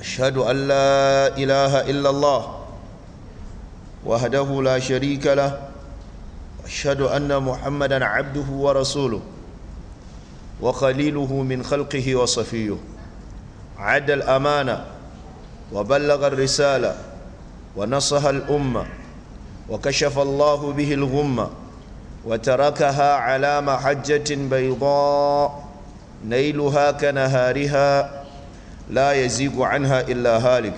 أشهد أن لا إله إلا الله وحده لا شريك له أشهد أن محمدا عبده ورسوله وخليله من خلقه وصفيه عد الأمانة وبلغ الرسالة ونصح الأمة وكشف الله به الغمة وتركها على محجة بيضاء نيلها كنهارها لا يزيغ عنها إلا هالك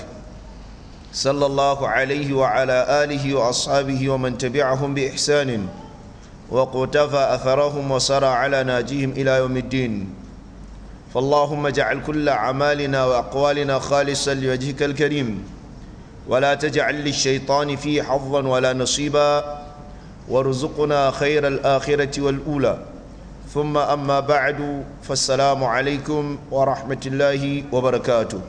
صلى الله عليه وعلى آله وأصحابه ومن تبعهم بإحسان وقتفى أثرهم وسرى على ناجيهم إلى يوم الدين فاللهم اجعل كل أعمالنا وأقوالنا خالصا لوجهك الكريم ولا تجعل للشيطان فيه حظا ولا نصيبا وارزقنا خير الآخرة والأولى ثم أما بعد فالسلام عليكم ورحمة الله وبركاته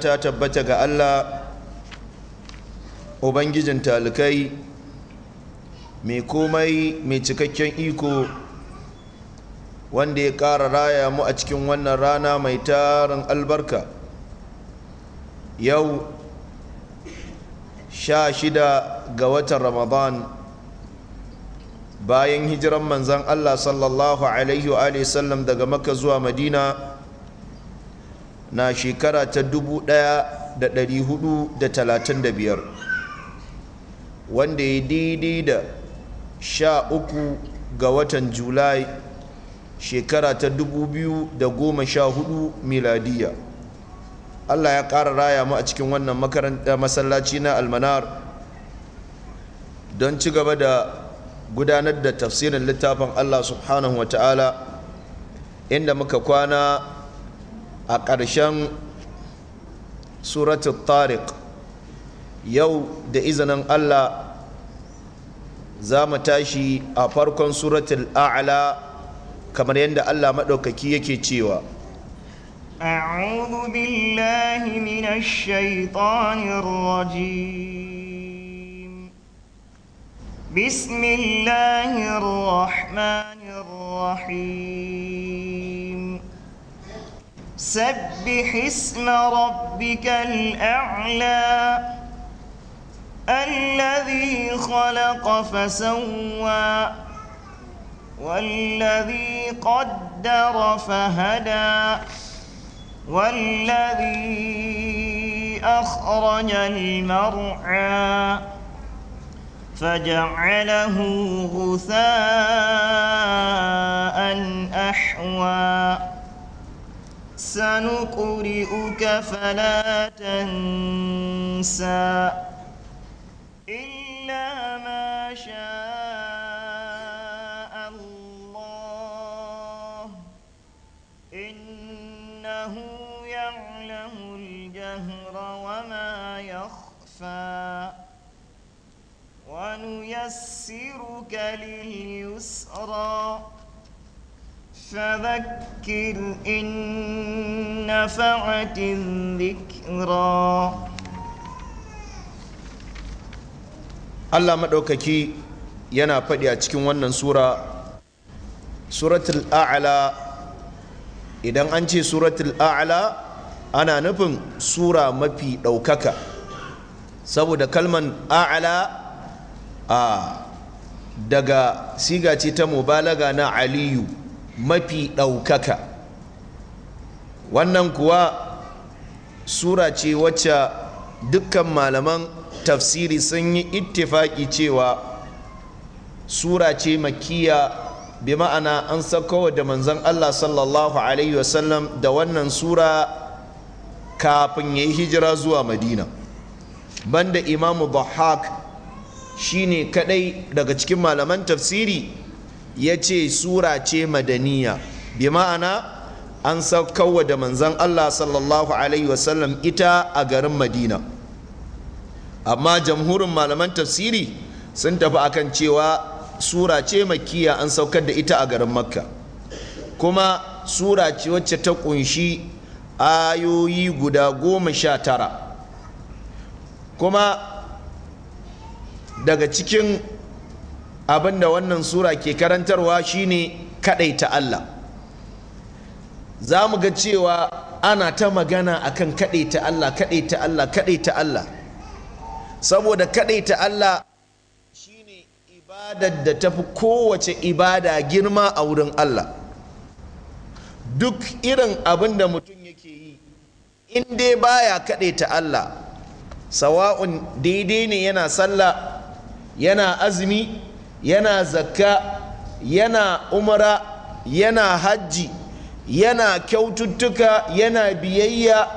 ta tabbata ga Allah. ubangijin talikai mai komai mai cikakken iko wanda ya ƙara raya mu a cikin wannan rana mai tarin albarka yau sha shida ga watan ramadan bayan hijiran manzan Allah sallallahu alaihi wa sallam daga Maka zuwa madina na shekara ta dubu ɗaya da da da hudu talatin biyar, wanda ya daidai da sha uku ga watan julai shekara ta goma sha hudu miladiya Allah ya ƙara raya mu a cikin wannan masallaci na almanar don ci gaba da gudanar da tafsirin littafin Allah subhanahu wa ta'ala inda muka kwana a ƙarshen suratul tariq yau da izinin Allah za mu tashi a farkon suratul a'la kamar yadda Allah maɗaukaki yake cewa أعوذ بالله من الشيطان الرجيم بسم الله الرحمن الرحيم سبح اسم ربك الأعلى الذي خلق فسوى والذي قدر فهدى والذي أخرج المرعى فجعله غثاء أحوى سنقرئك فلا تنسى إلا ما شاء الله إنه يعلم الجهر وما يخفى ونيسرك لليسرى فذكر إن نفعت الذكرى Allah maɗaukaki yana faɗi a cikin wannan sura suratul a'la idan an ce suratul a'la ana nufin sura mafi ɗaukaka saboda kalman a'la a daga siga ce ta mubalaga na aliyu mafi ɗaukaka wannan kuwa sura ce wacce dukkan malaman tafsiri sun yi ittifaki cewa sura ce makiya bi ma'ana an sako da manzan Allah sallallahu alaihi wasallam da wannan sura kafin ya yi hijira zuwa madina banda imamu bahak Shi ne kadai daga cikin malaman tafsiri ya ce sura ce madaniya bi ma'ana an saukarwa da manzan Allah sallallahu alaihi wasallam ita a garin madina amma jamhurin malaman tafsiri sun tafi akan cewa sura ce makiya an saukar da ita a garin makka kuma sura ce wacce ta kunshi ayoyi guda goma sha tara kuma daga cikin abin da wannan sura ke karantarwa shine ta Allah za mu ga cewa ana ta magana akan ta Allah ta Allah ta Allah saboda ta Allah shine ibadar da tafi kowace ibada girma a wurin Allah duk irin abin da mutum yake yi in dai baya ta Allah sawa'un daidai ne yana sallah yana azumi yana zakka yana umara yana hajji yana kyaututtuka yana biyayya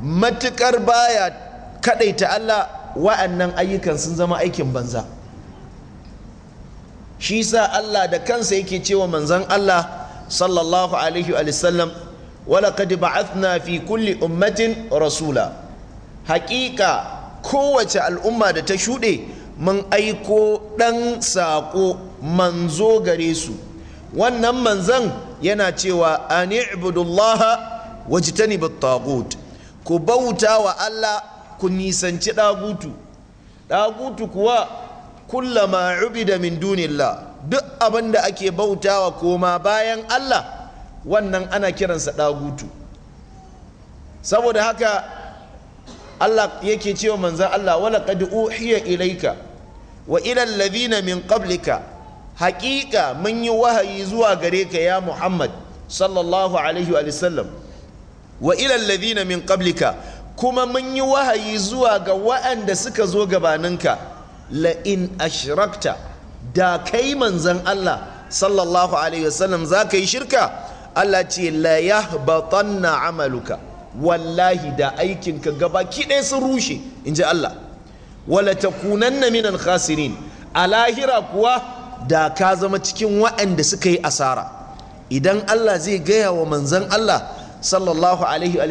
matukar baya ta Allah wa'annan ayyukan sun zama aikin banza shi sa Allah da kansa yake cewa manzon Allah sallallahu alaihi wa sallam walaqad ba'athna fi kulli ummatin rasula haƙiƙa kowace al'umma da ta shuɗe mun aiko ɗan saƙo manzo gare su wannan manzan yana cewa an ibudullaha wajitani battagut ku bauta wa Allah ku nisanci ɗagutu ɗagutu kuwa kulla ubida min dunillah duk abin da ake wa koma bayan Allah wannan ana kiransa ɗagutu saboda haka Allah yake cewa manzan Allah wala qad uhiya ilaika wa ila alladhina min qablika haqiqa mun yi wahayi zuwa gare ka ya Muhammad sallallahu alaihi wa sallam wa ila alladhina min qablika kuma mun yi wahayi zuwa ga wa'anda suka zo gabaninka la in ashrakta da kai manzan Allah sallallahu alaihi wa sallam za ka yi shirka Allah ce la yahbatanna amaluka wallahi da aikinka gaba kiɗe sun rushe in ji Allah wala takunanna minan khasirin a lahira kuwa da ka zama cikin waɗanda suka yi asara idan Allah zai gaya wa manzan Allah sallallahu alaihi wa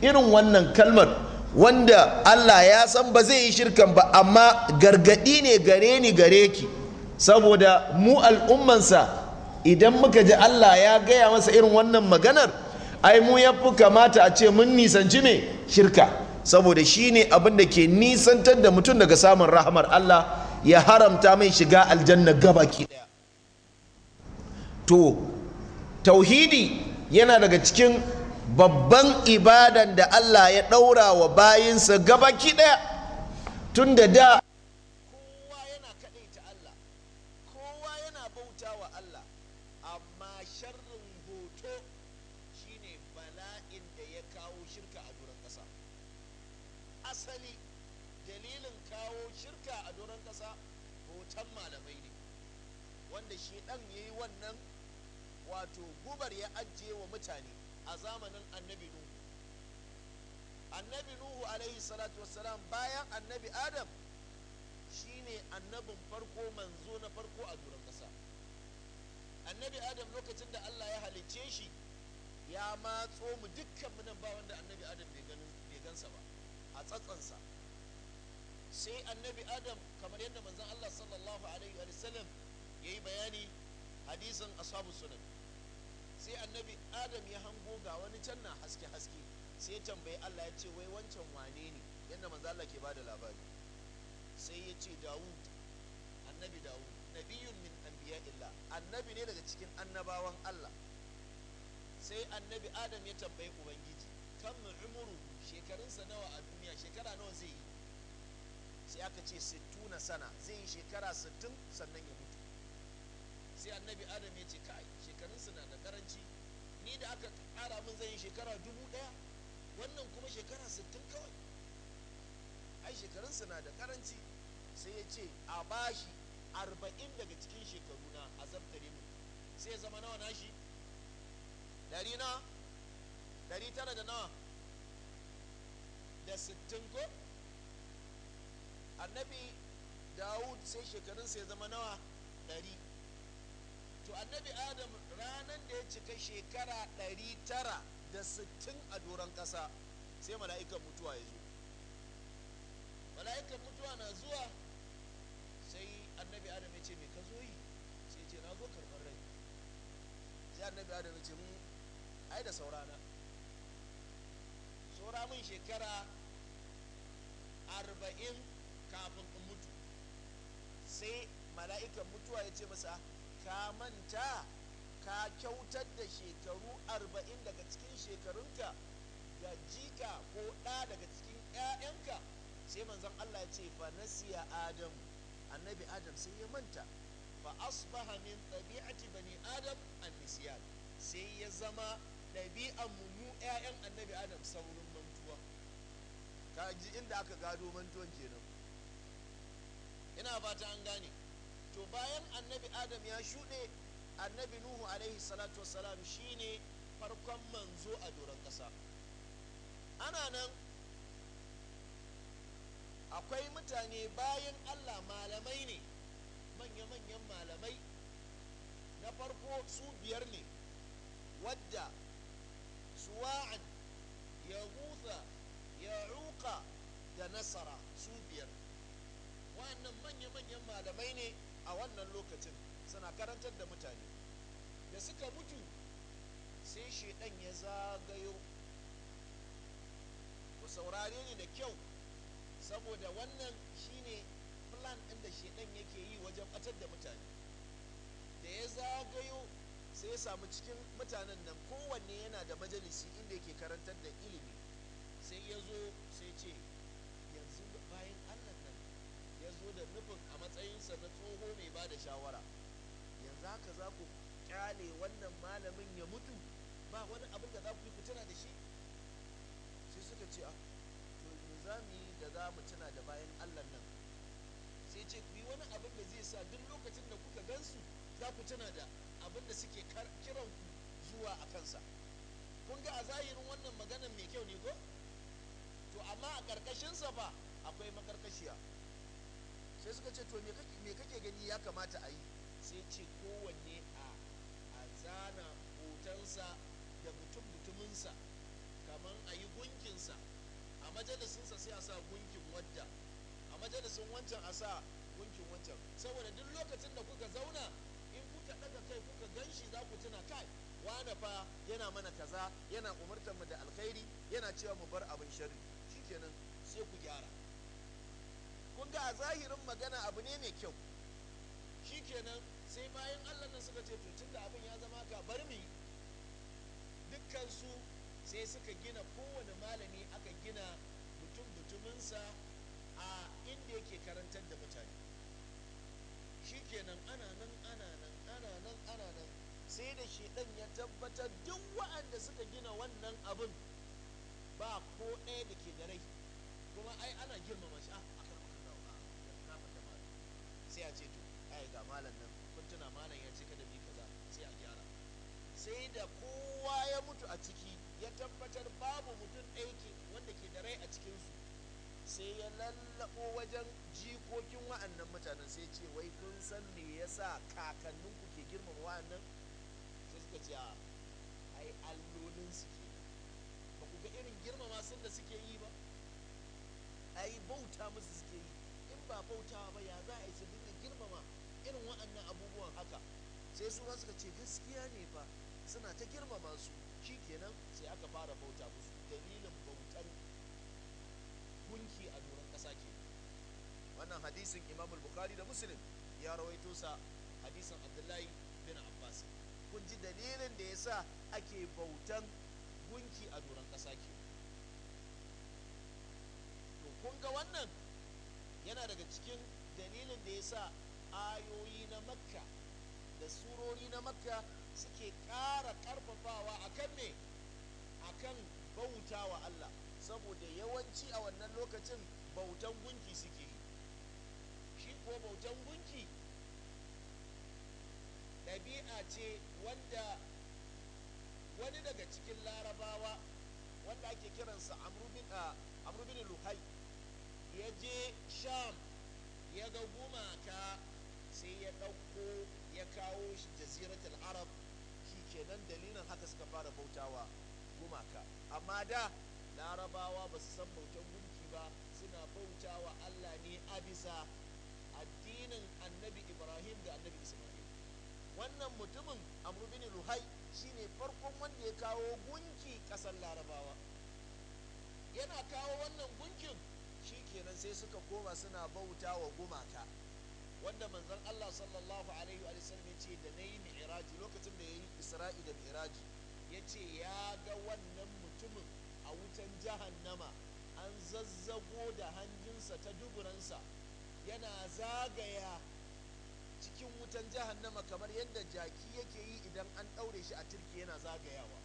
irin wannan kalmar wanda Allah ya san ba zai yi shirkan ba amma gargaɗi ne gare ni gare ki saboda mu al'ummansa idan muka ji Allah ya gaya masa irin wannan maganar ai mu ya fi kamata a ce mun nisanci me shirka saboda shi ne abin da ke nisantar da mutum daga samun rahamar Allah ya haramta mai shiga aljanna gabaki daya to tauhidi yana daga cikin babban ibadan da Allah ya ɗaura wa bayinsa gabaki daya tun da da bayan annabi adam shine annabin farko manzo na farko a duran ƙasa annabi adam lokacin da allah ya halicce shi ya matso mu dukkan mu nan ba wanda annabi adam bai gansa ba a tsatsansa sai annabi adam kamar yadda manzon allah sallallahu alaihi wa sallam ya yi bayani hadisin ashabu sunan sai annabi adam ya hango ga wani can na haske haske sai tambayi allah ya ce wai wancan wane ne yadda manzo Allah ke bada labari sai ya ce Dawud annabi Dawud nabiyun min anbiya'illah annabi ne daga cikin annabawan Allah sai annabi Adam ya tambayi ubangiji kam shekarun shekarunsa nawa a duniya shekara nawa zai yi sai aka ce 60 sana zai yi shekara sittin sannan ya mutu sai annabi adam ya ce kai shekarunsa na da karanci ni da aka kara min zai yi shekara dubu daya wannan kuma shekara sittin kawai ai shekarunsa na da karanci sai ya ce a bashi arba'in daga cikin shekaru na a zabtare mu sai ya zama nawa nashi dari na dari tara da nawa da sittin ko annabi dawud sai shekarunsa ya zama nawa dari to annabi adam ranar da ya cika shekara ɗari tara da sittin a doron ƙasa sai mala'ikan mutuwa ya zo mala'ikan mutuwa na zuwa sai annabi adam ya ce me ka zo yi sai ce na zo karɓar rai sai annabi adam ya ce mu hmm, ai da saurana saura min shekara arba'in kafin in mutu sai mala'ikan mutuwa ya ce masa ka manta ka kyautar da shekaru arba'in daga cikin shekarunka ga jika ko ɗa daga cikin 'ya'yanka sai manzon Allah ya ce fa nasiya adamu annabi adam sai ya manta fa asbaha min tabi'ati bani adam an sai ya zama ɗabi'an mu mu ƴaƴan annabi adam saurin mantuwa ka ji inda aka gado mantuwan kenan ina fata an gane to bayan annabi adam ya shuɗe annabi nuhu alaihi salatu wassalam shine farkon manzo a doron ƙasa ana nan akwai mutane bayan allah malamai ne manya-manyan malamai na farko su biyar ne wadda suwa'an ya huza ya ruka da nasara su biyar wa'annan manya-manyan malamai ne a wannan lokacin suna karantar da mutane da suka mutu sai shaidan ya zagayo ku saurare ne da kyau saboda wannan shine plan ɗin da shedan yake yi wajen batar da mutane da ya zagayo sai ya samu cikin mutanen nan kowanne yana da majalisi inda yake karantar da ilimi sai ya zo sai ce yanzu bayan allah nan ya zo da nufin a matsayinsa na tsoho mai ba da shawara yanzu haka za ku kyale wannan malamin ya mutu ba wani abin da za ku yi fitina da shi sai suka ce a ah, to za mu yi shiga mu tuna da bayan Allah nan sai ce ku yi wani abin da zai sa duk lokacin da kuka gansu za ku tuna da abin da suke kiran zuwa a kansa kun ga a zahirin wannan maganan mai kyau ne ko to amma a ƙarƙashinsa fa akwai makarkashiya sai suka ce to me kake gani ya kamata a yi sai ce kowanne a zana hotonsa majalisinsa sai a sa gunkin wadda a majalisin wancan a sa gunkin wancan saboda duk lokacin da kuka zauna in kuka daga kai kuka ganshi za ku tuna kai wane fa yana mana kaza yana umartar mu da alkhairi yana cewa mu bar abin sharri shikenan sai ku gyara kun ga a zahirin magana abu ne mai kyau shikenan sai bayan allah nan suka ce to tunda abin ya zama ka bar mu dukkan su sai suka gina kowane malami aka gina mutum mutuminsa a inda yake karantar da mutane shikenan ana nan ana nan ana nan ana nan sai da shi ɗan ya tabbatar duk wa'anda suka gina wannan abin ba ko ɗaya da ke da rai kuma ai ana girmama shi ah, a karɓar da ba ah, ya kafa da malam sai a ce to ai ga malam nan kun tuna malam ya ce kada bi kaza sai a gyara sai da kowa ya mutu a ciki ya tabbatar babu mutum aiki wanda ke da rai a cikinsu sai ya lallaɓo wajen jikokin wa'annan mutanen sai ce wai kun san me yasa kakanninku ke girmama wa'annan sai suka ce ai allolin su ke ba ku ga irin girmama sun da suke yi ba ai bauta musu suke yi in ba bautawa ba ya za a yi su dinga girmama irin wa'annan abubuwan haka sai su ma suka ce gaskiya ne fa suna ta girmama su shi kenan sai aka fara bauta musu dalilin bautan gunki a doron ƙasa ke wannan hadisin imam bukhari da muslim ya rawaito sa hadisin abdullahi bin abbas kun ji dalilin da ya sa ake bautan gunki a doron ƙasa ke to kun ga wannan yana daga cikin dalilin da ya sa ayoyi na makka da surori na makka suke ƙara ƙarfafawa akan me akan bauta wa Allah saboda yawanci a wannan lokacin bautan gunki suke yi shi ko bautan gunki ɗabi'a ce wanda wani daga cikin larabawa wanda ake kiransa amrubin luhai ya je sham ya ga gumaka sai ya ɗauko ya kawo shi jaziratul arab kenan dalilin haka suka fara bautawa gumaka amma da larabawa ba su san bautan gunki ba suna bautawa allah ne a bisa addinin annabi ibrahim da annabi isma'il wannan mutumin amru ruhai luhai shine farkon wanda ya kawo gunki kasar larabawa yana kawo wannan gunkin shi kenan sai suka koma suna bauta wa gumaka wanda manzon Allah sallallahu alaihi wa sallam ya ce da nayi mi'raji lokacin da yayi isra'i da mi'raji ya ce ya ga wannan mutumin a wutan jahannama an zazzago da hanjinsa ta duburansa yana zagaya cikin wutan jahannama kamar yadda jaki yake yi idan an ɗaure shi a turki yana zagayawa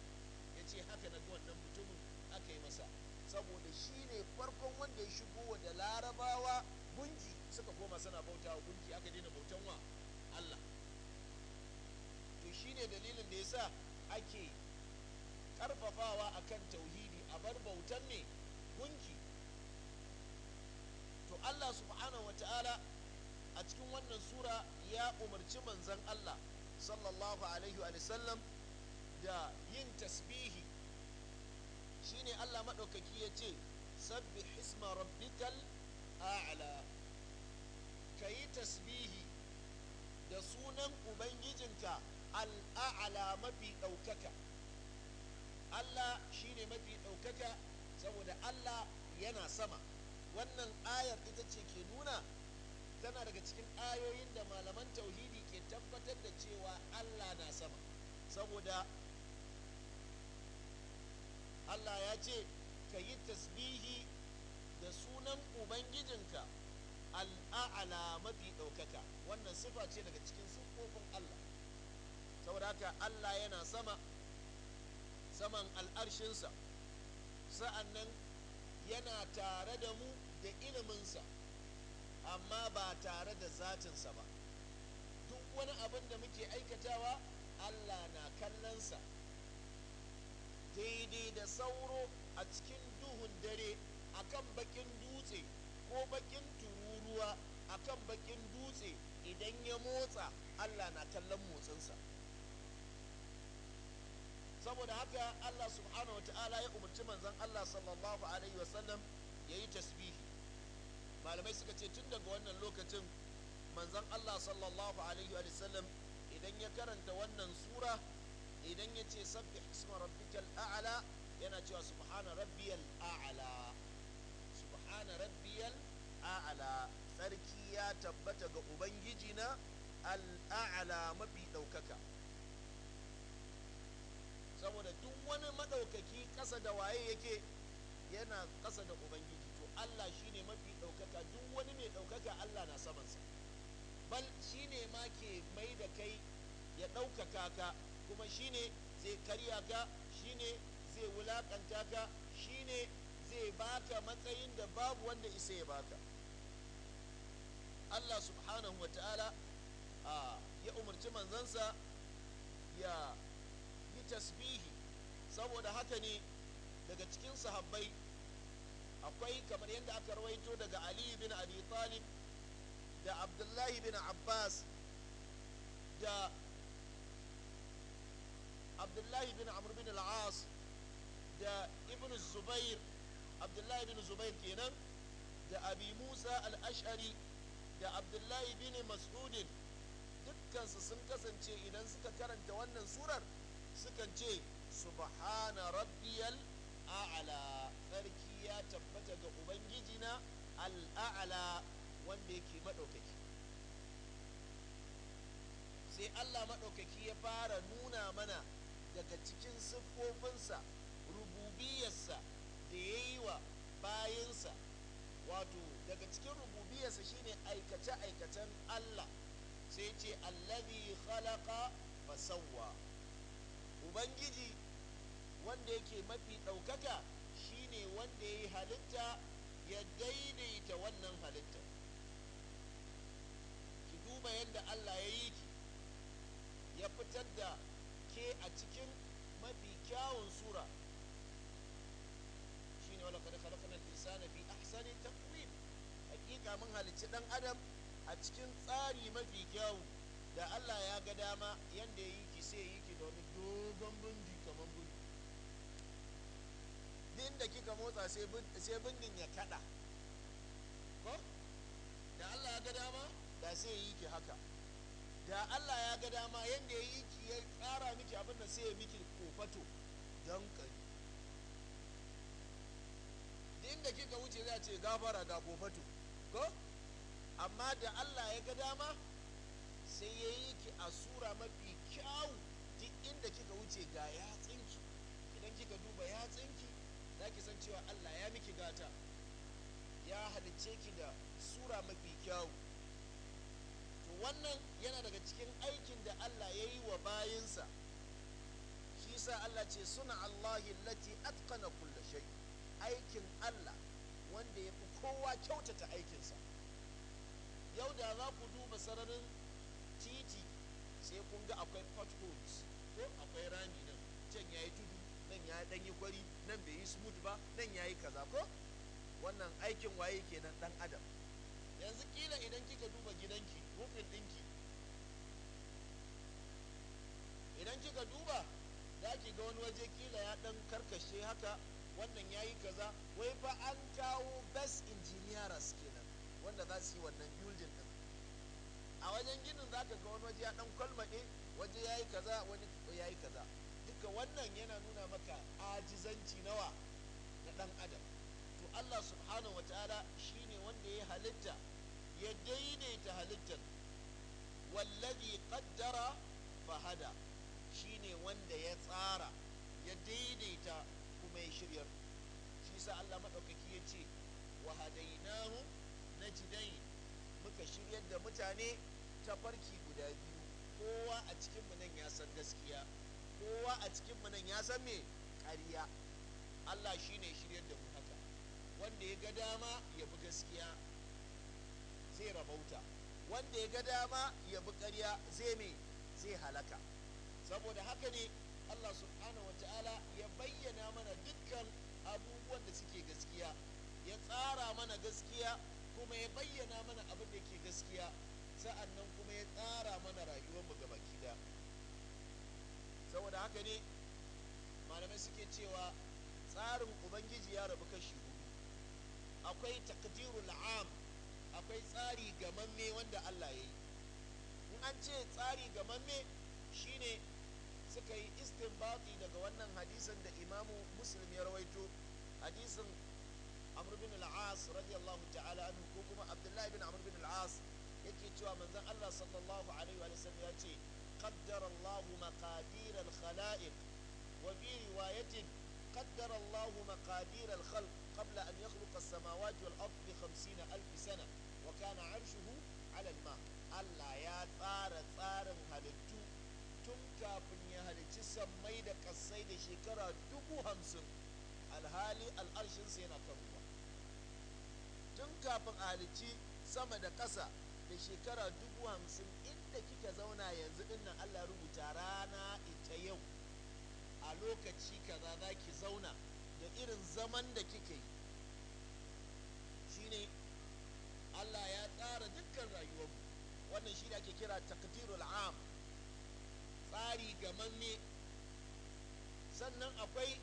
ya ce haka na wannan mutumin aka yi masa saboda shi ne farkon wanda ya shigo da larabawa gunji. suka koma suna bauta wa gunki aka daina bautan wa Allah to shine dalilin da yasa ake karfafawa akan tauhidi a bar bautan ne gunki to Allah subhanahu wata'ala a cikin wannan sura ya umarci manzon Allah sallallahu alaihi wa sallam da yin tasbihi shine Allah maɗaukaki ya ce sabbi hisma rabbikal a'la ka yi tasbihi da sunan ubangijinka al'a'ala mafi ɗaukaka Allah shi ne mafi ɗaukaka saboda Allah yana sama wannan ayar ita ce ke nuna tana daga cikin ayoyin da malaman tauhidi ke tabbatar da cewa Allah na sama saboda Allah ya ce ka yi tasbihi da sunan ubangijinka al'a'ala mafi ɗaukaka wannan sifa ce daga cikin siffofin Allah saboda haka Allah yana sama saman al'arshinsa sa'an nan yana tare da mu da iliminsa amma ba tare da zatinsa ba duk wani abin da muke aikatawa Allah na kallonsa daidai da sauro a cikin duhun dare akan bakin dutse ko bakin tururuwa a kan bakin dutse idan ya motsa Allah na kallon motsinsa saboda haka Allah subhanahu wata'ala ya umarci manzan Allah sallallahu alaihi wasallam ya yi tasbihi malamai suka ce tun daga wannan lokacin manzan Allah sallallahu alaihi wasallam idan ya karanta wannan sura idan ya ce sabbi isma rabbikal a'la yana cewa subhana rabbiyal a'la subhana rabbiyal aala sarki ya tabbata ga ubangiji na al'a'la mafi ɗaukaka saboda duk wani maɗaukaki ƙasa da waye yake yana ƙasa da ubangiji to allah shine mafi ɗaukaka duk wani mai ɗaukaka allah na samansa bal shine ma ke mai da kai ya ɗaukaka ka kuma shine zai karya ka shine zai wulaƙanta ka shine zai baka matsayin da babu wanda isa ya baka Allah subhanahu wa ta'ala ya umarci manzansa ya yi tasbihi saboda haka ne daga cikin sahabbai akwai kamar yadda aka rawaito daga Ali bin Abi Talib da Abdullahi bin Abbas da Abdullahi bin Amr bin al-As da Ibn Zubair abdullahi bin zubair kenan da abi musa al-ash'ari da abdullahi bin mas'udin dukkansu sun kasance idan suka karanta wannan surar sukan ce subhana rabbiyal a'ala sarki ya tabbata ga ubangijina al'a'la wanda yake maɗaukaki sai allah maɗaukaki ya fara nuna mana daga cikin siffofinsa rububiyarsa da ya yi wa bayansa wato daga cikin rububiyarsa shine aikace-aikacen Allah sai ce allazi khalaqa fasawwa ubangiji wanda yake mafi ɗaukaka shine wanda ya yi halitta ya daidaita wannan halitta ki duba yadda Allah ya yi ki ya fitar da ke a cikin mafi kyawun sura ne wala kada khalaqna al-insana fi ahsani taqwim hakika mun halicci dan adam a cikin tsari mafi kyau da Allah ya ga dama yanda yi ki sai yi ki da wani dogon bundi kaman bundi din da kika motsa sai bindin ya kada ko da Allah ya ga dama da sai yi ki haka da Allah ya ga dama yanda yi ki ya tsara miki abin da sai ya miki kofato don ka. inda kika wuce za ce gafara ga gofatu ko amma da allah ya ga dama sai ya yi ki a sura mafi kyawu duk inda kika wuce ga yatsinki idan kika duba yatsinki za ki san cewa allah ya miki gata ya halicce ki da sura mafi kyau. to wannan yana daga cikin aikin da allah ya yi wa bayinsa shi sa allah ce suna Allah lati na kulle shai aikin Allah wanda ya fi kowa kyautata aikinsa yau da za ku duba sararin titi sai kun ga akwai potholes ko akwai rami nan can ya yi tudu nan ya yi kwari nan bai yi smooth ba nan ya yi kaza ko wannan aikin waye kenan dan adam yanzu kila idan kika duba gidanki rufin ɗinki idan kika duba za ki ga wani waje kila ya ɗan karkashe haka wannan ya yi kaza wai fa an kawo best engineers kenan wanda za su yi wannan building din a wajen ginin za ka ga wani waje ya dan kwalmaɗe waje ya yi kaza wani ya yi kaza duka wannan yana nuna maka ajizanci nawa na dan adam to allah subhanahu wataala shine wanda ya halitta ya daidaita halittar wallazi qaddara fahada shine wanda ya tsara ya daidaita mai ya shiryar shi sa Allah maɗaukaki ya ce wa hadainahu jidai muka shiryar da mutane ta farki guda biyu kowa a cikin mu nan ya san gaskiya kowa a cikin mu nan ya san me ƙarya Allah shi ne shiryar da mu haka wanda ya ga dama ya bi gaskiya zai rabauta wanda ya ga dama ya bi ƙarya zai me zai halaka saboda haka ne Allah subhanahu ta'ala ya bayyana mana dukkan abubuwan da suke gaskiya ya tsara mana gaskiya kuma ya bayyana mana abin da ke gaskiya sa'an nan kuma ya tsara mana rayuwar mu gaba kida saboda haka ne malamai suke cewa tsarin ubangiji ya rabu kashi hudu akwai takdirul am akwai tsari gamamme wanda Allah ya yi in an ce tsari gamamme shine suka yi istinbati daga wannan hadisin da imamu muslim ya rawaito hadisin amr bin al-as radiyallahu ta'ala anhu ko kuma abdullahi bin amr bin al-as yake cewa manzon Allah sallallahu alaihi wa sallam ya ce qaddara Allah maqadir al-khalaiq wa fi riwayatin qaddara Allah maqadir al-khalq qabla an yakhluqa as-samawati wal-ard bi 50000 sana wa kana 'arshuhu 'ala al-ma' Allah ya tsara tsarin halittu tun kafin halici sammai da kasai da shekara dubu hamsin alhali al'arshinsa yana kan ruwa tun kafin a halici sama da ƙasa da shekara dubu hamsin inda kika zauna yanzu dinnan allah rubuta rana ita yau a lokaci kaza za ki zauna da irin zaman da kike yi shine allah ya tsara dukkan rayuwarmu wannan shi da ake kira takdirul am tsari gamanne sannan akwai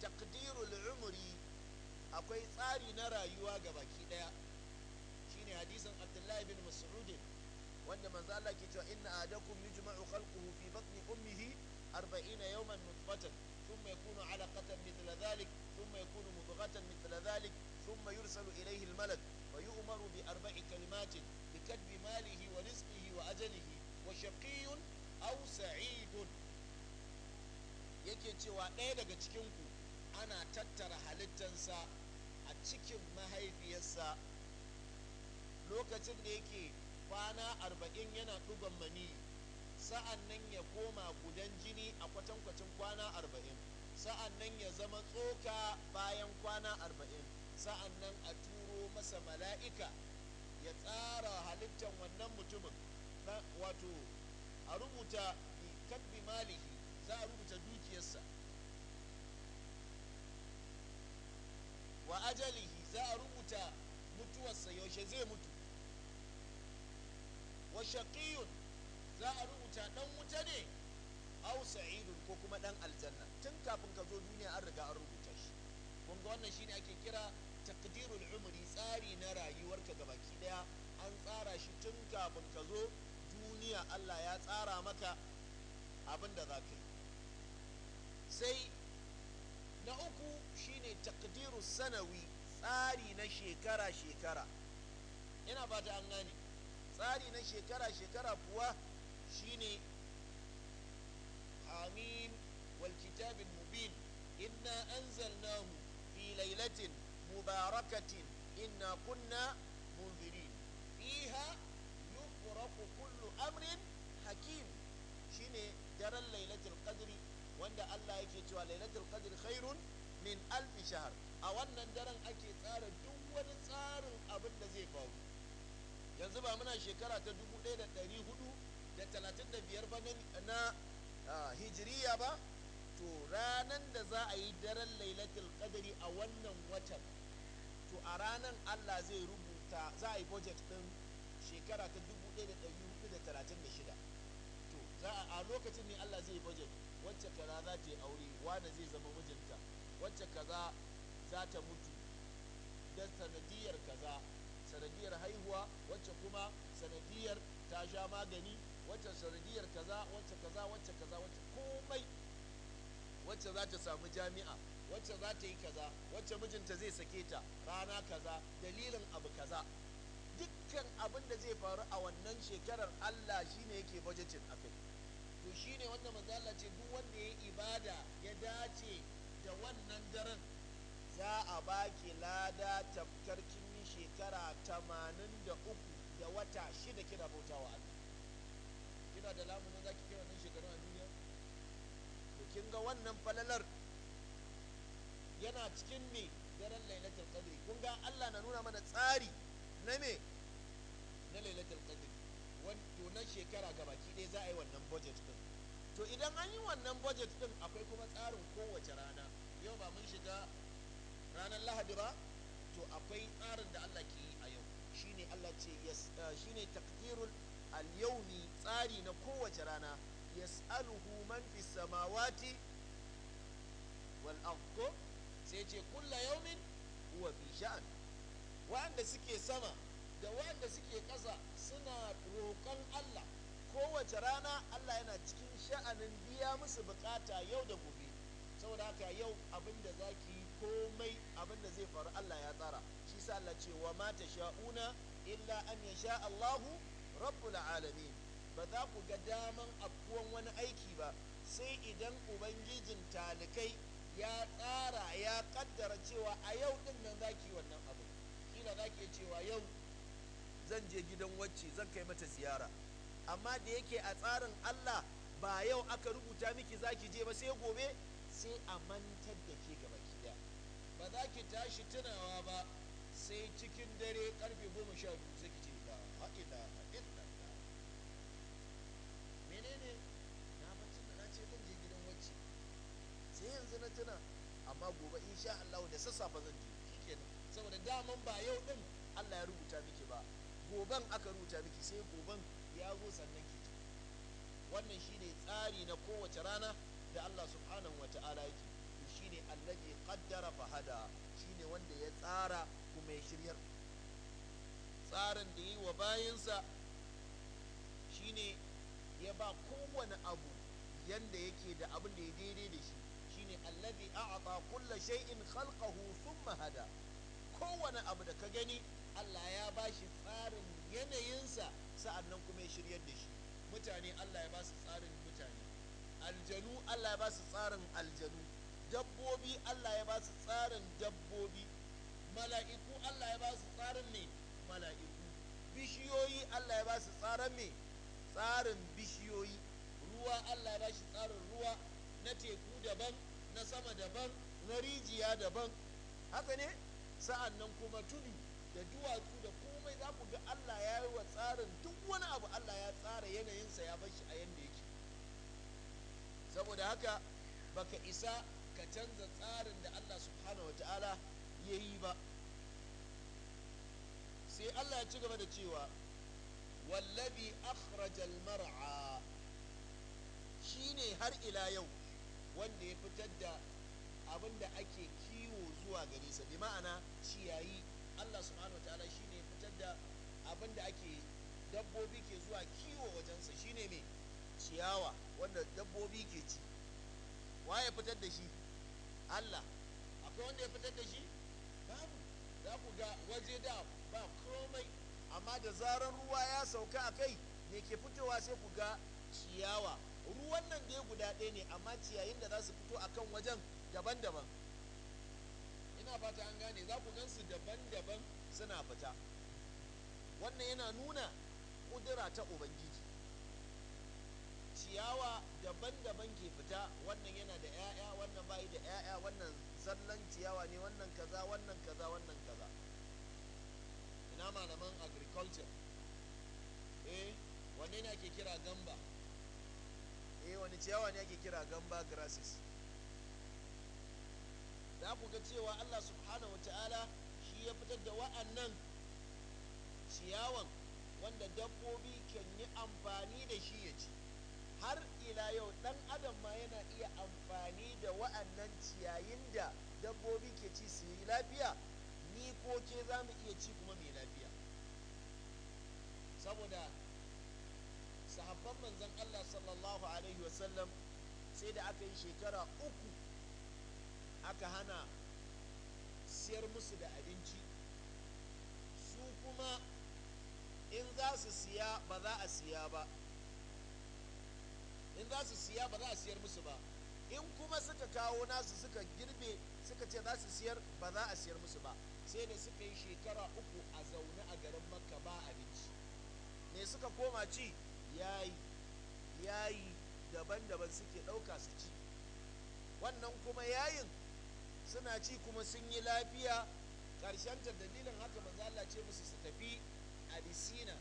takdirul umri akwai tsari na rayuwa ga baki daya shine hadisin abdullahi bin mas'udin wanda manzo Allah ke cewa inna adakum yujma'u khalquhu fi batni ummihi 40 yawman nutfatan ثم يكون علقة مثل ذلك ثم يكون مضغة مثل ذلك ثم يرسل إليه الملك فيؤمر بأربع كلمات بكتب ماله ورزقه وأجله shaqiyun aw sa'idun yake cewa ɗaya daga cikin ku ana tattara halittansa a cikin mahaifiyarsa lokacin da yake kwana arba'in yana ɗugon mani sa'an nan ya koma gudan jini a kwatankwacin kwana arba'in sa'an nan ya zama tsoka bayan kwana arba'in sa'an nan a turo masa mala'ika ya tsara halittan wannan mutumin wato a rubuta bi kadbi maliki za a rubuta dukiyarsa wa ajalihi za a rubuta mutuwarsa yaushe zai mutu wa shaqiyun za a rubuta dan wuta ne au sa'idun ko kuma dan aljanna tun kafin ka zo duniya an riga an rubuta shi kun ga wannan shine ake kira taqdirul umri tsari na rayuwarka gabaki daya an tsara shi tun kafin ka zo duniya Allah ya tsara maka abin da za ka yi sai na uku shine takdiru sanawi tsari na shekara-shekara ina ba ta an gane tsari na shekara-shekara kuwa shine amin wal kitabin mubin inna anzalnahu fi lailatin mubarakatin inna kunna munzirin fiha يفرق amrin hakim shine daren lailatul qadri wanda Allah yake cewa lailatul qadri khairun min alfi shahar a wannan daren ake tsara duk wani tsarin abin da zai faru yanzu ba muna shekara ta 1435 ba na hijiriya ba to ranan da za a yi daren lailatul qadri a wannan watan to a ranan Allah zai rubuta za a yi budget din shekara ta 1400 36 to za a lokacin ne Allah zai budget wacce kaza za ta yi aure wanda zai zama mijinta wacce kaza za ta mutu da sanadiyar kaza sanadiyar haihuwa wacce kuma sanadiyar ta sha magani wacce sanadiyar kaza wacce kaza wacce kaza wacce komai wacce za ta samu jami'a wacce za ta yi kaza wacce mijinta zai sake ta rana kaza dalilin abu kaza dukkan abin da zai faru a wannan shekarar Allah shine yake budgeting a kai to shine wanda manzo Allah ce duk wanda ya ibada ya dace da wannan daren za a baki lada tamkar kin yi shekara tamanin da uku da wata shida kina bautawa Allah kina da lamunin za ki kai wannan shekaru a duniya to kin ga wannan falalar yana cikin ne daren lailatul qadri kun ga Allah na nuna mana tsari na me na lailatul qadr wato nan shekara gabaki ɗaya za a yi wannan budget din to idan an yi wannan budget din akwai kuma tsarin kowace rana yau ba mun shiga ranar lahadi ba to akwai tsarin da Allah ke yi a yau shine Allah ce eh, shine taqdirul al-yawmi tsari na kowace rana yas'aluhu man fis samawati wal ardh sai ce kullu yawmin huwa fi sha'an wanda suke sama da wanda suke kasa suna roƙon Allah kowace rana Allah yana cikin sha'anin biya musu bukata yau da gobe saboda haka yau abin za ki yi komai abin zai faru Allah ya tsara shi sa Allah ce wa mata sha'una illa an ya sha Allahu rabbul alamin ba za ku ga daman afkuwan wani aiki ba sai idan ubangijin talikai ya tsara ya kaddara cewa a yau din nan zaki wannan abu kila zaki cewa yau zan je gidan wacce zan kai mata ziyara amma da yake a tsarin Allah ba yau aka rubuta miki zaki je ba sai gobe sai a mantar da ke gaba daya ba za ki tashi tunawa ba sai cikin dare karfe goma sha biyu sai ki ce la ha'ila ha'ila menene na mace da na ce zan je gidan wacce sai yanzu na tuna amma gobe insha Allah da sassafe zan je shikenan saboda daman ba yau din Allah ya rubuta miki ba goban aka rubuta miki sai goban ya zo sannan ki wannan shine tsari na kowace rana da Allah subhanahu wa ta'ala yake to shine allazi qaddara fahada shine wanda ya tsara kuma ya shiryar tsarin da yi wa bayansa shine ya ba kowane abu yanda yake da abin da ya daidai da shi shine allazi a'ata kulla shay'in khalqahu thumma hada kowane abu da ka gani Allah ya ba shi tsarin yanayinsa sa'annan kuma ya shiryar da shi mutane Allah ya ba su tsarin mutane aljanu Allah ya ba su tsarin aljanu dabbobi Allah ya ba su tsarin dabbobi mala'iku Allah ya ba su tsarin ne mala'iku bishiyoyi Allah ya ba su tsarin ne tsarin bishiyoyi ruwa Allah ya ba shi tsarin ruwa na teku daban na sama daban na rijiya daban haka ne sa'an nan kuma tudu da duwatsu da komai za ku ga Allah ya yi wa tsarin duk wani abu Allah ya tsara yanayinsa ya bar a yanda yake saboda haka baka isa ka canza tsarin da Allah subhanahu wa ta'ala ya yi ba sai Allah ya ci gaba da cewa wallabi akhrajal mar'a shine har ila yau wanda ya fitar da abin da ake kiwo zuwa gare sa bi ma'ana ciyayi Allah subhanahu ta'ala shine fitar da abin da ake dabbobi ke zuwa kiwo wajensa shine mai ciyawa wanda dabbobi ke ci waye fitar da shi Allah akwai wanda ya fitar da shi babu za ku ga waje da ba komai amma da zarar ruwa ya sauka a kai me ke fitowa sai ku ga ciyawa ruwan nan dai guda ɗaya ne amma ciyayin da za su fito a kan wajen daban-daban ina fata an gane za ku gansu daban-daban suna fita wannan yana nuna kudura ta ubangiji ciyawa daban-daban ke fita wannan yana da 'ya'ya wannan bayi da 'ya'ya wannan zallan ciyawa ne wannan kaza wannan kaza wannan kaza ina malaman agriculture eh wanne ne ake kira gamba eh wani ciyawa ne ake kira gamba grasses za ku ga cewa Allah subhanahu ta'ala shi ya fitar da wa'annan ciyawan wanda dabbobi kan yi amfani da shi ya ci har ila yau dan adam ma yana iya amfani da wa'annan ciyayin da dabbobi ke ci su yi lafiya ni ko ke za mu iya ci kuma mai lafiya saboda sahabban manzan Allah sallallahu alaihi wasallam sai da aka yi shekara uku aka hana siyar musu da abinci su kuma in za su siya ba za a siya ba in za su siya ba za a siyar musu ba in kuma suka kawo nasu suka girbe suka ce za su siyar ba za a siyar musu ba sai da suka yi shekara uku a zaune a garin makka ba abinci me suka koma ci yayi yayi daban-daban suke ɗauka su ci wannan kuma yayin suna ci kuma sun yi lafiya ƙarshenta dalilin haka manzo Allah ce musu su tafi Abisina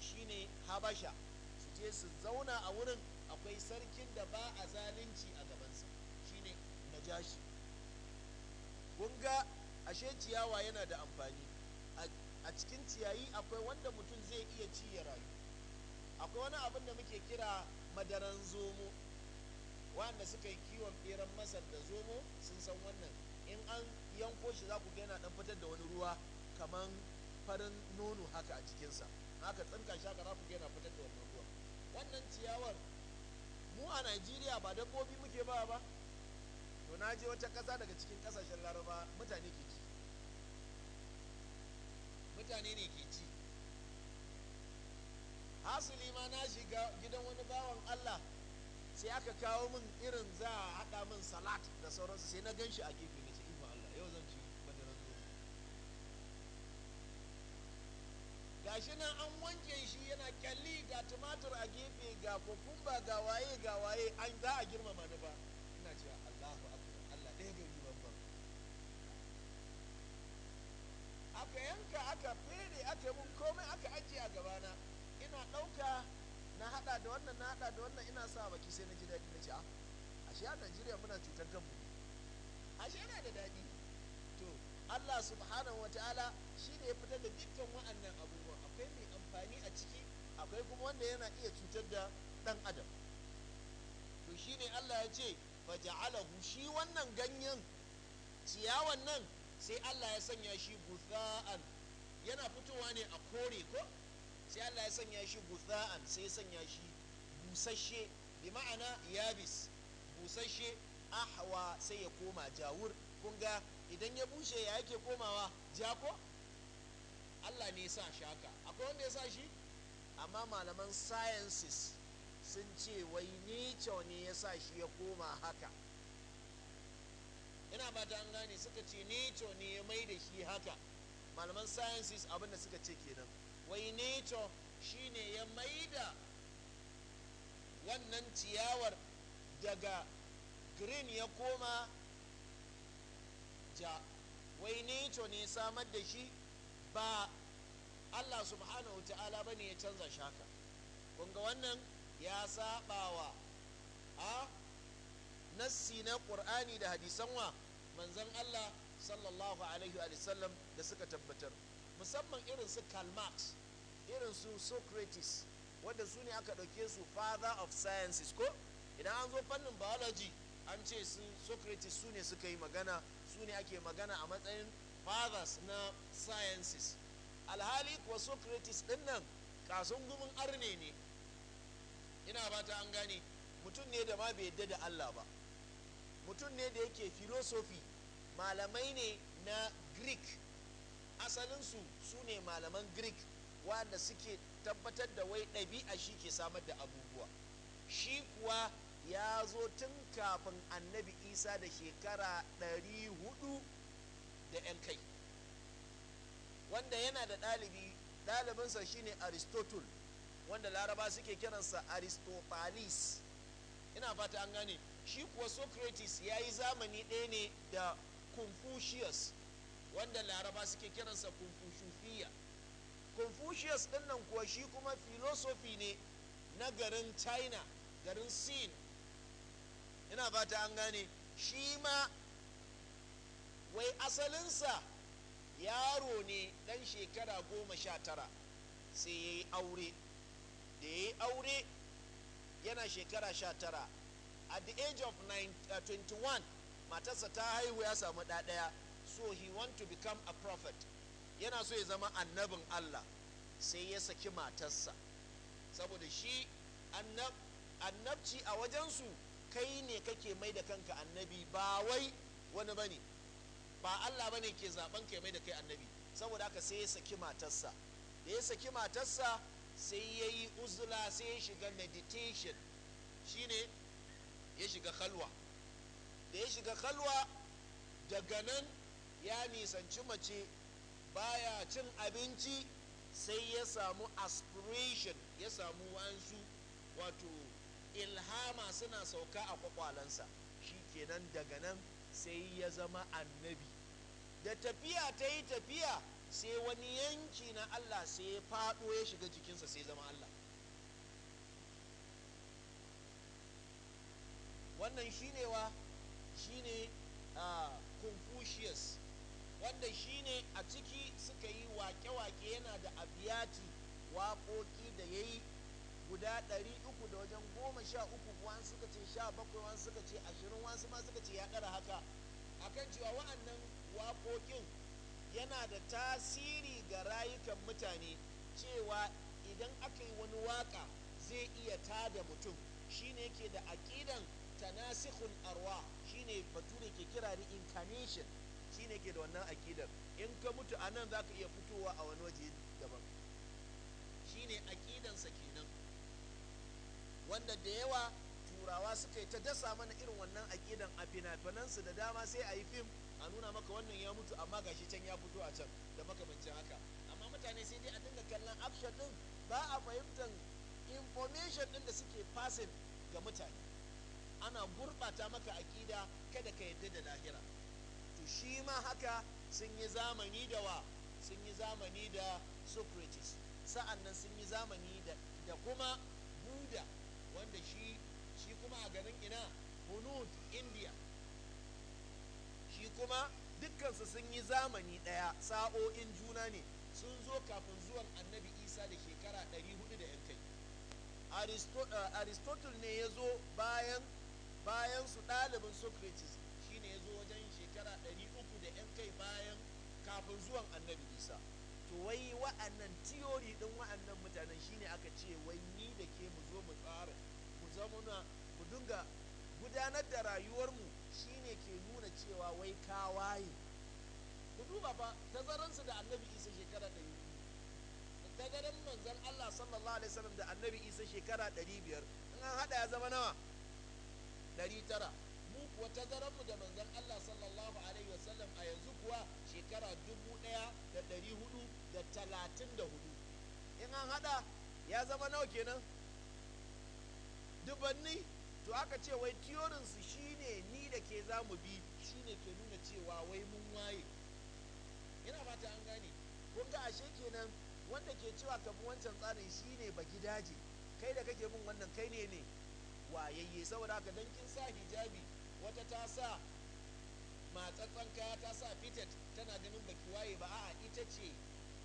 shine Habasha su je su zauna a wurin akwai sarkin da ba a zalunci a gabansa shine Najashi kun ga ashe ciyawa yana da amfani a cikin ciyayi akwai wanda mutum zai iya ci ya rayu akwai wani abin da muke kira madaran zomo wanda suka yi kiwon beran masar da zomo sun san wannan in an yanko shi za ku ga dan fitar da wani ruwa kaman farin nono haka a jikinsa haka tsinka shi haka za ku ga fitar da wannan ruwa wannan ciyawar mu a najeriya ba dabbobi muke ba ba to na je wata ƙasa daga cikin ƙasashen laraba mutane ke ci mutane ne ke ci hasili ma na shiga gidan wani bawan allah sai aka kawo min irin za a haɗa min salat da sauransu sai na gan shi a gefe na ce ikon Allah yau zan ci madarar zomo gashi nan an wanke shi yana kyalli ga tumatur a gefe ga kokumba ga waye ga waye an za a girmama ni ba ina cewa Allahu akbar Allah ɗaya gari babban aka yanka aka fere aka mun komai aka ajiye a gabana ina ɗauka na hada da wannan na hada da wannan ina sa baki sai na ji daɗi na ce a ah, ashe a najeriya muna cutar kanmu ashe yana da daɗi to allah subhanahu wataala shi ne ya fitar da dukkan wa'annan abubuwan akwai mai amfani a ciki akwai kuma wanda yana iya cutar da ɗan adam to shi ne allah ya ce faja'alahu shi wannan ganyen ciyawan nan sai allah ya sanya shi gutsa'an yana fitowa ne a kore ko sai Allah ya sanya shi gutha'an sai ya sanya shi busashe bi ma'ana yabis busashe ahwa sai ya koma jawur kunga idan ya bushe ya yake komawa jako Allah ne sa shaka akwai wanda ya sa shi amma malaman sciences sun ce wai nature ne ya sa shi ya koma haka ina ba ta gane suka ce nature ne ya mai da shi haka malaman sciences abinda suka ce kenan wai shi shine ya maida wannan ciyawar daga green ya koma ja wai ne samar da shi ba allah subhanahu ta'ala ba ne ya canza shaka kunga wannan ya sabawa a nassi na ƙur'ani da hadisan wa manzan allah sallallahu alaihi wa sallam da suka tabbatar musamman irin su kalmaks irin su socrates wanda su ne aka ɗauke su father of sciences ko idan an zo fannin biology an ce su socrates su ne suka yi magana su ne ake magana a matsayin fathers na sciences alhali kuwa socrates ɗin nan kasan gumin arne ne ina bata an gane mutum ne da ma bai yadda da allah ba mutum ne da yake filosofi malamai ne na greek asalinsu su ne malaman greek wanda suke tabbatar da wai ɗabi'a shi ke samar da abubuwa shi kuwa ya zo tun kafin annabi isa da shekara ɗari hudu da 'yan kai wanda yana da ɗalibi ɗalibinsa shine aristotle wanda laraba suke kiransa aristophanes ina fata an gane shi kuwa socrates ya yi zamani ɗaya ne da confucius wanda laraba suke kiransa confucius confucius nan kuwa shi kuma filosofi ne na garin china garin sin ina fata an gane shi ma wai asalinsa yaro ne dan shekara goma sha tara sai ya yi aure da ya yi aure yana shekara sha tara at the age of 21 uh, matarsa ta haihu ya samu ɗaya so he want to become a prophet yana so ya zama annabin Allah sai ya saki matarsa saboda shi annabci a wajensu kai ne kake mai da kanka annabi ba wai wani bane ba Allah bane ke zaben kai mai da kai annabi saboda haka sai ya saki matarsa da ya saki matarsa sai ya yi uzula sai ya shiga meditation shine ya shiga kalwa da ya shiga kalwa daga nan ya nisanci mace baya cin abinci sai ya samu aspiration ya samu wansu wato ilhama suna sauka a kwakwalansa shi kenan daga nan sai ya zama annabi da tafiya ta yi tafiya sai wani yanki na allah sai ya faɗo ya shiga jikinsa sai zama allah wannan shinewa shine a ah, confucius wanda shine a ciki suka yi wake-wake yana da abiyati waƙoƙi da ya yi guda ɗari uku da wajen goma sha uku wani suka ce sha bakwai wani suka ce ashirin wani ma suka ce ya ɗara haka akan cewa wa'annan waƙoƙin yana da tasiri ga rayukan mutane cewa idan aka yi wani waƙa zai iya tada mutum shine yake da aƙidan tanasikhun arwa shine bature ke kira incarnation shine ke da wannan aƙidar in ka mutu a nan za ka iya fitowa a wani waje daban shine aƙidansa kenan wanda da yawa turawa suka yi ta dasa mana irin wannan akidan a finafinansu da dama sai a yi fim a nuna maka wannan ya mutu amma ga shi can ya fito a can da makamancin haka amma mutane sai dai a dinga kallon action din ba a fahimtar information din da suke passing ga mutane ana gurɓata maka aƙida kada ka yadda da lahira shi ma haka sun yi zamani da wa sun yi zamani da socrates nan sun yi zamani da kuma buda wanda shi shi kuma a garin ina hunud india shi kuma dukkansu sun yi zamani ɗaya sa'o'in juna ne sun zo kafin zuwan annabi isa da shekara 400 da eh, aristotle ne ya zo bayan su ɗalibin socrates shekara 300 da 'yan kai bayan kafin zuwan annabi isa to wai wa'annan tiyori din wa'annan mutanen shine aka ce wai ni da ke mu zo mu tsara mu zamuna mu dinga gudanar da rayuwarmu shine ke nuna cewa wai ka waye ku duba fa tazaransu da annabi isa shekara 200 tazaran manzon Allah sallallahu alaihi wasallam da annabi isa shekara 500 in an hada ya zama nawa 900 wata mu da manzon Allah sallallahu alaihi wasallam a yanzu kuwa shekara dubu ɗaya da ɗari hudu da talatin da hudu in an haɗa ya zama nawa kenan dubanni to aka ce wai tiyorinsu shine ni da ke za mu bi shi ne ke nuna cewa wai mun waye ina fata an gane kun ga ashe kenan wanda ke cewa ka wancan tsarin shine ba daji? kai da kake bin wannan kai ne ne wayayye saboda haka dan kin sa hijabi wata ta sa matsatsan kaya ta sa fitet tana ganin baki waye ba a'a ita ce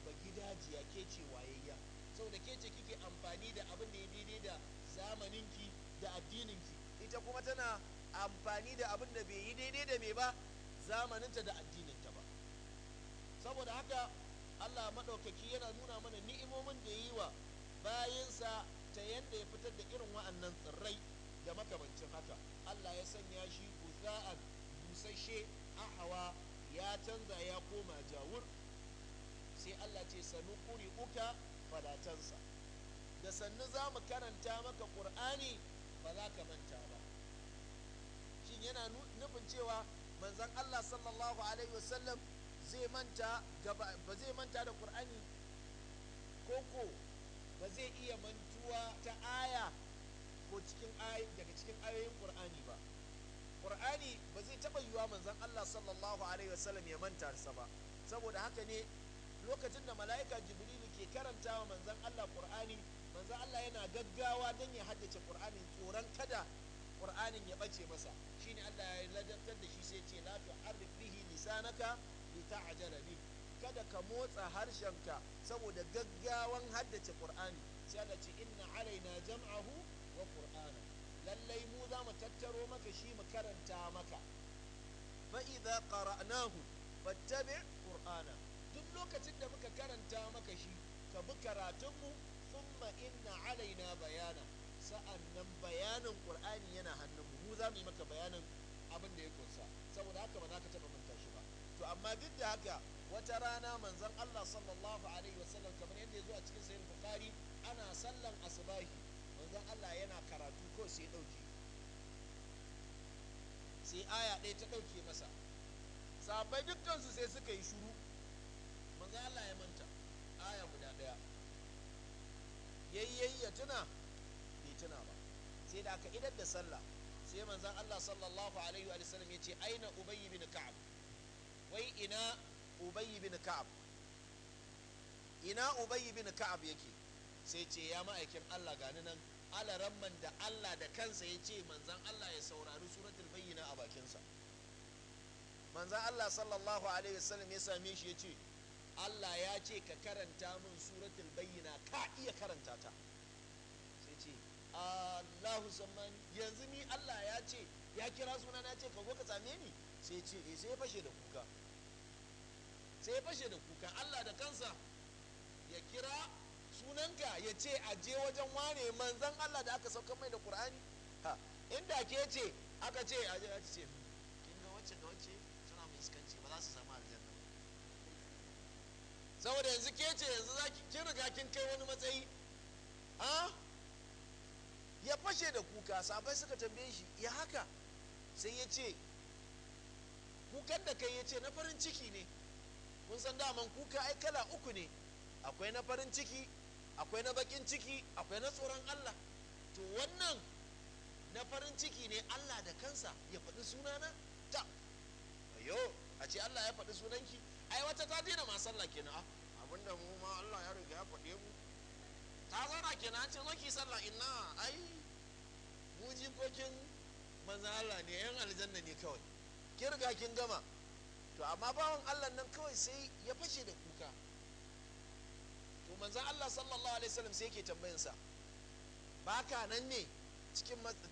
ba gidajiya ke ce wayayya saboda ke ce kike amfani da abin da ya daidai da zamaninki da addininki ita kuma tana amfani da abin da bai yi daidai da mai ba zamaninta da addininta ba saboda haka allah maɗaukaki yana nuna mana ni'imomin da yi wa bayansa ta yadda ya fitar da irin wa'annan tsirrai da makamancin haka Allah ya sanya shi guza'an busashe hawa ya canza ya koma jawur sai Allah ce sanu kuri uka falatansa da sannu za mu karanta maka ƙur'ani ba za ka manta ba shin yana nufin cewa manzon Allah sallallahu alaihi wasallam zai manta ba zai manta da ƙur'ani ko ba zai iya mantuwa ta aya ko cikin daga cikin ayoyin qur'ani ba qur'ani ba zai taɓa yiwa manzon Allah sallallahu alaihi wasallam ya manta sa ba saboda haka ne lokacin da mala'ika jibrilu ke karanta wa manzon Allah qur'ani manzon Allah yana gaggawa dan ya haddace qur'ani tsoron kada qur'anin ya bace masa shine Allah ya ladabtar da shi sai ce la tu'arrif bihi lisanaka lita'jala bi kada ka motsa harshenka saboda gaggawan haddace qur'ani sai Allah ce inna alaina jam'ahu lallai mu za mu tattaro maka shi mu karanta maka fa'iza ƙara'nahu fattabi ƙur'ana duk lokacin da muka karanta maka shi ka bi karatunmu sun inna alaina bayana sa'an nan bayanin ƙur'ani yana hannunmu mu za mu yi maka bayanin abin da ya kunsa saboda haka ba za ka taɓa manta shi ba to amma duk da haka wata rana manzon Allah sallallahu alaihi wasallam kamar yadda ya zo a cikin sahih bukari ana sallan asubahi manzan Allah yana karatu ko sai ɗauke sai aya ɗaya ta ɗauke masa sabai dukkansu sai suka yi shuru manzan Allah ya manta aya guda ɗaya yayyayi ya tuna bai tuna ba sai da aka idar da sallah sai manzan Allah sallallahu alaihi wa sallam ya ce aina ubayyi bin ka'ab wai ina ubayyi bin ka'ab ina ubayyi bin ka'ab yake sai ce ya ma'aikin Allah gani nan alaramman da Allah da kansa ya ce manzan Allah ya saurari suratul bayyina a bakinsa manzan Allah sallallahu alaihi wasallam ya same shi ya ce Allah ya ce ka karanta min suratul bayyina ka iya karanta ta sai ce Allahu zamani yanzu ni Allah ya ce ya kira suna na ce ka zo ka same ni sai ce eh sai ya fashe da kuka sai ya fashe da kuka Allah da kansa ya kira sunanka ya ce a je wajen wane manzan Allah da aka sauka mai da kur'ani ha inda ke ce aka ce a je ce hmm. kin ga wacce da wacce suna mai iskanci ba za su samu aljanna saboda yanzu ke ce yanzu za kin riga kin kai wani matsayi ha ya fashe da kuka sabai suka tambaye shi ya haka sai ya ce kukan da kai ya ce na farin ciki ne kun san daman kuka ai kala uku ne akwai na farin ciki akwai na bakin ciki akwai na tsoron Allah to wannan na farin ciki ne Allah da kansa ya faɗi sunana ta ayo a ce Allah ya faɗi sunanki ai wata ta dina ma sallah kenan a ah, abinda mu ma Allah ya riga ya faɗe mu ta zauna kenan an ce zo ki sallah inna ai mu jikokin manzan Allah ne yan aljanna ne kawai kirga riga kin gama to amma bawan Allah nan kawai sai ya fashe da kuka manzan Allah sallallahu alaihi wasallam sai yake tambayansa baka nan ne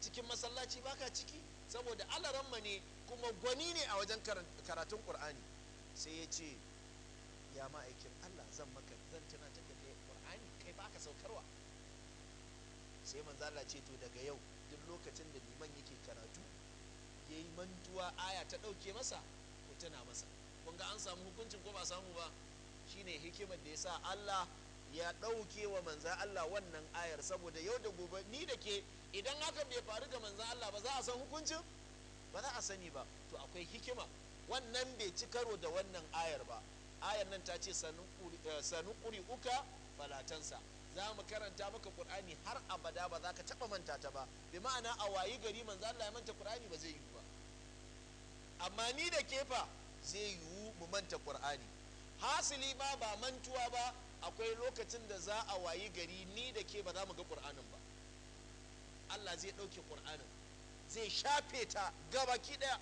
cikin masallaci baka ciki saboda alaramma ne kuma gwani ne a wajen karatun qur'ani sai ya ce ya ma'aikin Allah zan maka zan tunatar da kai qur'ani kai baka saukarwa sai manzan Allah ce to daga yau duk lokacin da liman yake karatu yayi mantuwa aya ta dauke masa ko tana masa kun ga an samu hukuncin ko ba samu ba shine hikimar da ya sa Allah ya ɗauke wa manza Allah wannan ayar saboda yau da gobe ni da ke idan haka bai faru ga manza Allah ba za a san hukuncin ba za a sani ba to akwai hikima wannan bai ci karo da wannan ayar ba ayar nan ta ce sanu eh, uka falatansa za mu karanta maka qur'ani har abada ba za ka taba manta ta ba bi ma'ana a wayi gari manza Allah ya manta qur'ani ba zai yi ba amma ni da ke fa zai yiwu mu manta qur'ani hasili ba ba mantuwa ba akwai lokacin da za a wayi gari ni da ke ba za mu ga ƙur'anin ba Allah zai ɗauke ƙur'anin zai shafe ta gabaki ɗaya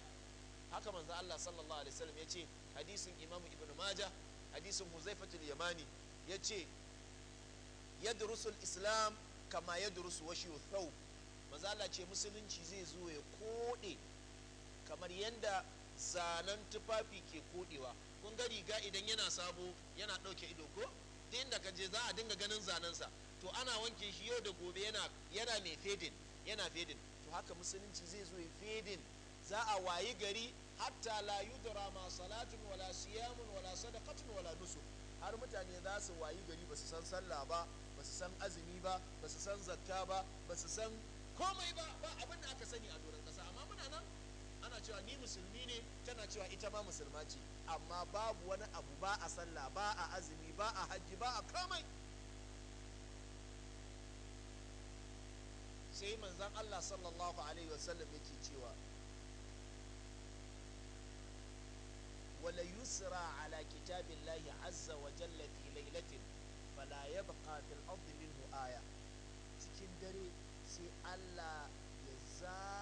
haka manzo Allah sallallahu alaihi wasallam ya hadisin Imam Ibn Majah hadisin Huzaifatul Yamani yace ce al islam kama yadrusu washiyu thawb manzo Allah ce musulunci zai zo ya kode kamar yadda zanen tufafi ke kodewa kun ga riga idan yana sabo yana ɗauke ido ko duk da ka za a dinga ganin zanensa to ana wanke shi yau da gobe yana yana mai fedin yana fedin to haka musulunci zai zo ya fedin za a wayi gari hatta la yudra ma salatun wala siyamun wala sadaqatun wala nusuk har mutane za su wayi gari ba su san sallah ba ba su san azumi ba ba su san zakka ba ba su san komai ba ba abin da aka sani a doron kasa amma muna nan ana cewa ni musulmi ne tana cewa ita ma musulma ce amma babu wani abu ba a sallah ba a azumi ba a hajji ba a kamai sai manzan Allah sallallahu alaihi wasallam yake cewa wala yusra ala kitabillahi azza wa jalla fi lailatin fala yabqa fil ardi minhu aya cikin dare sai Allah ya za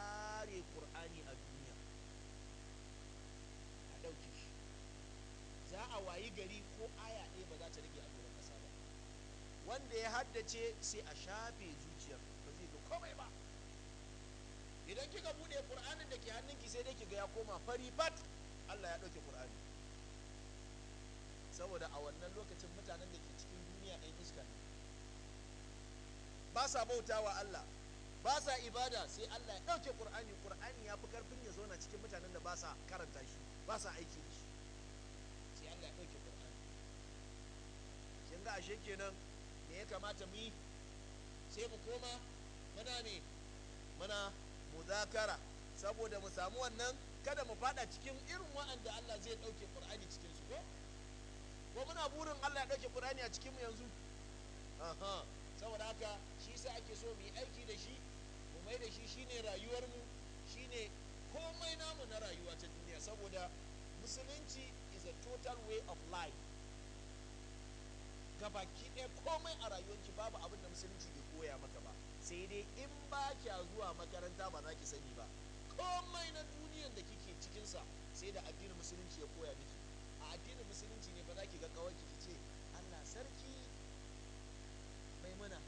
za a wayi gari ko aya ɗaya ba za ta rage a doron ƙasa ba wanda ya haddace sai a shafe zuciyar ba zai ga komai ba idan kika buɗe ƙur'anin da ke hannunki sai dai kiga ya koma fari fat Allah ya ɗauke ƙur'ani saboda a wannan lokacin mutanen da ke cikin duniya ɗan iska ne ba sa bauta wa Allah ba sa ibada sai Allah ya ɗauke ƙur'ani ƙur'ani ya fi ƙarfin ya zauna cikin mutanen da ba sa karanta shi ba sa aiki da shi yanzu ga ashe kenan me ya kamata mu yi sai mu koma muna ne muna muzakara saboda mu samu wannan kada mu fada cikin irin wa'anda Allah zai dauke Qur'ani cikin su ko ko muna burin Allah ya dauke Qur'ani a cikin mu yanzu aha saboda haka shi sa ake so mu yi aiki da shi mu mai da shi shine rayuwar mu shine komai namu na rayuwa ta duniya saboda musulunci is a total way of life gabaki ɗaya komai a rayuwarki babu abin da musulunci ke koya maka ba sai dai in ba kya zuwa makaranta ba za ki sani ba komai na duniyan da kike cikinsa sai da addinin musulunci ya koya miki a addinin musulunci ne ba za ki ga kawai ki ce allah sarki maimuna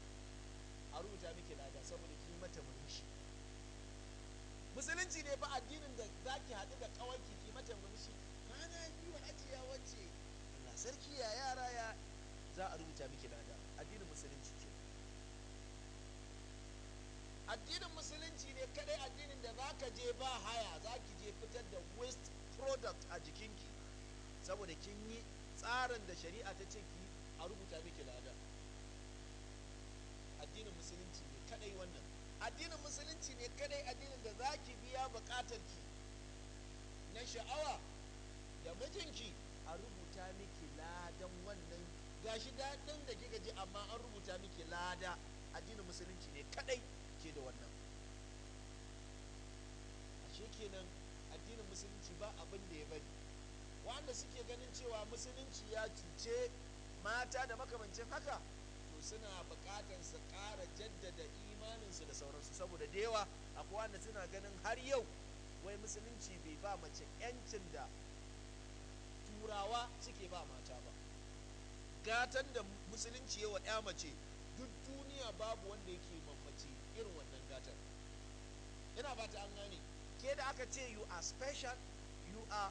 a rubuta miki lada saboda ki mata murmushi musulunci ne fa addinin da za ki haɗu da kawai ki mata murmushi kwana biyu hajiya wacce allah sarki ya yara ya za a rubuta miki lada addinin musulunci ke addinin musulunci ne kadai addinin da za ka je ba haya za ki je fitar da waste product a jikinki saboda kin yi tsarin da shari'a ta ce ki a rubuta miki lada addinin musulunci ne kadai wannan addinin musulunci ne kadai addinin da za ki biya ki na sha'awa da mijinki a rubuta miki ladan wannan gashi daɗin da kika ji amma an rubuta miki lada addinin musulunci ne kadai ke da wannan ashe kenan addinin musulunci ba abin da ya bari wanda suke ganin cewa musulunci ya cuce mata da makamancin haka to suna buƙatar su ƙara jaddada imaninsu da sauransu saboda da yawa akwai wanda suna ganin har yau wai musulunci bai ba mace 'yancin da turawa suke ba mata ba gatan da musulunci yawa ya mace duk duniya babu wanda yake mamaci irin wannan gatan yana ba ta an gane ke da aka ce you are special you are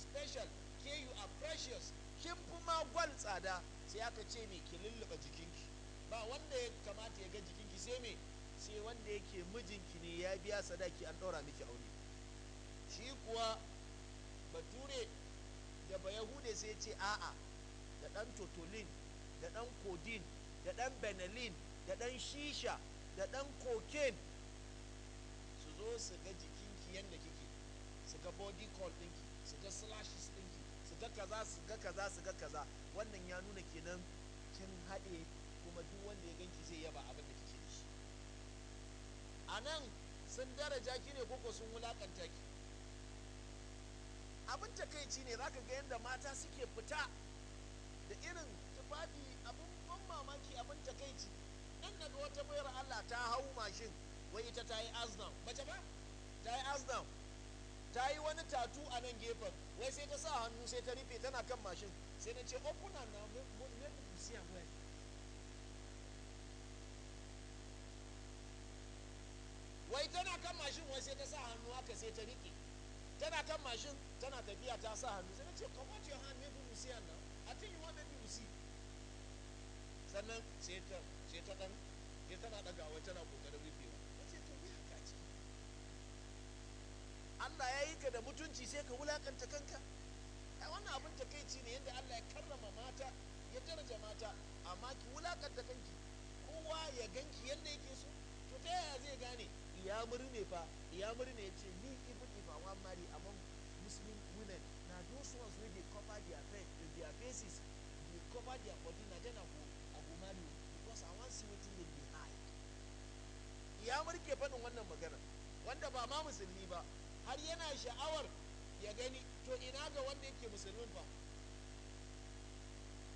special ke you are precious kin fi ma gwal tsada sai aka ce me ki lulluɓa jikinki ba wanda ya kamata ya ga jikinki sai me sai wanda yake mijinki ne ya biya sadaki an ɗora miki aure shi kuwa bature da yahude sai ce a'a da ɗan totolin da ɗan kodin da ɗan benelin da ɗan shisha da ɗan cocaine su zo su ga jikinki yadda kike su ga body call ɗinki su ga slashes ɗinki su ga kaza su ga kaza su ga kaza wannan ya nuna kenan kin haɗe kuma duk wanda ya ganki zai yaba abin da kike da shi a nan sun daraja ki ne koko sun wulakanta ki abin takaici ne za ka ga yadda mata suke fita da irin tufafi abin ban mamaki abin takaici nan daga wata bayar Allah ta hau mashin wai ita ta yi asnam mace ba ta yi asnam ta yi wani tatu a nan gefen wai sai ta sa hannu sai ta rufe tana kan mashin sai na ce opuna oh, na mun ne see am well wai tana kan mashin wai sai ta sa hannu haka sai ta rike tana kan mashin tana tafiya ta sa hannu sai na ce come out your hand maybe you see now a think yi want them to sannan sai ta sai ta dan sai tana dagawa tana kokarin rufewa sai to me haka ce Allah ya yi ka da mutunci sai ka wulakanta kanka ai wannan abin takeici ne yadda Allah ya karrama mata ya daraja mata amma ki wulakanta kanki kowa ya ganki yadda yake so to ta yaya zai gane ya murne fa ya ne ya ce ni ibn if wa mari marry among muslim women na those ones wey dey faces go cover their body na then i go i go marry because i wan see wetin dey ya murke faɗin wannan magana wanda ba ma musulmi ba har yana sha'awar ya gani to ina ga wanda yake musulmin fa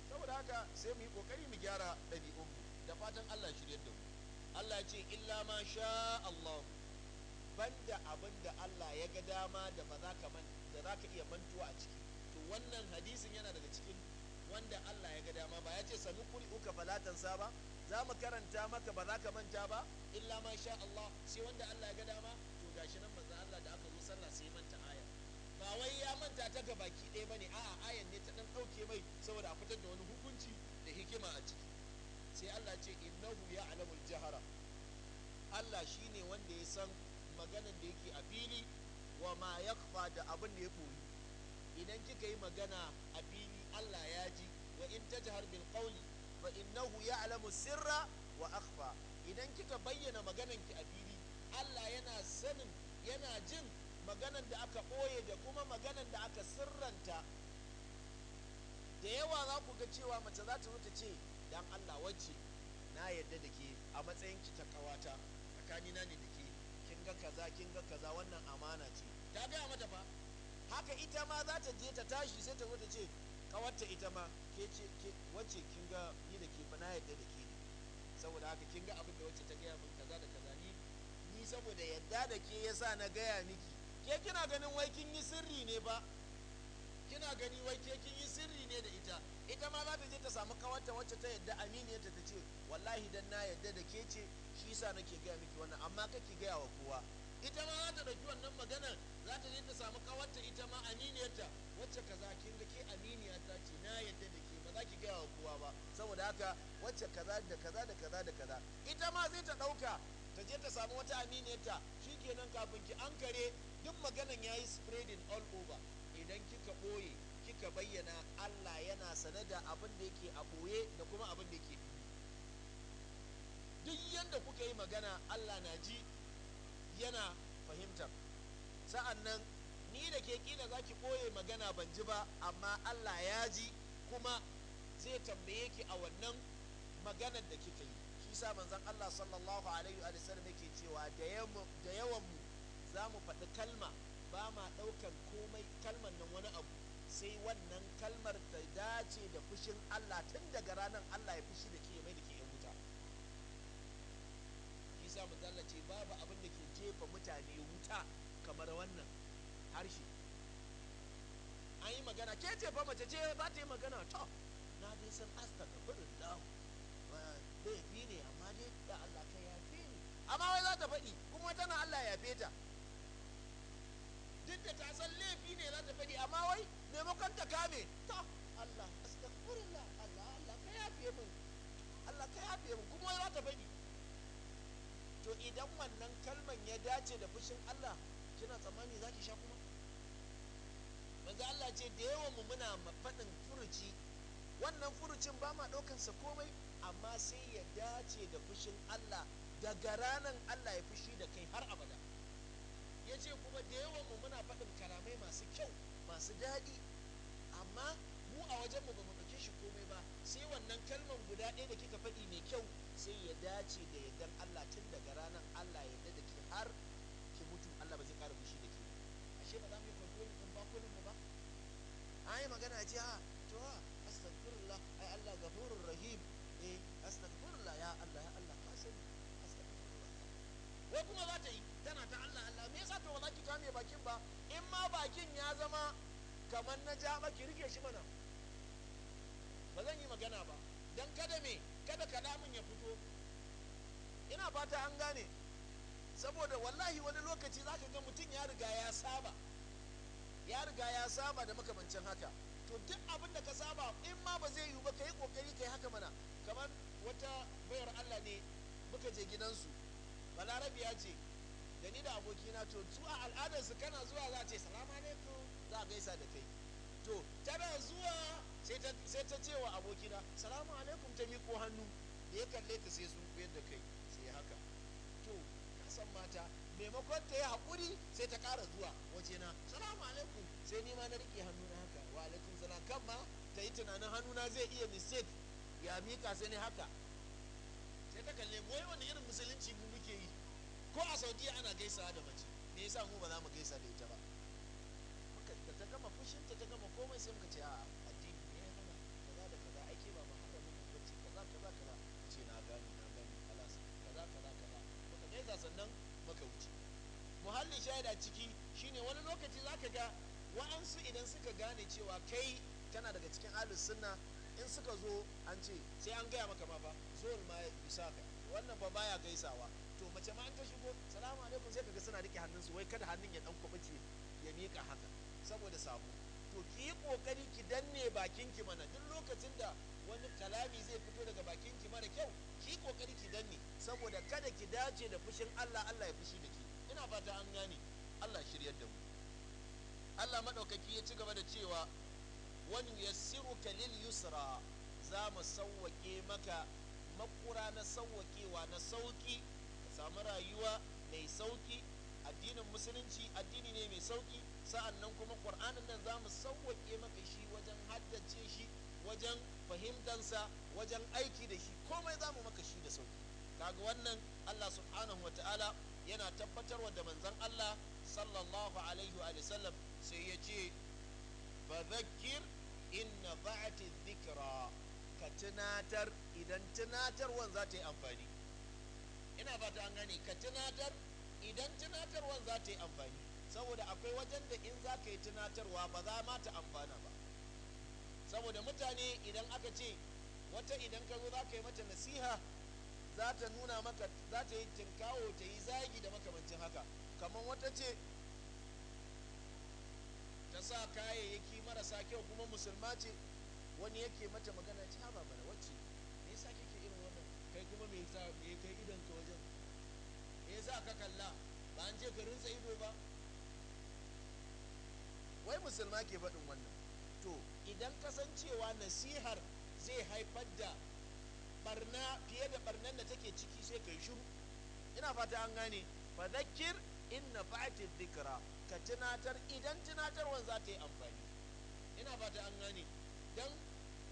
saboda haka sai mu yi kokari mu gyara ɗabi'unmu da fatan Allah shiryar da mu Allah ce illa ma sha Allah banda abin da Allah ya ga dama da ba za ka iya mantuwa a ciki wannan hadisin yana daga cikin wanda Allah ya ga dama ba ya ce sanu kuri uka falatan sa ba za mu karanta maka ba za ka manta ba illa ma sha Allah sai wanda Allah ya ga dama to gashi nan manzo Allah da aka zo sallah sai manta aya ba wai ya manta ta ga baki ɗaya bane a'a ayan ne ta dan dauke mai saboda a fitar da wani hukunci da hikima a ciki sai Allah ce innahu ya'lamul jahara Allah shine wanda ya san maganar da yake a fili wa ma da abin da ya koyi idan kika yi magana a fili Allah ya ji wa in tajhar bil qawli fa ya alamu sirra wa akhfa idan kika bayyana maganan ki a fili Allah yana sanin yana jin maganan da aka ɓoye da kuma maganan da aka sirranta da yawa za ku ga cewa mace za ta ce dan Allah wacce na yadda da ke a matsayin ki ta kawata tsakanina ne da ke kin ga kaza kin ga kaza wannan amana ce ta gaya mata fa haka ita ma za ta je ta tashi sai ta zo ta ce kawarta ita ma ke ce wacce kin ga ni da ke na yadda da ke ne saboda haka kin ga abin da wacce ta gaya min kaza da kaza ni ni saboda yadda da ke yasa na gaya miki ke kina ganin wai kin yi sirri ne ba kina gani wai ke kin yi sirri ne da ita ita ma za ta je ta samu kawarta wacce ta yadda aminiyarta ta ce wallahi dan na yadda da ke ce shi yasa nake gaya miki wannan amma kake gaya wa kowa ita ma za ta ɗauki wannan maganar za ta je ta samu kawarta ita ma aminiyarta wacce kaza kin ga ke aminiya ta ce na yadda da ke ba za ki gaya wa kowa ba saboda haka wacce kaza da kaza da kaza da kaza ita ma zai ta ɗauka ta je ta samu wata aminiyarta kenan kafin ki ankare duk maganan ya yi spreading all over idan kika ɓoye kika bayyana Allah yana sane da abin da yake a ɓoye da kuma abin da yake duk yadda kuka yi magana Allah na ji yana fahimtar sa'annan ni da ke kila za ki ɓoye magana ban ji ba amma Allah ya ji kuma zai tambaye ki a wannan maganar da kika yi shi sa manzon Allah sallallahu alaihi wa sallam yake cewa da yawan mu za mu faɗi kalma ba ma ɗaukan komai kalmar nan wani abu sai wannan kalmar ta dace da fushin Allah tun daga ranar Allah ya fushi da ke mai da ke yan wuta shi sa manzon Allah ce babu abin da ke jefa mutane wuta bar wannan harshe an yi magana ke ce fa mace ce ba ta yi magana to na dai san asta ka fudin dawo laifi ne amma dai da Allah ka yafe ni amma wai za ta faɗi kuma tana Allah ya yafe ta duk da ta san laifi ne za ta faɗi amma wai maimakon ta kame to Allah astaghfirullah Allah Allah ka yafe min Allah ka yafe min kuma wai za ta faɗi to idan wannan kalman ya dace da fushin Allah kina tsammani za ki sha kuma manzo Allah ce da yawan mu muna faɗin furuci wannan furucin ba ma ɗaukansa komai amma sai ya dace da fushin Allah daga ranan Allah ya fushi da kai har abada ya ce kuma da yawan mu muna faɗin kalamai masu kyau masu daɗi amma mu a wajen mu ba mu ɗauke shi komai ba sai wannan kalman guda ɗaya da kika faɗi mai kyau sai ya dace da yardar Allah tun daga ranan Allah ya da ke har ashe ba za mu yi control din bakunan mu ba ai magana ce ha ah, to ha astaghfirullah ai Allah gafurur rahim eh astaghfirullah ya Allah ya Allah ka sani astaghfirullah wai kuma za ta yi tana ta Allah Allah me yasa to ba za ki kame bakin ba in ma bakin ya zama kamar na ja ba ki rike shi mana ba zan yi magana ba dan kada me kada kalamin ya fito ina fata an gane saboda wallahi wani lokaci za ka ga mutum ya riga ya saba ya riga ya saba da makamancin haka to duk abin da ka saba in ma ba zai yiwu ba ka yi kokari ka yi haka mana kamar wata bayar Allah ne muka je gidansu balarabiya ce da ni da abokina to su a al'adarsu kana zuwa za a ce salamu alaikum za a gaisa da kai to tana zuwa sai ta cewa abokina salama alaikum ta ko hannu da ya kalle ta sai sun koyar da kai son mata maimakon ta yi haƙuri sai ta ƙara zuwa waje na salamu alaikum sai ni ma na riƙe hannuna haka wa alaikum salam kan ma ta yi tunanin na zai iya mistake ya mika sai ne haka sai ta kalle wai wani irin musulunci mu muke yi ko a saudiya ana gaisawa da mace me yasa mu ba za mu gaisa da ita ba ta gama fushinta ta gama komai sai muka ce a'a muhalli shaida ciki shine wani lokaci zaka ga wa'ansu idan suka gane cewa kai tana daga cikin ahlus sunna in suka zo an ce sai an gaya maka ma fa zuwan ma bisa ka wannan ba baya gaisawa to mace ma an ta shigo salamu alaikum sai kaga suna rike hannunsu wai kada hannun ya dan kwabace ya mika haka saboda sabo to ki yi kokari ki danne bakinki mana duk lokacin da wani kalami zai fito daga bakinki mara kyau ki yi kokari ki danne saboda kada ki dace da fushin Allah Allah ya fushi da ke. ana fata an gane Allah shiryar da mu Allah madaukaki ya ci gaba da cewa wani yassiruka lil yusra za mu sauwake maka makura na sauwakewa na sauki ka samu rayuwa mai sauki addinin musulunci addini ne mai sauki sa'an nan kuma ƙur'anin nan za mu sauwake maka shi wajen haddace shi wajen fahimtansa wajen aiki da shi komai za mu maka shi da sauki kaga wannan allah subhanahu wa ta'ala yana tabbatarwa da manzon Allah sallallahu alaihi wa sallam sai ya ce fadhakkir inna ba'ati dhikra ka tunatar idan tunatarwan za ta yi amfani ina fata an gane ka tunatar idan tunatarwan za ta yi amfani saboda akwai wajen da in za ka yi tunatarwa ba za ma ta amfana ba saboda mutane idan aka ce wata idan ka zo za ka yi mata nasiha za ta nuna maka za ta yi tinkawo ta yi zagi da makamancin haka kamar wata ce ta sa kayayyaki marasa kyau kuma musulma ce wani yake mata magana ta haba bara wacce me yasa kike irin wannan kai kuma me yasa me kai idan ka wajen me yasa ka kalla ba an je ka rinsa ido ba wai musulma ke faɗin wannan to idan kasancewa nasihar zai haifar da barna fiye da barnan da take ciki sai kai shiru ina fata an gane fa zakir in fa'ati dhikra ka tunatar idan tunatarwan za ta yi amfani ina fata an gane dan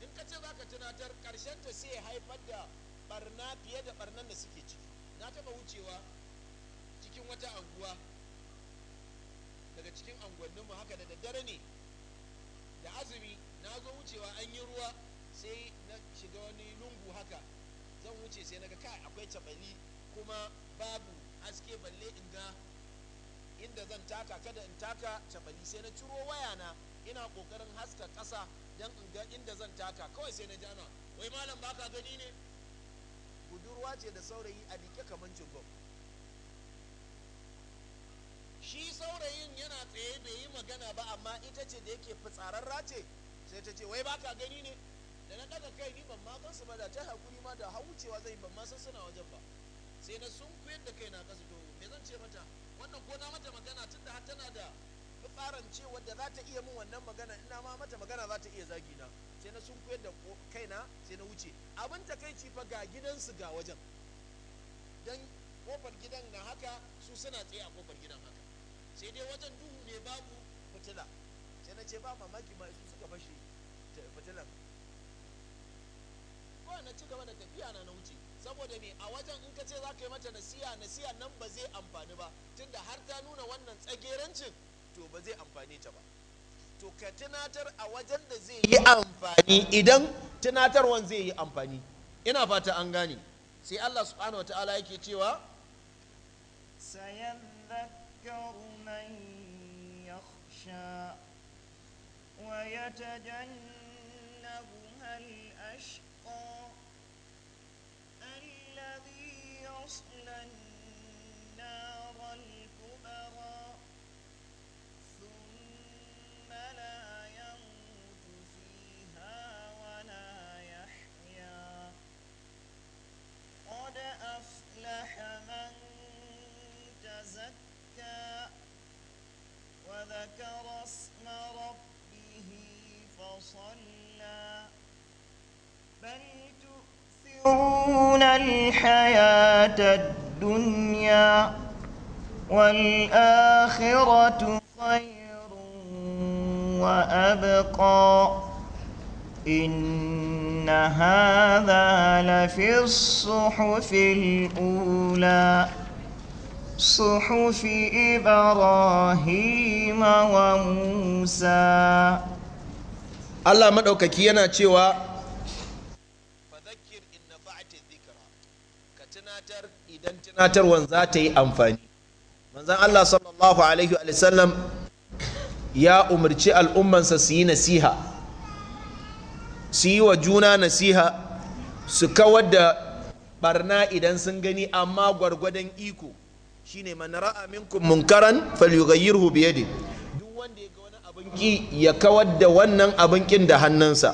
in ka ce za ka tunatar karshen ta sai haifar da barna fiye da barnan da suke ciki na taba wucewa cikin wata anguwa daga cikin mu haka da daddare ne da azumi na zo wucewa an yi ruwa sai na shiga wani lungu haka zan wuce sai na ga kai akwai cabali kuma babu haske balle in ga inda zan taka kada in taka tabani sai na ciro waya na ina kokarin haska ƙasa dan in ga inda zan taka kawai sai na ji wai malam baka gani ne budurwa ce da saurayi a dike kaman jingo shi saurayin yana tsaye bai yi magana ba amma ita ce da yake fitsararra ce sai ta ce wai baka gani ne da na daga kai ni ban ma su ba da ta hakuri ma da haucewa zai ban ma san suna wajen ba sai na sun kuyar da kai na kasu to me zan ce mata wannan ko na mata magana tunda har tana da fitsaran cewa da za ta iya min wannan magana ina ma mata magana za ta iya zagi na sai na sun kuyar da kaina sai na wuce abin takaici fa ga gidansu ga wajen dan kofar gidan na haka su suna tsaye a kofar gidan haka sai dai wajen duhu ne babu fitila sai na ce ba mamaki ma su suka fashe fitilan kawai na ci gaba da tafiya na na wuce saboda me a wajen in ka ce za ka yi mata nasiya nasiya nan ba zai amfani ba tunda har ta nuna wannan tsagerancin to ba zai amfani ta ba to ka tunatar a wajen da zai yi amfani idan tunatarwan zai yi amfani ina fata an gane sai Allah subhanahu wataala yake cewa sayadhakkaru man yakhsha wa yatajannabuha hali ashqa وذكر اسم ربه فصلى بل تؤثرون الحياة الدنيا والآخرة خير وأبقى إن هذا لفي الصحف الأولى صحف إبراهيم وموسى الله مدعوكك ينا تشوى فذكر إن نفعت الذكرى كتناتر إذا تناتر وانزاتي أنفاني manzan Allah sallallahu alaihi wa sallam ya umarci al'ummansa su yi nasiha su yi wa juna nasiha su kawar da barna idan sun gani amma gwargwadon iko shine man ra'a minkum munkaran falyughayyirhu bi yadi duk wanda ya ga wani abin ki ya kawar da wannan abin kin da hannunsa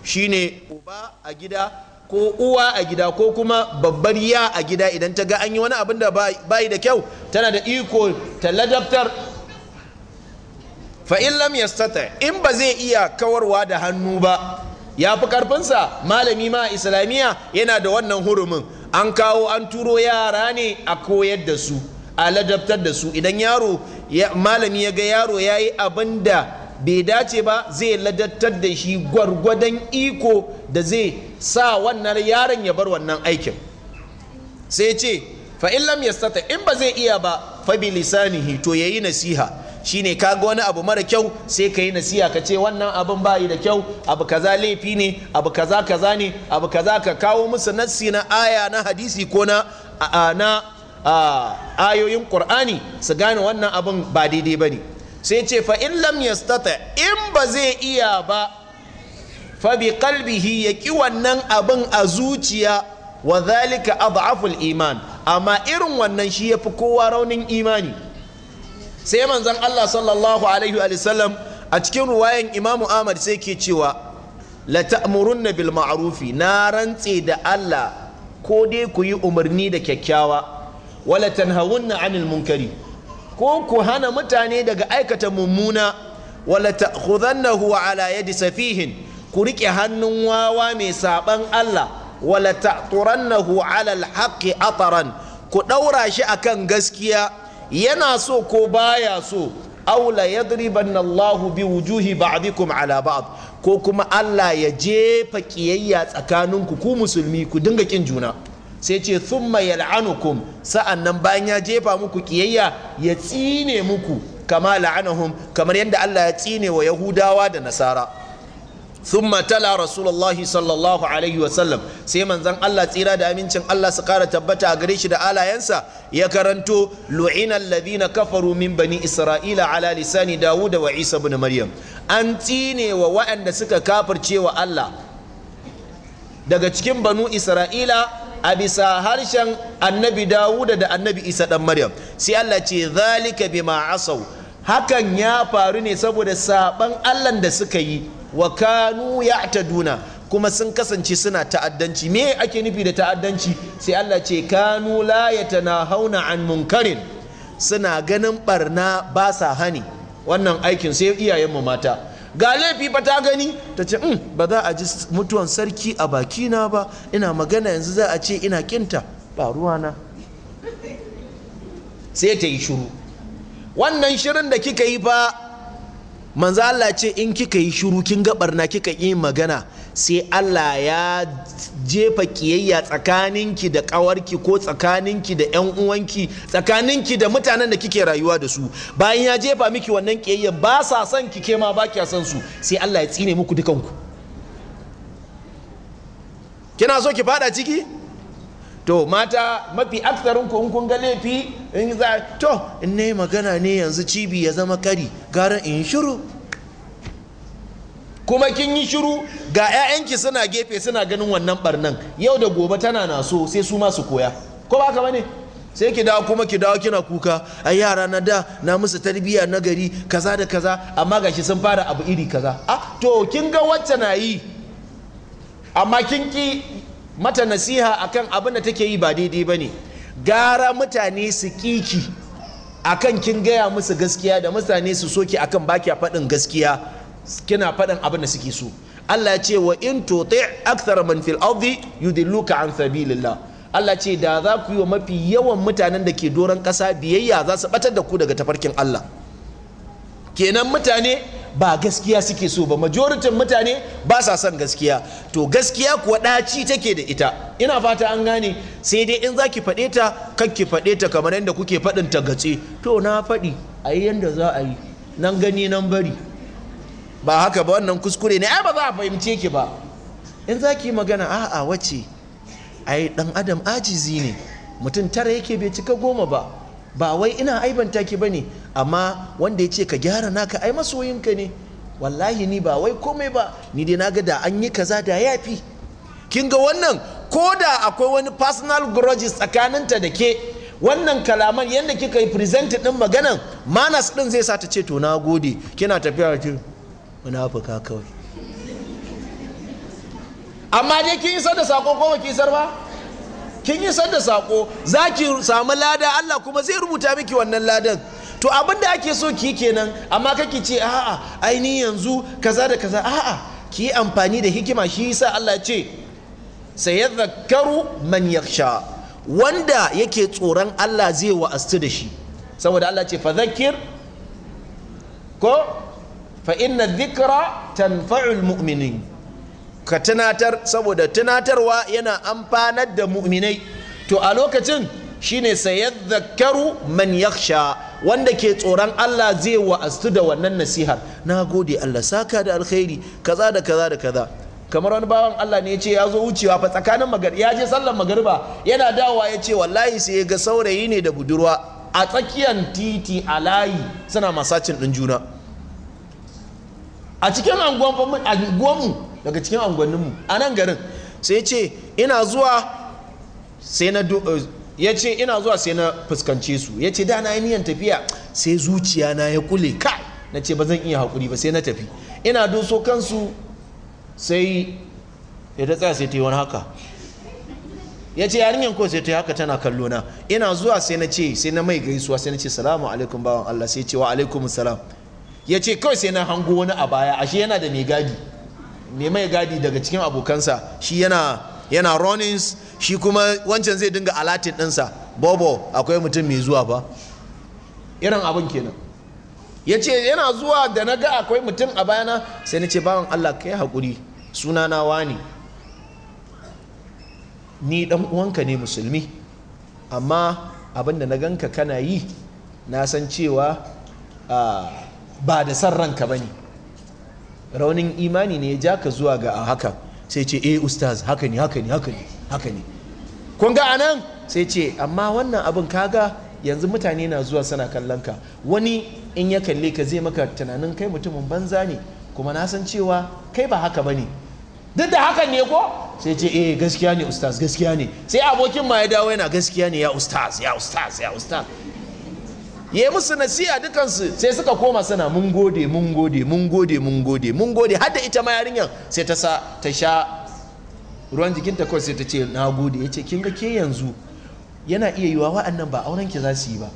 shine uba a gida ko uwa a gida ko kuma babbar ya a gida idan ta ga an yi wani abin da bai da kyau tana da iko ta ladabtar fa in lam yastata in ba zai iya kawarwa da hannu ba ya fi karfinsa malami ma islamiyya yana da wannan hurumin an kawo an turo yara ne a koyar da su a ladabtar da su idan yaro malami ya ga yaro ya yi abin da bai dace ba zai ladabtar da shi gwargwadon iko da zai sa wannan yaron ya bar wannan aikin sai ce fa in lam yastata in ba zai iya ba fa bi lisanihi to yayi nasiha shine kaga wani abu mara kyau sai ka yi nasiha ka ce wannan abin bayi da kyau abu kaza laifi ne abu kaza kaza ne abu kaza ka kawo musu nassi na aya na hadisi ko na na ayoyin qur'ani su gane wannan abin ba daidai ba ne. sai ce fa in lam yastata in ba zai iya ba fa bi qalbihi yaki wannan abin a zuciya wa zalika iman amma irin wannan shi yafi kowa raunin imani sai manzon Allah sallallahu alaihi wa sallam a cikin ruwayan Imam Ahmad sai ke cewa la ta'murunna bil ma'rufi na rantse da Allah ko dai ku yi umarni da kyakkyawa wala tanhawunna 'anil munkari ko ku hana mutane daga aikata mummuna wala ta'khudannahu ala yadi safihin ku rike hannun wawa mai saban Allah wala ta'turannahu ala al-haqqi ataran ku daura shi akan gaskiya yana so ko baya so aula yadriban Allahu bi wujuhi ba'dikum ala ba'd ko kuma Allah ya jefa kiyayya tsakaninku ku musulmi ku dinga kin juna sai ce thumma yal'anukum sa'annan bayan ya jefa muku kiyayya ya tsine muku kama la'anahum kamar yadda Allah ya tsine wa Yahudawa da Nasara thumma tala rasulullahi sallallahu alaihi sallam sai manzon Allah tsira da amincin Allah su kara tabbata a gare shi da alayensa ya karanto lu'ina alladhina kafaru min bani isra'ila ala lisani Dawuda wa isa ibn maryam an tine wa waɗanda suka kafirce wa Allah daga cikin banu isra'ila a bisa harshen annabi dawuda da annabi isa dan maryam sai allah ce zalika bima asau hakan ya faru ne saboda saban allah da suka yi wa kanu ya'taduna kuma sun kasance suna ta'addanci me ake nufi da ta'addanci sai Allah ce kanu la hauna an munkarin suna ganin barna ba sa hani wannan aikin sai iyayenmu mata ga laifi ba ta gani ta ce hmm, ba za a ji mutuwan sarki a bakina ba ina magana yanzu za a ce ina kinta ba ruwana sai ta yi shuru wannan shirin da kika yi ba manzo Allah ce in kika yi shiru kin ga barna kika yi magana sai Allah ya jefa kiyayya tsakaninki da ƙawarki ko tsakaninki da 'yan uwanki tsakaninki da mutanen da kike rayuwa da su bayan ya jefa miki wannan kiyayyan ba sa son ki kema ba kya son su sai Allah ya tsine muku dukanku kina so ki fada ciki to mata mafi aksarin ku in kun ga laifi in za to in ne magana ne yanzu cibi ya zama kari garan in shiru kuma kin yi shiru ga 'ya'yanki suna gefe suna ganin wannan barnan yau da gobe tana na so sai su masu koya ko ba ka bane sai ki dawo kuma ki dawo kina kuka a yara na da na musu tarbiyya na gari kaza da kaza amma gashi sun fara abu iri kaza a ah, to kin ga wacce na yi amma kin ki mata nasiha akan abin da take yi ba daidai bane gara mutane su kiki akan kin gaya musu gaskiya da mutane su soki akan baki faɗin gaskiya kina faɗin abin da suke so Allah ce wa in tuti akthar man fil ardi yudilluka an sabilillah Allah ce da za ku yi wa mafi yawan mutanen da ke doron ƙasa biyayya za su batar da ku daga tafarkin Allah kenan mutane ba gaskiya suke so ba majoritin mutane ba sa son gaskiya to gaskiya kuwa ɗaci take da ita ina fata an gane sai dai in za ki faɗe ta kan ki faɗe ta kamar yadda kuke faɗin ta gatse to na faɗi a yi yadda za a yi nan gani nan bari ba haka ba wannan kuskure ne ai ba za a fahimce ki ba in za ki magana a'a wace ai dan adam ajizi ne mutum tara yake bai cika goma ba ba wai ina aibanta ki bane amma wanda ya ce ka gyara naka ai masoyinka ne wallahi ni ba wai komai ba ni dai na ga da an yi kaza da yafi kin ga wannan ko da akwai wani personal grudges tsakaninta da ke wannan kalaman yadda kika yi present din maganan manas din zai sa ta ce to na gode kina tafiya ki munafuka kawai amma dai kin yi da sako ko ki sar ba kin yi da sako za ki samu lada Allah kuma zai rubuta miki wannan ladan to abin da ake so ki kenan amma kake ce a'a aini yanzu kaza da kaza a'a ki yi amfani da hikima shi yasa Allah ce sayadhakkaru man yakhsha wanda yake tsoron Allah zai wa'astu da shi saboda Allah ce fa zakir ko fa inna tanfa'ul mu'minin ka tunatar saboda tunatarwa yana amfanar da mu'minai to a lokacin shine sayadhakkaru man yakhsha wanda ke tsoron Allah zai wa'astu da wannan nasihar na gode Allah saka da alkhairi kaza da kaza da kaza kamar wani bawan Allah ne ya ce ya zo wucewa fa tsakanin magar ya je sallar magariba yana dawowa ya ce wallahi sai ya ga saurayi ne da budurwa a tsakiyar titi a layi suna masacin ɗin juna a cikin anguwanmu daga cikin anguwanninmu a nan garin sai ce ina zuwa sai na eh, ya ce ina zuwa sai na fuskance su ya ce da na yi niyan tafiya sai zuciya na ya kule ka na ce ba zan iya haƙuri ba sai na tafi ina doso kansu sai ya ta tsaya sai ta yi wani haka ya ce yarinyar ko sai ta yi haka tana kallo na ina zuwa sai na ce sai na mai gaisuwa sai na ce salamu alaikum bawan Allah sai ce wa alaikum salam ya ce kawai sai na hango wani a baya ashe yana da mai gadi mai mai gadi daga cikin abokansa shi yana yana shi kuma wancan zai dinga alatin ɗinsa bobo akwai mutum mai zuwa ba irin abin kenan ya ce yana zuwa da na ga akwai mutum a bayana sai na ce bawan allah kai haƙuri na wani ni dan uwanka ne musulmi amma abin da na ganka kana yi na san cewa ah, ba da san ranka ba ne raunin imani ne ya ja ka zuwa ga haka sai ce eh ustaz haka ne haka ne haka ne haka ne kun ga anan sai ce amma wannan abin kaga yanzu mutane na zuwa sana kallon ka wani in ya kalle ka zai maka tunanin kai mutumin banza ne kuma na san cewa kai ba haka ba ne duk da hakan ne ko sai ce eh gaskiya ne ustaz gaskiya ne sai abokin ma ya dawo yana gaskiya ne ya ustaz ya ustaz ya ustaz ya musu nasiha dukansu sai suka koma sana mun gode mun gode mun gode mun gode mun gode har da ita ma yarinyar sai ta sa ta sha ruwan ta kawai sai ta ce na gode ya ce kin ga ke yanzu yana iya yiwa wa'annan ba auren ki za su yi ba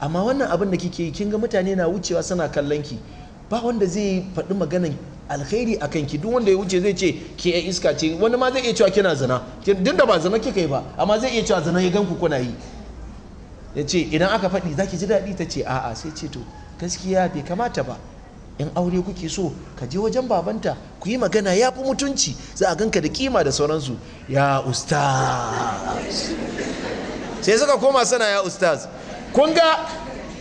amma wannan abin da kike yi kin ga mutane na wucewa suna kallon ki ba wanda zai yi faɗi maganan alkhairi a kanki duk wanda ya wuce zai ce ke iska ce wani ma zai iya cewa kina zina duk da ba zina kika yi ba amma zai iya cewa zina ya gan ku kuna yi ya ce idan aka faɗi za ki ji daɗi ta ce a'a sai ce to gaskiya bai kamata ba in aure kuke so ka je wajen babanta ku yi magana ya fi mutunci za a ganka da kima da sauransu ya ustaz sai suka koma sana ya ustaz kun ga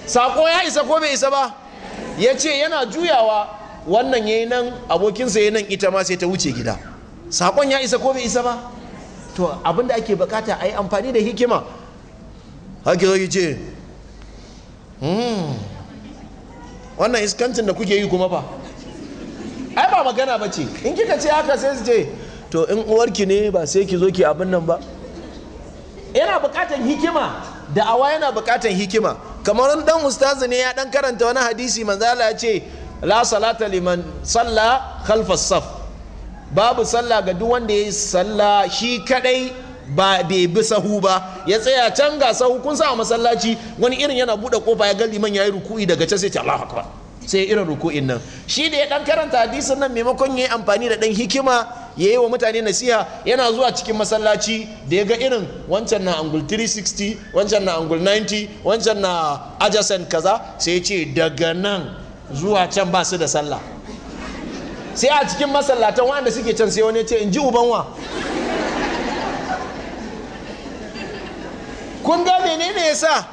sako ya isa ko bai isa ba ya ce yana juyawa wannan ya yi nan abokinsa ya nan ita ma sai ta wuce gida sakon ya isa ko bai isa ba to abinda ake bukata a yi amfani da hikima haki zo ce hmm. wannan iskancin da kuke yi kuma ba ai ba magana ba ce in kika ce haka sai su ce to in uwarki ne ba sai ki zo ki abin nan ba yana bukatan hikima da awa yana bukatan hikima kamar dan ustazi ne ya dan karanta wani hadisi manzala ya ce la salata liman salla khalfas saf babu sallah ga duk wanda ya yi sallah shi kadai ba bai bi sahu ba ya tsaya can ga sahu kun sa masallaci wani irin yana buɗe kofa ya ga liman yi ruku'i daga can sai ce Allahu akbar sai irin ruku'in nan shi da ya dan karanta hadisin nan maimakon yayi amfani da dan hikima ya yi wa mutane nasiha yana zuwa cikin masallaci da ya ga irin wancan na angul 360 wancan na angul 90 wancan na adjacent kaza sai ya ce daga nan zuwa can ba su da sallah sai a cikin masallatan wanda suke can sai wani ce in ji ubanwa kun ga menene ya sa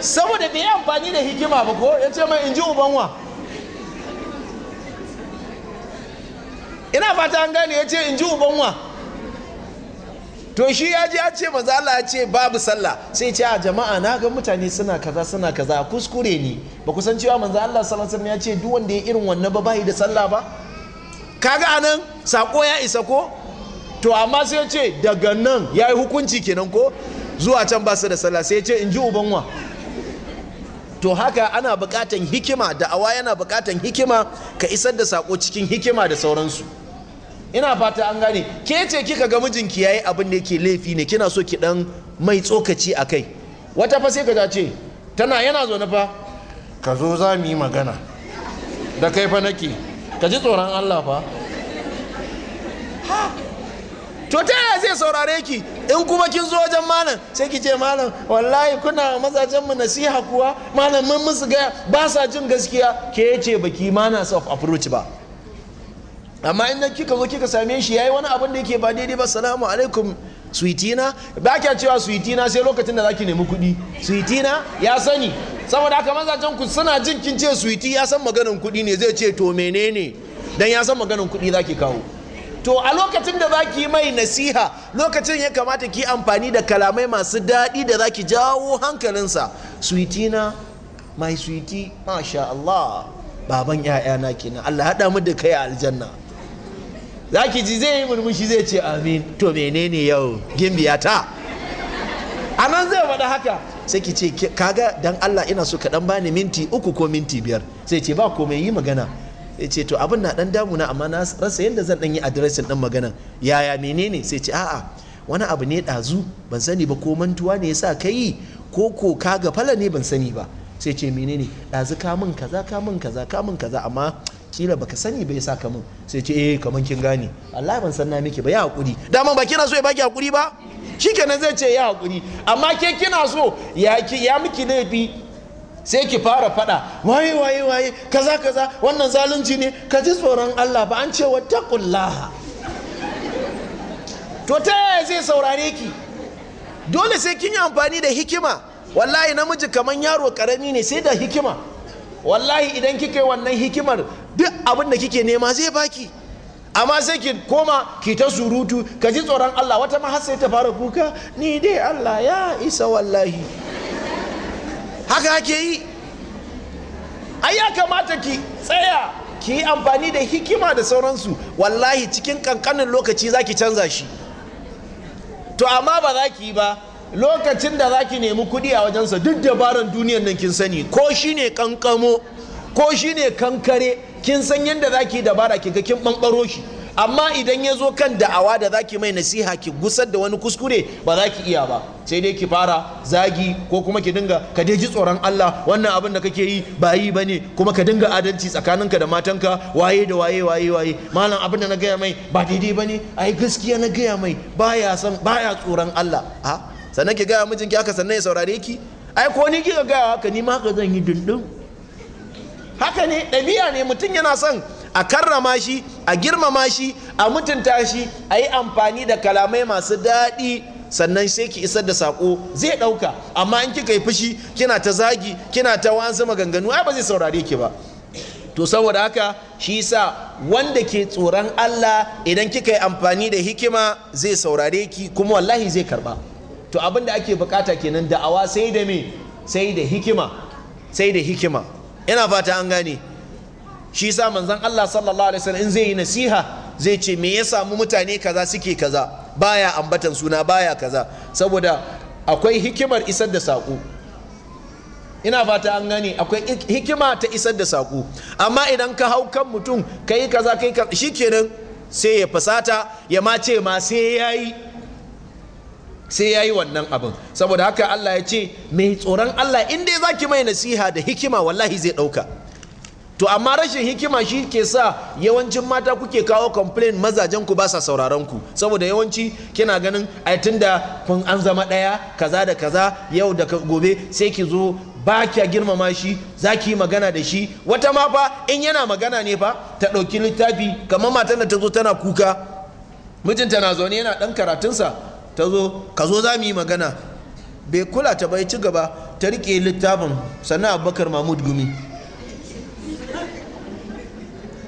saboda bai amfani da hikima ba ko ya ce mai in ji ubanwa ina fata an gane ya ce in ji ubanwa to shi ya ji ya ce mazala ya ce babu sallah sai ce a jama'a na ga mutane suna kaza suna kaza kuskure ne ba ku san cewa manzo Allah sallallahu alaihi ya ce duk wanda ya irin wannan ba bai da sallah ba kaga anan sako ya isa ko to amma sai ya ce daga nan yayi hukunci kenan ko zuwa can ba su da sallah sai ce in ji ubanwa to haka ana bukatan hikima da awa yana bukatan hikima ka isar da sako cikin hikima da sauransu ina fata an gane ke ce kika ga mijinki yayi abin da yake laifi ne kina so ki dan mai tsokaci a kai wata fa sai ka ce tana yana na fa ka zo za mu yi magana da kai fa nake ka ji tsoron Allah fa to ta yaya zai saurare ki in kuma kin zo wajen malam sai ki ce malam wallahi kuna mazajen mu nasiha kuwa malam mun musu gaya ba sa jin gaskiya ke ce baki mana self approach ba amma idan kika zo kika same shi yayi wani abin da yake ba daidai ba salamu alaikum sweetina ba kya cewa sweetina sai lokacin da zaki nemi kuɗi sweetina ya sani saboda haka mazajen ku suna jin kin ce sweeti ya san maganin kuɗi ne zai ce to menene dan ya san maganin kuɗi zaki kawo to a lokacin da zaki ki mai nasiha lokacin ya kamata ki amfani da kalamai masu daɗi da zaki ki jawo hankalinsa na mai suiti masha Allah baban ‘ya'yana kenan Allah haɗa mu da kai a aljanna za ki ji zai yi murmushi zai ce amin to menene yau gimbiyata a nan zai faɗa haka sai ki ce kaga dan Allah ina so ka dan bani minti uku ko minti biyar sai ce ba komai yi magana ya ce to abin na dan damuna amma na rasa yadda zan dan yi adireshin dan maganan yaya menene sai ce a'a wani abu ne ɗazu ban sani ba ko mantuwa ne yasa ka yi ko ko ka ga fala ne ban sani ba sai ce menene ɗazu ka min kaza ka min kaza ka min kaza amma kila baka sani ba sa ka min sai ce eh kaman kin gane Allah ban san na miki ba ya hakuri dama ba kina so ya baki hakuri ba shikenan zai ce ya hakuri amma ke kina so ya miki laifi sai ki fara fada waye waye waye kaza kaza wannan zalunci ne ka ji tsoron Allah ba an ce wattaqullaha to ta yaya zai saurare ki dole sai kin yi amfani da hikima wallahi namiji kaman yaro karami ne sai da hikima wallahi idan kike wannan hikimar duk abin da kike nema zai baki amma sai ki koma ki ta surutu ka ji tsoron Allah wata ma ta fara kuka ni dai Allah ya isa wallahi haka ake yi ai ya kamata ki tsaya ki yi amfani da hikima da sauransu wallahi cikin kankanin lokaci za ki canza shi to amma ba za ki yi ba lokacin da za ki nemi kudi a wajensa duk dabaran duniyar nan kin sani ko shi ne kankamo ko shi ne kankare kin san yadda za ki dabara ki ga kin ɓanɓaro shi amma idan ya zo kan da'awa da zaki mai nasiha ki gusar da wani kuskure ba za ki iya ba sai dai ki fara zagi ko kuma ki dinga ka dai ji tsoron Allah wannan abin da kake yi ba yi bane kuma ka dinga adalci tsakaninka da matanka waye da waye waye waye malam abin da na gaya mai ba daidai ba ne ai gaskiya na gaya mai baya san baya tsoron Allah a sannan ki gaya mijinki haka sannan ya saurare ki ai ko ni ki ga gaya haka ni ma haka zan yi dindin haka ne ɗabi'a ne mutum yana son a karrama shi a girmama shi a mutunta shi a yi amfani da kalamai masu daɗi sannan sai ki isar da saƙo zai ɗauka amma in kika yi fushi kina ta zagi kina ta wanzu maganganu ai ba zai saurare ki ba to saboda haka shi sa wanda ke tsoron Allah idan kika yi amfani da hikima zai saurare ki kuma wallahi zai karba to abin da ake bukata kenan da'awa sai da me sai da hikima sai da hikima ina fata an gane shi yasa manzon Allah sallallahu alaihi wasallam in zai yi nasiha zai ce me ya samu mutane kaza suke kaza baya ambatan suna baya kaza saboda akwai hikimar isar da saƙo ina fata an gane akwai hikima ta isar da saƙo amma idan ka hau kan mutum ka yi kaza kai kaza shikenan sai ya fasata ya mace ma sai ya yi sai ya wannan abin saboda haka Allah ya ce mai tsoron Allah in dai za ki mai nasiha da hikima wallahi zai ɗauka to amma rashin hikima shi ke sa yawancin mata kuke kawo complain mazajen ku ba sa sauraron ku saboda yawanci kina ganin ai tunda kun an zama daya kaza da kaza yau da gobe sai ki zo ba kya girmama shi za ki yi magana da shi wata ma fa in yana magana ne fa ta ɗauki littafi kamar matan da ta zo tana kuka mijinta na zaune yana ɗan karatunsa ta zo ka zo za mu yi magana bai kula ta bai ci gaba ta riƙe littafin sannan abubakar mahmud gumi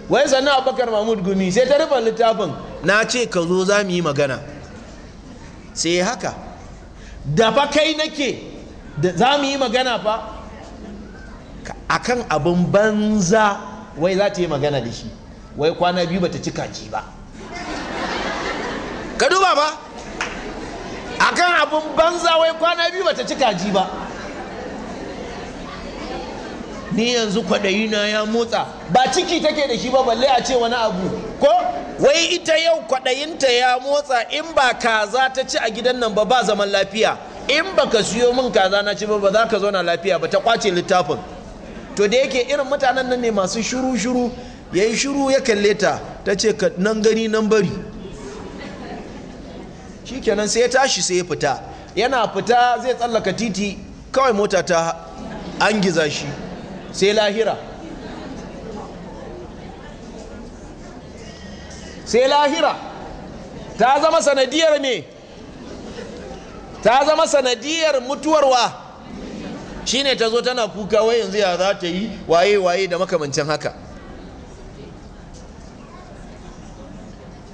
wai sannan abubakar mahmud gumi sai ta rufe littafin na ce ka zo za mu yi magana sai haka da fa kai nake da za mu yi magana fa akan abin banza wai za ta yi magana da shi wai kwana biyu bata cika ji ba ka duba ba akan abin banza wai kwana biyu bata cika ji ba ni yanzu kwaɗayi na ya motsa ba ciki take da shi ba balle a ce wani abu ko wai ita yau kwaɗayinta ya motsa in ba kaza ta ci a gidan nan ba ba zaman lafiya in baka siyo min kaza na ci ba ba za ka zauna lafiya ba ta kwace littafin to da yake irin mutanen nan ne masu shuru shuru ya yi shuru ya kalle ta ta ce nan gani nan bari shikenan sai ya tashi sai ya fita yana fita zai tsallaka titi kawai mota ta an giza shi sai lahira sai lahira ta zama sanadiyar ne ta zama sanadiyar mutuwarwa shine ta zo tana kuka wai yanzu ya za ta yi waye waye da makamancin haka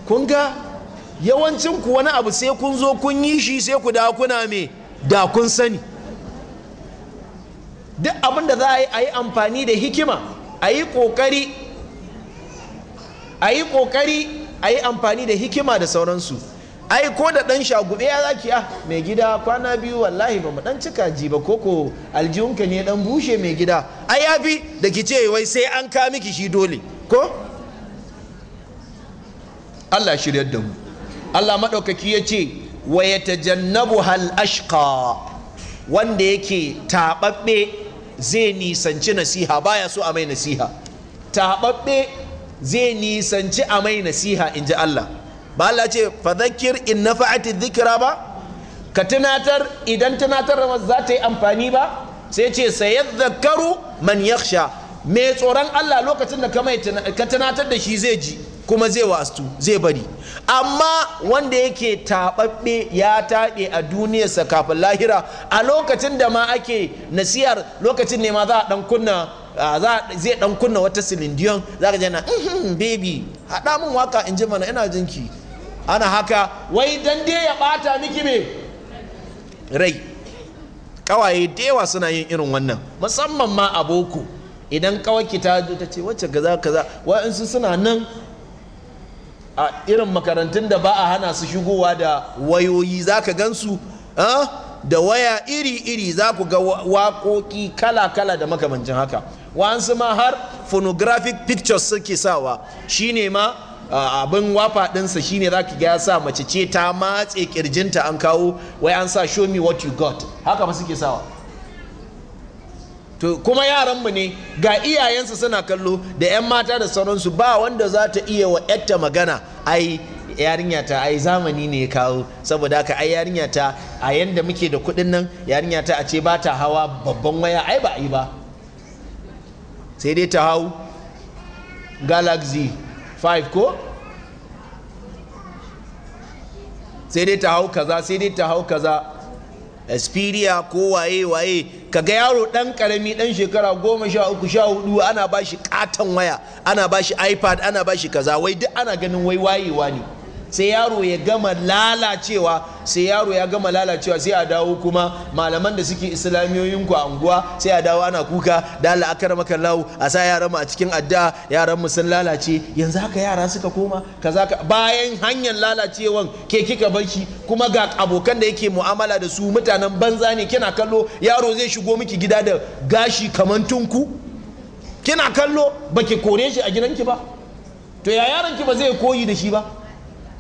kun ga yawancin ku wani abu sai kun zo kun yi shi sai ku da kuna mai da kun sani duk abin da za a yi a yi amfani da hikima a yi ƙoƙari a yi ƙoƙari a yi amfani da hikima da sauransu ai ko da ɗan shagube ya zaki ah mai gida kwana biyu wallahi ba mu ɗan cika ji ba koko aljihunka ne ɗan bushe mai gida ai ya fi da ki ce wai sai an ka miki shi dole ko Allah shiryar da mu Allah maɗaukaki ya ce wa ya tajannabu hal ashka wanda yake taɓaɓɓe zai nisanci nasiha baya so a mai nasiha taɓaɓɓe zai nisanci a mai nasiha in ji Allah ba Allah ce fadakir in na fa'ati zikira ba ka tunatar idan tunatarwa za ta yi amfani ba sai ce sayar zakaru man yaksha mai tsoron Allah lokacin da ka tunatar da shi zai ji kuma zai wastu zai bari amma wanda yake taɓaɓɓe ya taɓe a duniyarsa kafin lahira a lokacin da ma ake nasiyar lokacin ne ma za a ɗan kunna zai ɗan kunna wata silindiyon za ka jana uhm, baby haɗa min waka in ji mana ina jinki ana haka wai dan dai ya ɓata miki me rai kawaye da yawa suna yin irin wannan musamman ma a boko idan kawaki ta ta ce wacce kaza kaza wa'ansu suna nan a irin makarantun da ba a hana su shigowa da wayoyi za ka gansu da waya iri-iri za ku ga waƙoƙi kala-kala da makamancin haka wa'ansu ma har phonographic pictures suke sawa Shi ne ma abin wafa ɗinsa ne za ka ga sa mace ce ta matse ƙirjinta an kawo wai an sa show me what you got haka ba suke sawa to kuma yaranmu ne ga iyayensu suna kallo da 'yan mata da sauransu ba wanda za ta iya wa 'yarta magana ai yarinya ta ai zamani ne ya kawo saboda haka ai yarinya ta a yanda muke da kuɗin nan yarinya ta a ce ba ta hawa babban waya ai ba ai ba sai dai ta hau galaxy 5 ko sai dai ta hau kaza sai dai ta hau kaza espiria ko waye waye kaga yaro dan karami dan shekara goma sha uku sha hudu ana bashi katon waya ana bashi ipad ana bashi kaza wai duk ana ganin wai wayewa ne sai yaro ya gama lalacewa sai yaro ya gama lalacewa sai a dawo kuma malaman da suke islamiyoyin ku a unguwa sai a dawo ana kuka da Allah maka lawo a sa yaran mu a cikin addu'a yaran mu sun lalace yanzu haka yara suka koma kaza ka bayan hanyar lalacewan ke kika bar shi kuma ga abokan da yake mu'amala da su mutanen banza ne kina kallo yaro zai shigo miki gida da gashi kaman tunku kina kallo baki kore shi a gidanki ba to ya yaran ki ba zai koyi da shi ba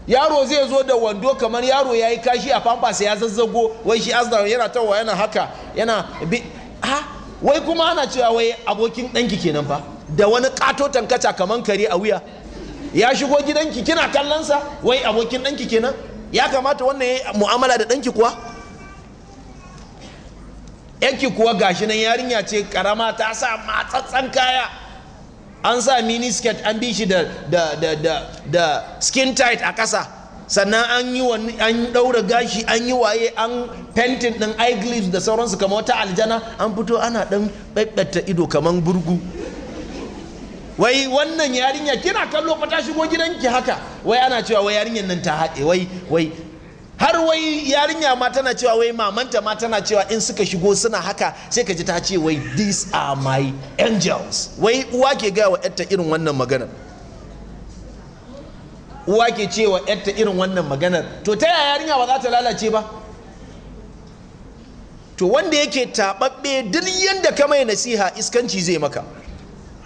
yaro zai zo da wando kamar yaro ya yi kashi a pampas ya zazzago wai shi azdaran yana ta wa yana haka yana bi ha wai kuma ana cewa wai abokin ɗanki kenan fa da wani kato tankaca kamar kare a wuya ya shigo gidanki kina sa. wai abokin ɗanki kenan ya kamata wannan ya mu'amala da ɗanki kuwa yanki kuwa gashi nan yarinya ce karama ta sa matsatsan kaya an sa mini skirt an bi shi da skin tight a ƙasa sannan an yi an ɗaura gashi an yi waye an fentin ɗin eyeglass da sauransu kamar wata aljana an fito ana ɗan ɓaɓɓata ido kamar burgu wai wannan yarinya kina kallo fa ta shigo gidanki haka wai ana cewa wai yarinyan nan ta haɗe wai wai har wai yarinya ma tana cewa wai mamanta ma tana cewa in suka shigo suna haka sai ka ji ta ce wai these are my angels wai uwa ke gaya wa yarta irin wannan maganar uwa ke cewa yarta irin wannan maganar to ta yaya yarinya ba za ta lalace ba to wanda yake taɓaɓɓe duk yadda ka mai nasiha iskanci zai maka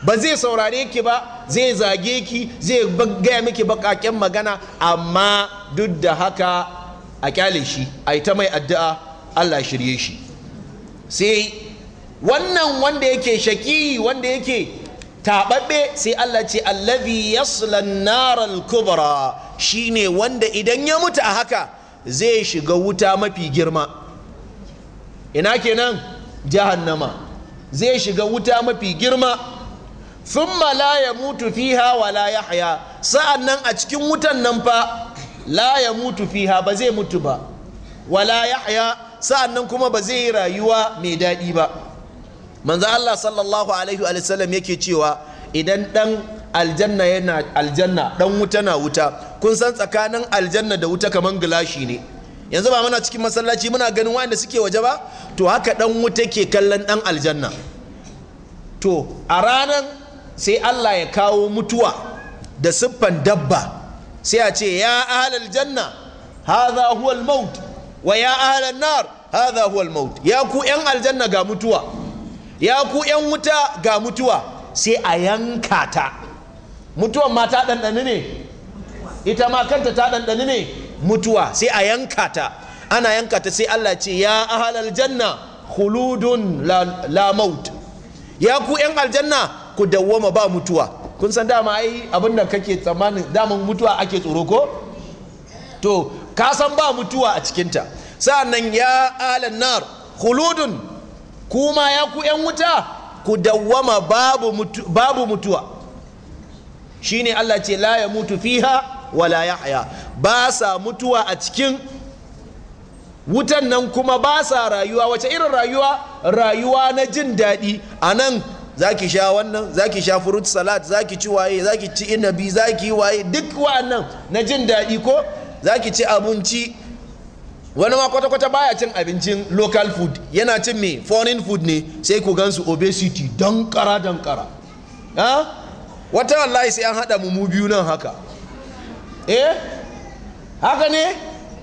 ba zai saurare ki ba zai zage ki zai gaya miki baƙaƙen magana amma duk da haka a kyale shi a ta mai addu'a Allah shirye shi sai wannan wanda yake shaki wanda yake taɓaɓɓe sai Allah ce ya yaslan naral kubra shine wanda idan ya mutu a haka zai shiga wuta mafi girma ina kenan jahannama zai shiga wuta mafi girma sun la mutu fi hawa la sa'an nan a cikin wutan nan fa la ya mutu fiha ba zai mutu ba wala yahya sa'annan kuma ba zai yi rayuwa mai daɗi ba manzo Allah sallallahu alaihi wa sallam yake cewa idan ɗan aljanna yana aljanna dan wuta na wuta kun san tsakanin aljanna da wuta kaman gilashi ne yanzu ba muna cikin masallaci muna ganin wanda suke waje ba to haka ɗan wuta ke kallon ɗan aljanna to a ranan sai Allah ya kawo mutuwa da siffan dabba sai a ce ya ahlal janna haza huwa al-maut wa ya ahlan nar haza huwa al-maut ya ku yan aljanna ga mutuwa ya ku yan wuta ga mutuwa sai a yanka ta mutuwan ma ta ɗanɗani ne ita ma kanta ta ɗanɗani ne mutuwa sai a yanka ta ana yanka ta sai Allah ce ya ahlal janna khuludun la, la maut ya ku yan aljanna ku dawwama ba mutuwa kun san dama ai abin da kake tsammanin daman mutuwa ake tsoro ko to ka san ba mutuwa a cikinta sa'annan ya alan nar khuludun kuma ya ku yan wuta ku dawwama babu babu mutuwa shine Allah ce la ya mutu fiha wala yahya ba sa mutuwa a cikin wutan nan kuma ba sa rayuwa wace irin rayuwa rayuwa na jin daɗi a nan Za ki sha wannan za ki sha fruit salad ki ci waye za ki ci inabi za ki waye duk wa'annan na jin daɗi ko za ki ci abinci wani ma kwata-kwata baya cin abincin local food yana cin me foreign food ne sai ku gansu obesity don kara don kara wata wallahi sai an haɗa mu biyu nan haka eh haka ne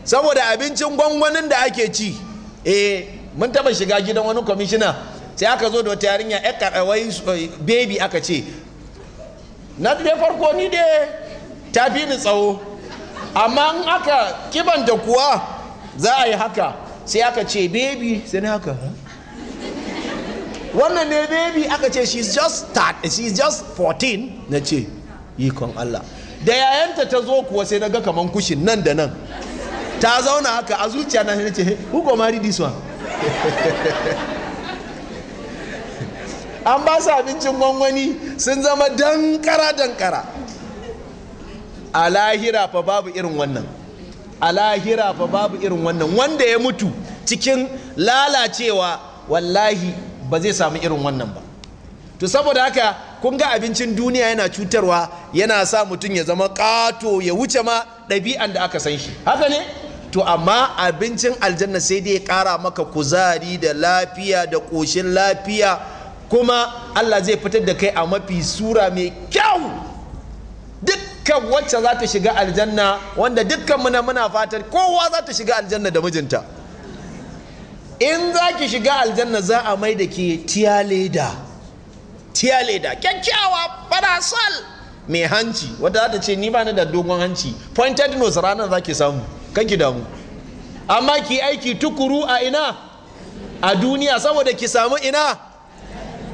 saboda abincin gwangwanin da ake ci eh mun taɓa shiga gidan wani kwamishina sai aka zo da wata yarinya ya eh, wai eh, baby aka ce na dai farko ni dai ta fi ni tsawo amma in aka da kuwa za a yi haka sai aka ce baby sai ni haka wannan ne baby aka ce she's just start she's just 14 na ce ikon Allah da yayanta ta zo kuwa sai na ga kaman kushin nan da nan ta zauna haka a zuciya na ce who go marry this one an ba su abincin gwangwani sun zama dankara dankara a lahira fa babu irin wannan a lahira fa babu irin wannan wanda ya mutu cikin lalacewa wallahi ba zai samu irin wannan ba to saboda haka kun ga abincin duniya yana cutarwa yana sa mutum ya zama kato ya wuce ma ɗabi'an da aka san shi haka ne to amma abincin aljanna sai dai ya ƙara maka kuzari da lafiya da ƙoshin lafiya kuma Allah zai fitar da kai a mafi sura mai kyau dukkan wacce za ta shiga aljanna wanda dukkan muna muna fatar kowa za ta shiga aljanna da mijinta in za ki shiga aljanna za a mai da ke tiya leda tiya kyakkyawa farasol mai hanci wanda za ta ce ni ba ni da dogon hanci pointed nose ranar za ki samu kan ki damu amma ki aiki tukuru a ina a duniya saboda ki samu ina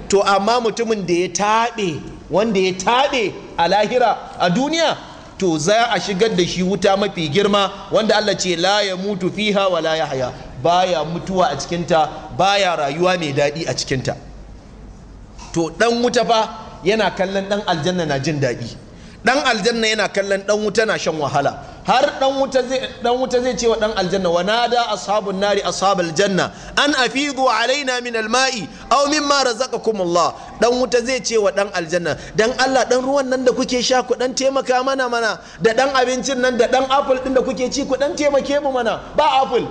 to amma mutumin da ya taɓe wanda ya taɓe a lahira a duniya to za a shigar da shi wuta mafi girma wanda Allah ce la ya mutu fiha wa la ya ba baya mutuwa a cikinta baya rayuwa mai daɗi a cikinta to ɗan wuta fa yana kallon ɗan aljanna na jin daɗi ɗan aljanna yana kallon ɗan wuta na shan wahala har dan wuta zai dan wuta zai ce wa dan aljanna wa nada ashabun nari ashabal janna an afidu alaina min alma'i aw mimma razaqakum Allah dan wuta zai ce wa dan aljanna dan Allah dan ruwan nan da kuke sha ku dan taimaka mana mana da dan abincin nan da dan apple din da kuke ci ku dan taimake mu mana ba apple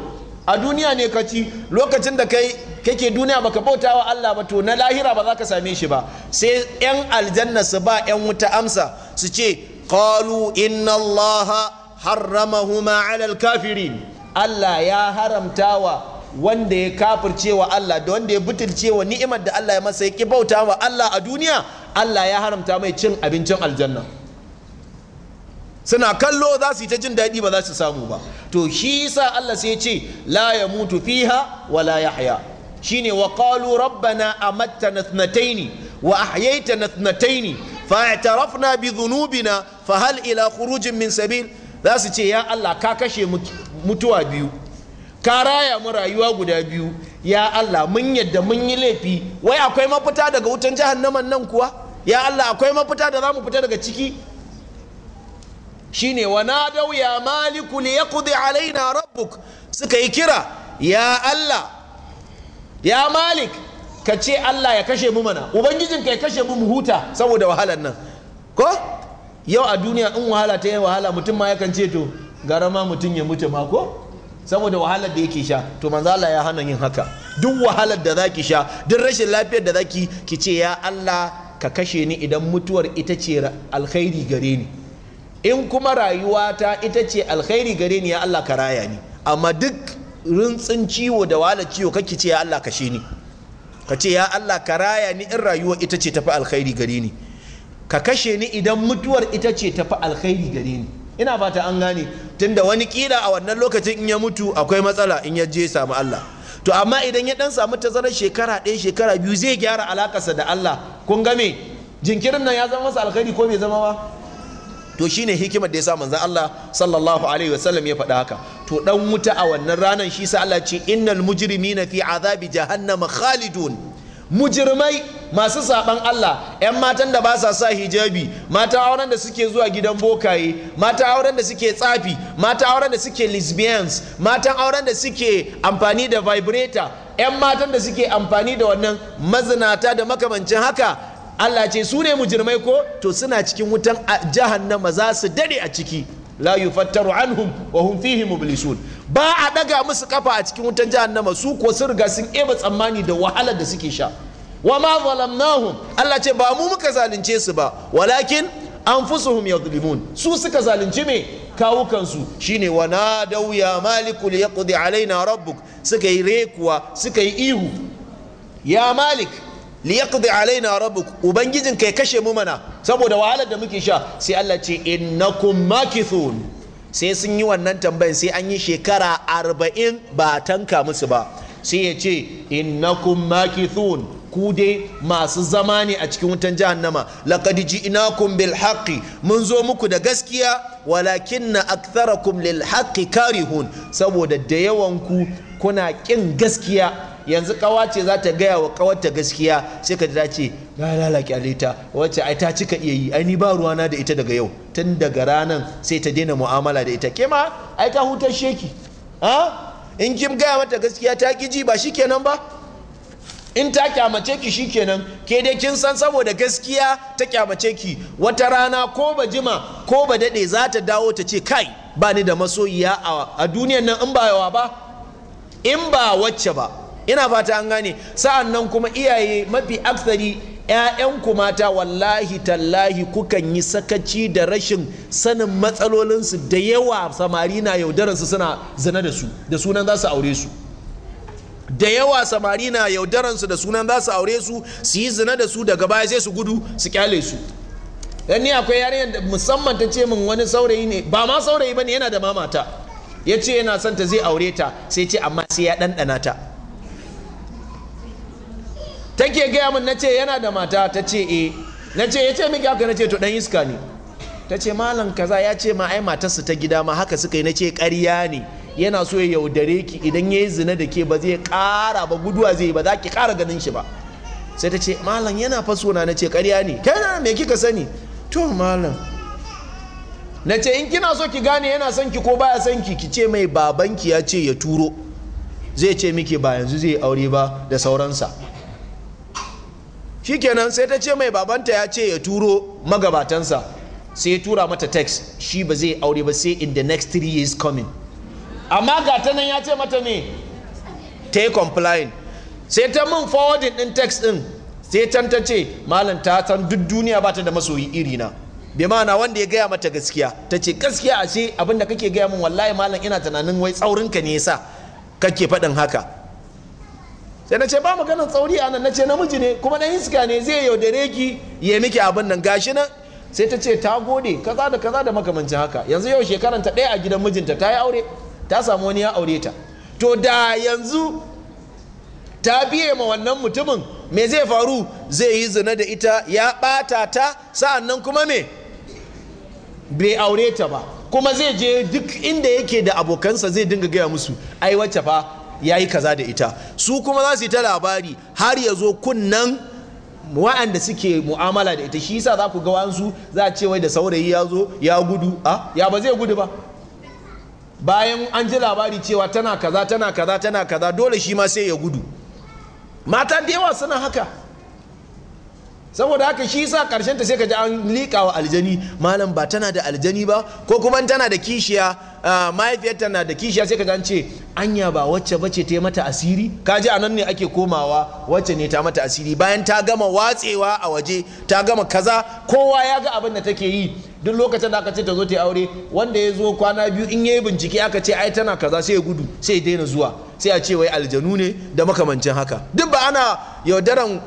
a duniya ne ka ci lokacin da kai kake duniya baka bauta wa Allah ba to na lahira ba za ka same shi ba sai yan aljanna su ba yan wuta amsa su ce qalu inna allaha harramahuma ala alkafirin Allah ya haramtawa wanda ya kafircewa Allah da wanda ya butulcewa ni'imar da Allah ya masa ya bauta wa Allah a duniya Allah ya haramta mai cin abincin aljanna suna kallo za su yi ta jin daɗi ba za su samu ba to shi sa Allah sai ce la ya mutu fiha wa la yahya shine wa qalu rabbana amatta thnataini wa ahyaitana thnataini fa bi dhunubina fa hal ila khurujin min sabil za su ce ya Allah ka kashe mutuwa biyu ka raya mu rayuwa guda biyu ya Allah mun yadda mun yi laifi wai akwai mafita daga wutan jahannaman nan kuwa ya Allah akwai mafita da za mu fita daga ciki shine wa nadau ya maliku li yaqdi alaina rabbuk suka yi kira ya Allah ya malik ka ce Allah ya kashe mu mana ubangijinka ya kashe mu mu huta saboda wahalar nan ko yau a duniya in wahala ta yi wahala mutum ma yakan ce to gara ma mutum ya mutu ma ko saboda wahalar da yake sha to manzo Allah ya hana yin haka duk wahalar da zaki sha duk rashin lafiyar da zaki ki ce ya Allah ka kashe ni idan mutuwar ita ce alkhairi gare ni in kuma rayuwata ita ce alkhairi gare ni ya Allah ka raya ni amma duk rintsin ciwo da wahalar ciwo kake ce ya Allah kashe ni ka ce ya Allah ka raya ni in rayuwa ita ce tafi alkhairi gare ni ka kashe ni idan mutuwar ita ce tafi alkhairi gare ni ina fata an gane tunda wani kila a wannan lokacin in ya mutu akwai matsala in ya je samu Allah to amma idan ya dan samu tazarar shekara ɗaya shekara biyu zai gyara alakarsa da Allah kun game jinkirin nan ya zama masa alkhairi ko bai zama ba to shine hikimar da ya sa manzon Allah sallallahu alaihi wasallam ya faɗa haka to dan wuta a wannan ranar shi sa Allah ce innal mujrimina fi azabi jahannama khalidun mujirmai masu saɓan Allah 'yan matan da ba sa sa hijabi mata auren da suke zuwa gidan bokaye mata auren da suke tsafi mata auren da suke lesbians matan auren da suke amfani da vibrator 'yan matan da suke amfani da wannan mazinata da makamancin haka Allah ce su ne mujirmai ko to suna cikin wutan jahannama za su daɗe a ciki la yufattaru anhum wa hum fihi mublisun ba a daga musu kafa a cikin wutan jahannama su ko sun riga sun eba tsammani da wahalar da suke sha wa ma zalamnahum Allah ce ba mu muka zalunce su ba walakin an anfusuhum yadhlimun su suka zalunci me kawukansu shine wa nadaw ya maliku liyaqdi alaina rabbuk suka yi rekuwa suka yi ihu ya malik liyaqdi alaina rabbuk ubangijin kai kashe mu mana saboda wahalar da muke sha sai Allah ce innakum makithun sai sun yi wannan tambayin sai an yi shekara arba'in ba tanka musu ba sai ya ce innakum makithun ku dai masu zama ne a cikin wutan jahannama laqad ji'nakum bil haqqi mun zo muku da gaskiya walakinna aktharakum lil haqqi karihun saboda da yawan ku kuna kin gaskiya yanzu kawa ce za ta gaya wa kawarta gaskiya sai ka ta ce ga lalaki alita wacce ai ta cika iya yi ai ni ba ruwana da ita daga yau tun daga ranar sai ta daina mu'amala da ita ke ai ta hutar sheki ha in kin gaya mata gaskiya ta ki ji ba shikenan ba in ta kyamace ki shikenan ke dai kin san saboda gaskiya ta kyamace ki wata rana ko ba jima ko ba dade za ta dawo ta ce kai ba ni da masoyiya a duniyan nan in ba yawa ba in ba wacce ba ina fata an gane sa'an nan kuma iyaye mafi aksari 'ya'yanku mata wallahi tallahi kukan yi sakaci da rashin sanin matsalolinsu da yawa samari na yaudaransu suna zina da su da sunan za su aure su da yawa samari na yaudaransu da sunan za su aure su su yi zina da su daga baya sai su gudu su kyale su dan ni akwai yarinyar da musamman ta ce min wani saurayi ne ba ma saurayi bane yana da mamata ya ce yana son ta zai aure ta sai ce amma sai ya ɗanɗana ta take gaya min nace yana da mata ta ce na eh. nace ya ce miki haka na ce to dan iska ne ta ce malam kaza ya ce ma ai matarsa ta gida ma haka suka yi na ce ƙarya ne yana so ya yaudare ki idan ya yi zina da ke ba zai ƙara ba guduwa zai ba za ki ƙara ganin shi ba sai ta ce malam yana faso na na ce ƙarya ne kai na me kika sani to malam na ce in kina so ki gane yana son ki ko baya son ki ki ce mai babanki ya ce ya turo zai ce miki ba yanzu zai aure ba da sauransa shikenan sai ta ce mai babanta ya ce ya turo magabatansa sai ya tura mata text shi ba zai aure ba sai in the next three years coming amma ga ta nan ya ce mata me ta yi complying sai ta min forwarding din text din sai can ta ce malam ta san duk duniya ba ta da masoyi iri na bai mana wanda ya gaya mata gaskiya ta ce gaskiya a ashe abinda kake gaya min wallahi malam ina tunanin wai tsaurinka ne yasa kake faɗin haka sai na ce ba maganin tsauri a nan na ce namiji ne kuma na iska ne zai yaudare ki ya miki abin nan gashi nan sai ta ce ta gode kaza da kaza da makamancin haka yanzu yau shekaran ta ɗaya a gidan mijinta ta yi aure ta samu wani ya aure ta to da yanzu ta biye ma wannan mutumin me zai faru zai yi zina da ita ya ɓata ta sa'an nan kuma me bai aure ta ba kuma zai je duk inda yake da abokansa zai dinga gaya musu ai wacce fa ya yi kaza da ita su kuma za su yi ta labari har ya zo kunnan wa'anda suke mu'amala da ita shi yasa za ku ga wansu za a ce da saurayi ya zo ya gudu a ya ba zai gudu ba bayan an ji labari cewa tana kaza tana kaza tana kaza dole shi ma sai ya gudu mata da yawa suna haka saboda haka shi sa karshen ta sai ka ji an liƙa wa aljani malam ba tana da aljani ba ko kuma tana da kishiya mahaifiyar tana da kishiya sai ka ji an ce anya ba wacce bace ta yi mata asiri ka ji anan ne ake komawa wacce ne ta mata asiri bayan ta gama watsewa a waje ta gama kaza kowa ya ga abin da take yi duk lokacin da aka ce ta zo ta yi aure wanda ya zo kwana biyu in ya yi bincike aka ce ai tana kaza sai ya gudu sai ya daina zuwa sai a ce wai aljanu ne da makamancin haka duk ba ana yaudaran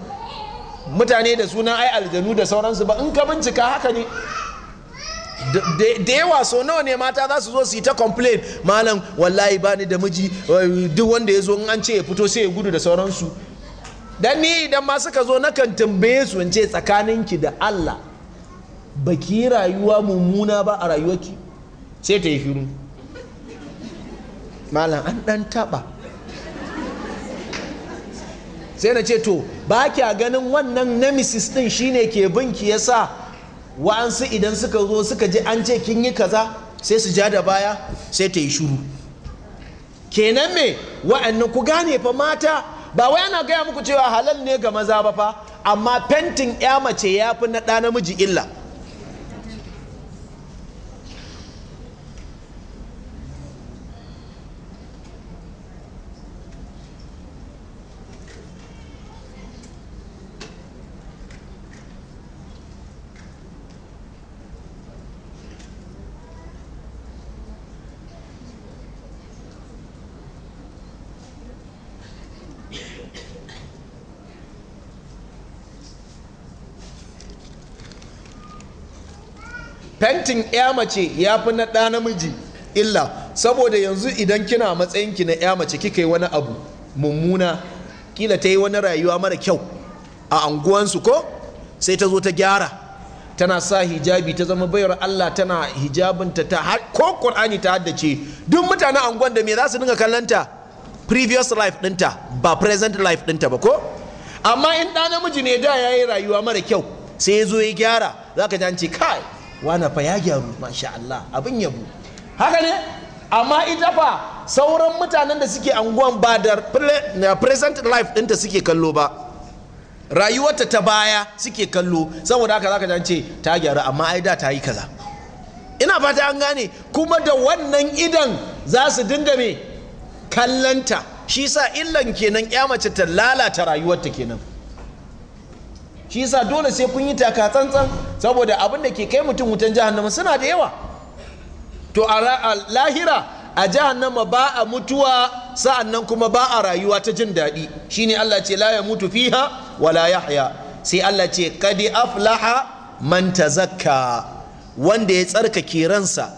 mutane da suna ai aljanu da sauransu ba in ka bincika haka ne da yawa so nawa ne mata za su zo su yi ta complain malam wallahi ba ni da miji duk wanda ya zo in an ce ya fito sai ya gudu da sauransu dan ni idan ma suka zo nakan tambaye su in ce ki da Allah ba ki rayuwa mummuna ba a rayuwarki sai ta yi firu malam an dan taba sai na ce to ba kya ganin wannan nemesis din shine ke binki yasa wa'ansu idan suka zo suka ji an ce kin yi kaza sai su ja da baya sai ta yi shuru kenan me wa'annan ku gane fa mata ba wai ana gaya muku cewa halal ne ga maza ba fa amma fentin ya mace ya fi na ɗa namiji illa fentin ya mace ya fi na ɗa namiji illa saboda yanzu idan kina matsayinki na ya mace kika yi wani abu mummuna kila ta yi wani rayuwa mara kyau a anguwansu ko sai ta zo ta gyara tana sa hijabi ta zama bayar Allah tana hijabinta ta har ko Qur'ani ta haddace duk mutanen anguwan da me za su dinga kallanta previous life dinta ba present life dinta ba ko amma in ɗa namiji ne da ya yi rayuwa mara kyau sai ya zo ya gyara za ka ji an ce kai wana fa ya gyaru masha Allah abin yabo haka ne amma ita fa sauran mutanen da suke anguwan ba da present life ɗinta suke kallo ba rayuwarta ta baya suke kallo saboda haka zaka ce ta gyaru amma ai da ta yi kaza ina fata an gane kuma da wannan idan za su dinga me kallanta shi sa illan kenan ya mace ta lalata rayuwarta kenan shi sa dole sai kun yi taka tsantsan saboda abin da ke kai mutum wutan jahannama suna da yawa to a lahira a jahannama ba a mutuwa sa'annan nan kuma ba a rayuwa ta jin daɗi shine Allah ce la ya mutu fiha wa la yahya sai Allah ce kadi aflaha man tazakka wanda ya tsarkake ransa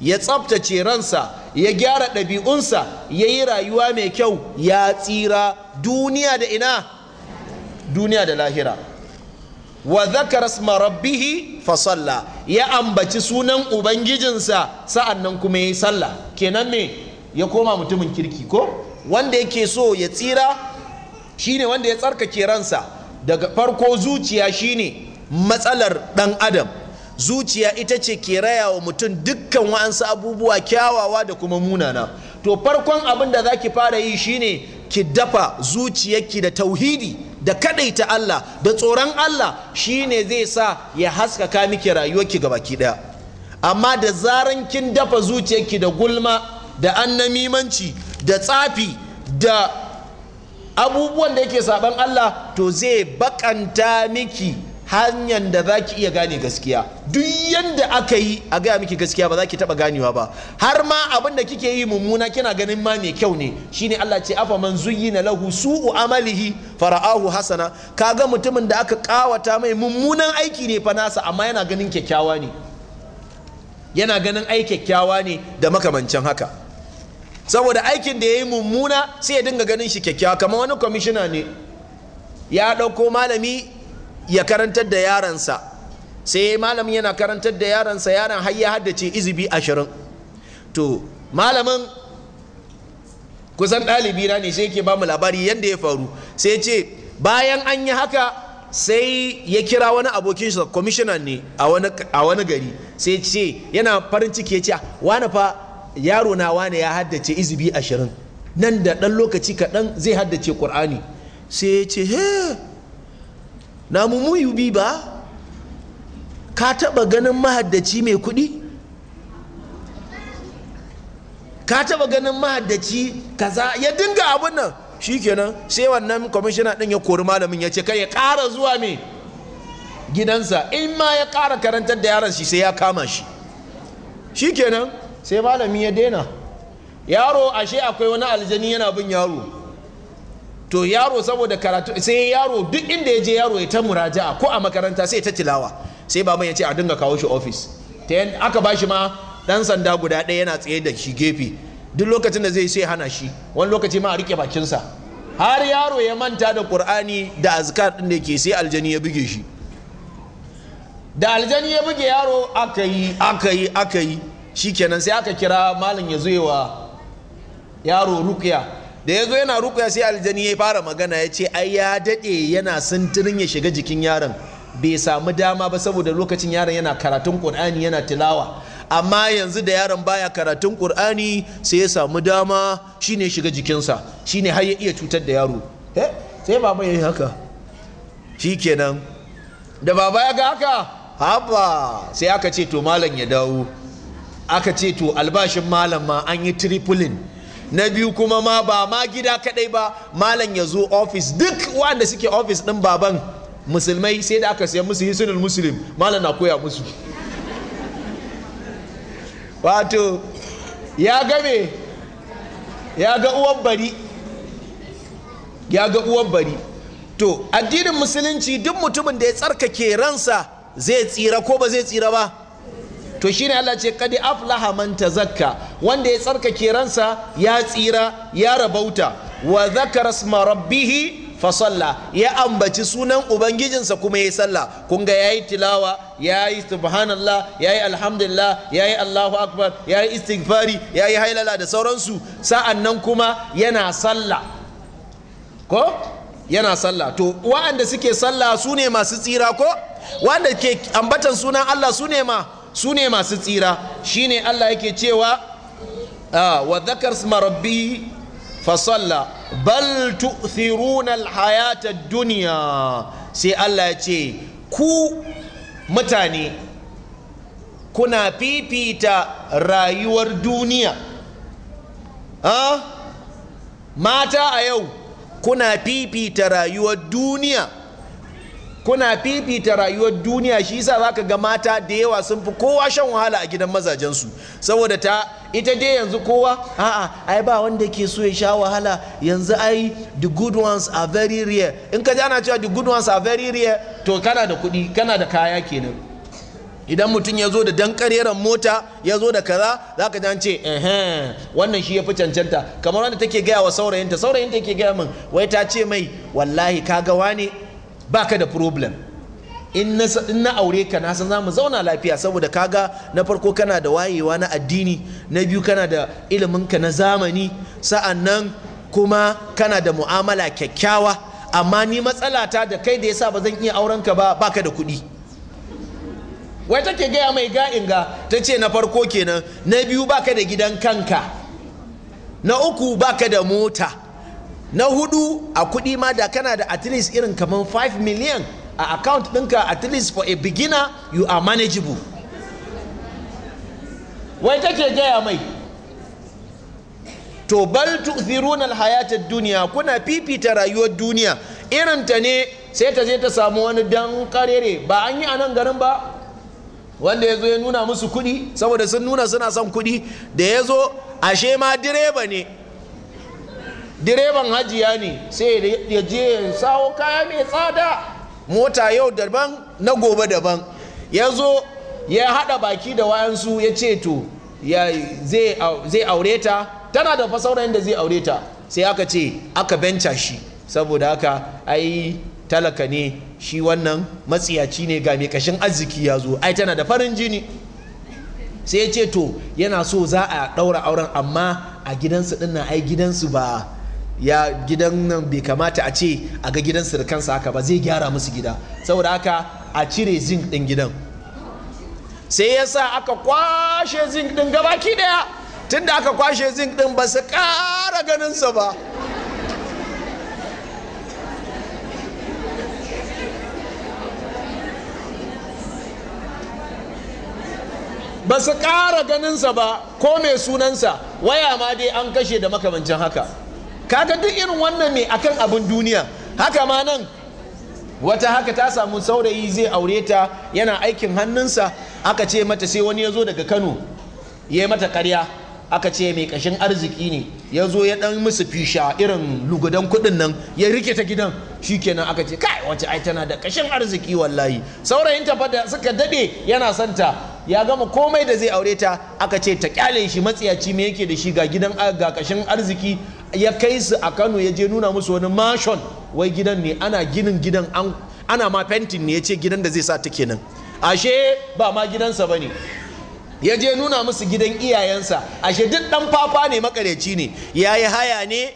ya tsabtace ransa ya gyara ɗabi'unsa ya yi rayuwa mai kyau ya tsira duniya da ina duniya da lahira wa zakara isma fa Sallah. ya ambaci sunan ubangijinsa sa'an nan kuma ya yi sallah kenan ne ya koma mutumin kirki ko wanda yake so ya tsira shine wanda ya tsarkake ransa daga farko zuciya shine matsalar dan adam zuciya ita ce ke raya wa mutum dukkan wa'ansu abubuwa kyawawa da kuma munana to farkon abin da za ki fara yi shine ki dafa zuciyarki da tauhidi da kadaita Allah da tsoron Allah shi ne zai sa ya haskaka miki rayuwarki ki daya amma da zaran kin dafa zuciyarki da gulma da annamimanci da tsafi da abubuwan da yake saban Allah to zai bakanta miki hanyar da za ki iya gane gaskiya duk yadda aka yi a gaya miki gaskiya ba za ki taɓa ganewa ba har ma abin da kike yi mummuna kina ganin ma mai kyau ne shine Allah ce afa man na lahu su'u amalihi fara'ahu hasana kaga mutumin da aka kawata mai mummunan aiki ne fa nasa amma yana ganin kyakkyawa ne yana ganin ai kyakkyawa ne da makamancin haka saboda aikin da ya yi mummuna sai ya dinga ganin shi kyakkyawa kamar wani kwamishina ne ya ɗauko malami ya karantar da yaransa sai malamin yana karantar da yaransa yaran har ya haddace izibi ashirin to malamin kusan ɗalibi na ne sai yake bamu labari yadda ya faru sai ce bayan an yi haka sai ya kira wani abokinsa shi ne a wani gari sai ce yana farin ciki ya ce wani fa yaro na wani ya haddace izibi ashirin nan da ɗan lokaci kaɗan zai haddace ƙur'ani sai ya ce he na mummuyu bi ba ka taɓa ganin mahaddaci mai kuɗi ka taba ganin mahaddaci kaza ya dinga abin nan shikenan sai wannan kwamishina ɗin ya kori malamin ya ce kai ya ƙara zuwa mai gidansa in ma ya ƙara karantar da yaron shi sai ya kama shi shikenan sai malamin ya daina yaro ashe akwai wani aljani yana bin yaro to yaro saboda karatu sai yaro duk inda ya je yaro ya ta muraja'a ko a makaranta sai ta tilawa sai baban ya ce a dinga kawo shi ofis ta aka aka shi ma dan sanda guda ɗaya yana tsaye da shi gefe duk lokacin da zai sai hana shi wani lokaci ma a rike bakinsa har yaro ya manta da qur'ani da azkar din da yake sai aljani ya buge shi da aljani ya buge yaro aka yi aka yi aka yi shikenan sai aka kira malam ya zo wa yaro rukiya da ya zo yana rukuya sai aljani ya fara magana ya ce ai ya daɗe yana sintirin ya shiga jikin yaron bai samu dama ba saboda lokacin yaron yana karatun ƙur'ani yana tilawa amma yanzu da yaron baya karatun ƙur'ani sai ya samu dama shine shiga jikinsa shine har ya iya cutar da yaro eh, sai baba ya yi haka shikenan da baba ya ga haka haba sai aka ce to malam ya dawo aka ce to albashin malam ma an yi tripling na biyu kuma ma ba ma gida kadai ba malam ya zo ofis duk wanda suke ofis din baban musulmai sai da aka siya musu hisunul muslim malam na koya musu wato ya ga me ya ga uwan bari ya ga uwan bari to addinin musulunci duk mutumin da ya tsarkake ransa zai tsira ko ba zai tsira ba to shine Allah ce kadi aflaha man tazakka wanda ya tsarkake ransa ya tsira ya rabauta wa dhakara isma fa salla ya ambaci sunan ubangijinsa kuma yayi sallah Kunga ga yayi tilawa yayi subhanallah yayi alhamdulillah yayi Allahu akbar yayi istighfari yayi hailala da sauransu nan kuma yana sallah ko yana sallah to wa'anda suke sallah su ne masu tsira ko wanda ke ambatan sunan Allah su ne ma su ne masu tsira shine Allah yake cewa ah, wa dhakar isma rabbi fasalla bal tu'thiruna hayata duniya sai Allah ya ce ku mutane kuna fifita rayuwar duniya mata a yau kuna fifita rayuwar duniya kuna fifita rayuwar duniya shi yasa zaka ga mata da yawa sun fi kowa shan wahala a gidan mazajen su saboda ta ita dai yanzu kowa a'a ai ba wanda ke so ya sha wahala yanzu ai the good ones are very rare in ka ana cewa the good ones are very rare to kana da kuɗi kana da kaya kenan idan mutum ya zo da dan mota ya zo da kaza za ka jan ce wannan shi ya fi cancanta kamar wanda take gaya wa saurayinta saurayinta ke gaya min wai ta ce mai wallahi ka gawa ne. baka da problem in na aure ka na san za mu zauna lafiya saboda kaga na farko kana da wayewa na addini na biyu kana da iliminka na zamani sa'an nan kuma kana da mu'amala kyakkyawa amma ni matsala ta da kai da yasa ba zan iya auren ka ba baka da kuɗi wai take gaya mai ga'in ga ta ce na farko kenan na biyu baka da gidan kanka na uku baka da mota na hudu a kuɗi ma da kana da at least irin kamar 5 million a account ɗinka at least for a beginner you are manageable wai take gaya mai to bal tu'thiruna alhayata duniya kuna fifita rayuwar duniya irin ta ne sai ta je ta samu wani dan karere ba an yi anan garin ba wanda ya zo ya nuna musu kuɗi saboda sun nuna suna son kuɗi da ya zo ashe ma direba ne direban hajiya ne sai ya je ya sawo kaya mai tsada mota yau daban na gobe daban ya zo ya haɗa baki da wayansu ya ce to zai aure ta tana da fasaurayin da zai aure ta sai aka ce aka benca shi saboda haka ai talaka ne shi wannan matsiyaci ne ga mai kashin arziki ya zo ai tana da farin jini sai ya ce to yana so za a ɗaura auren amma a gidansu ɗin ai gidansu ba ya gidan nan bai kamata a ce a ga gidan sirkansa haka ba zai gyara musu gida saboda haka a cire zinc din gidan sai ya sa aka kwashe zinc din gabaki daya tunda aka kwashe zinc din ba su ƙara ganinsa ba ba su ganinsa ba ko mai sunansa waya ma dai an kashe da makamancin haka kaga duk irin wannan mai akan abin duniya haka ma nan wata haka ta samu saurayi zai aure ta yana aikin hannunsa aka ce mata sai wani ya zo daga kano ya mata karya aka ce mai kashin arziki ne ya zo ya dan musu fisha irin lugudan kudin nan ya rike ta gidan shikenan aka ce kai wace ai tana da kashin arziki wallahi saurayin ta da suka dade yana santa ya gama komai da zai aure ta aka ce ta kyale shi matsiyaci me yake da shi ga gidan ga kashin arziki ya kai su a kano ya je nuna musu wani mashon wai gidan ne ana ginin gidan ana ma fentin ne ya ce gidan da zai sa ta nan. ashe ba ma gidansa ba ne ya je nuna musu gidan iyayensa ashe duk dan fafa ne makareci ne ya yi haya ne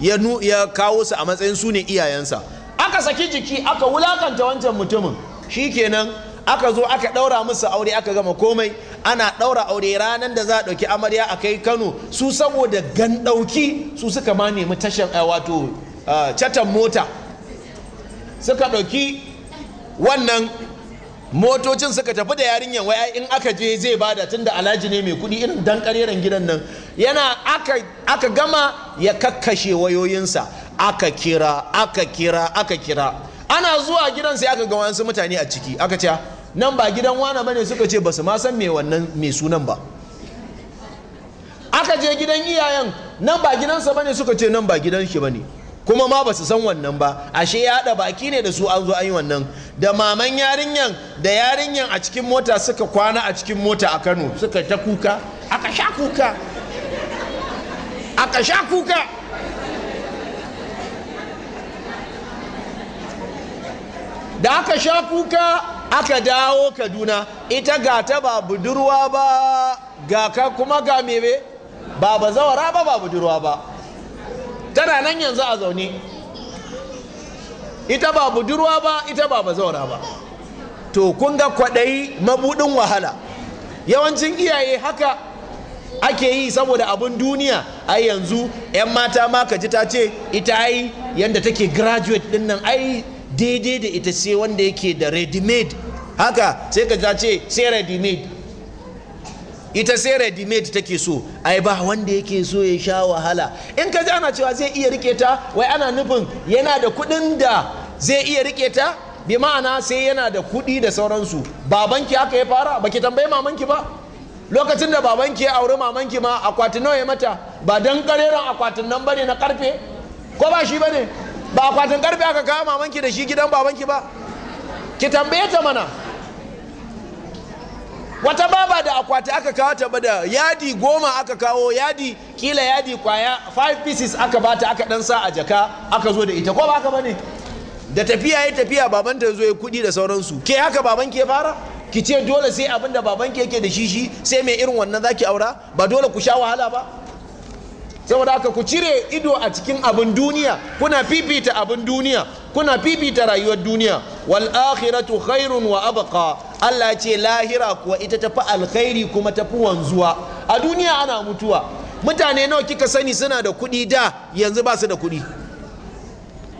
ya kawo su a matsayin su ne iyayensa aka saki jiki aka wulakanta wancan mutumin shi kenan aka zo aka ɗaura musu aure aka gama komai ana ɗaura aure ranar da za a ɗauki amarya a kai kano su saboda gan ɗauki su suka ma nemi tashan eh, wato eh, catan mota suka ɗauki wannan motocin suka tafi da yarinyan waya in aka je zai bada tun da alhaji ne mai kuɗi irin dan kareren gidan nan yana aka gama ya kakkashe wayoyinsa aka kira aka kira aka kira ana zuwa gidan sai aka ga wasu mutane a ciki aka ce nan ba gidan wane bane suka ce ba su ma san me wannan me sunan ba aka je gidan iyayen nan ba gidansa bane suka ce nan ba gidan shi bane kuma ma ba su san wannan ba ashe ya haɗa baki ne da su an zo an yi wannan da maman yarinyan da yarinyan a cikin mota suka kwana a cikin mota a kano suka ta kuka aka sha kuka aka sha kuka da aka sha kuka aka dawo kaduna ita ga ta ba budurwa ba ga ka kuma ga mebe ba ba zawara ba ba budurwa ba tana nan yanzu a zaune ita ba budurwa ba ita ba ba zawara ba to kun ga kwaɗayi mabudin wahala yawancin iyaye haka ake yi saboda abin duniya ai yanzu 'yan mata ma ka ji ta ce ita ai yadda take graduate din nan ai daidai da ita sai wanda yake da ready made haka sai ka ta ce sai ready made ita sai ready made take so ai ba wanda yake so ya sha wahala in ka ji ana cewa zai iya rike ta wai ana nufin yana da kuɗin da zai iya rike ta bi ma'ana sai yana da kuɗi da sauransu babanki aka ya fara ba baki tambayi mamanki ba lokacin da babanki ya auri mamanki ma akwatin nawa ya mata ba dan kareran akwatin nan bane na karfe ko ba shi bane ba akwatin karfe aka kawo mamanki da shi gidan babanki ba ki tambaye ta mana wata baba da akwati aka kawo ta ba yadi goma aka kawo yadi kila yadi kwaya 5 pieces aka bata aka dan sa a jaka aka zo da ita ko ba haka bane da tafiya ya tafiya babanta zo ya kudi da sauransu ke haka baban ke fara ki ce dole sai abinda babanki baban ke yake da shi sai mai irin wannan zaki aura ba dole ku sha wahala ba saboda haka ku cire ido a cikin abin duniya kuna fifita abin duniya kuna fifita rayuwar duniya wal akhiratu khairun wa abqa Allah ce lahira kuwa ita tafi alkhairi kuma tafi wanzuwa a duniya ana mutuwa mutane nawa kika sani suna da kuɗi da yanzu ba su da kuɗi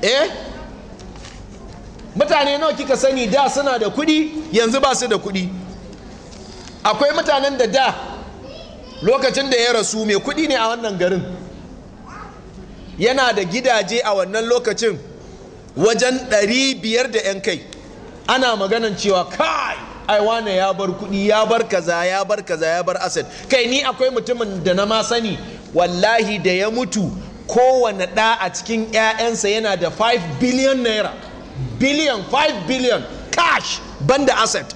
eh mutane nawa kika sani da suna da kuɗi yanzu ba su da kuɗi akwai mutanen da da lokacin da ya rasu mai kuɗi ne a wannan garin yana da gidaje a wannan lokacin wajen 500 da 'yan kai ana maganan cewa kai ai wane ya bar kuɗi ya bar kaza ya bar kaza ya bar asset kai ni akwai mutumin da na ma sani wallahi da ya mutu kowane ɗa a cikin 'ya'yansa yana da 5 billion naira billion 5 billion cash banda asset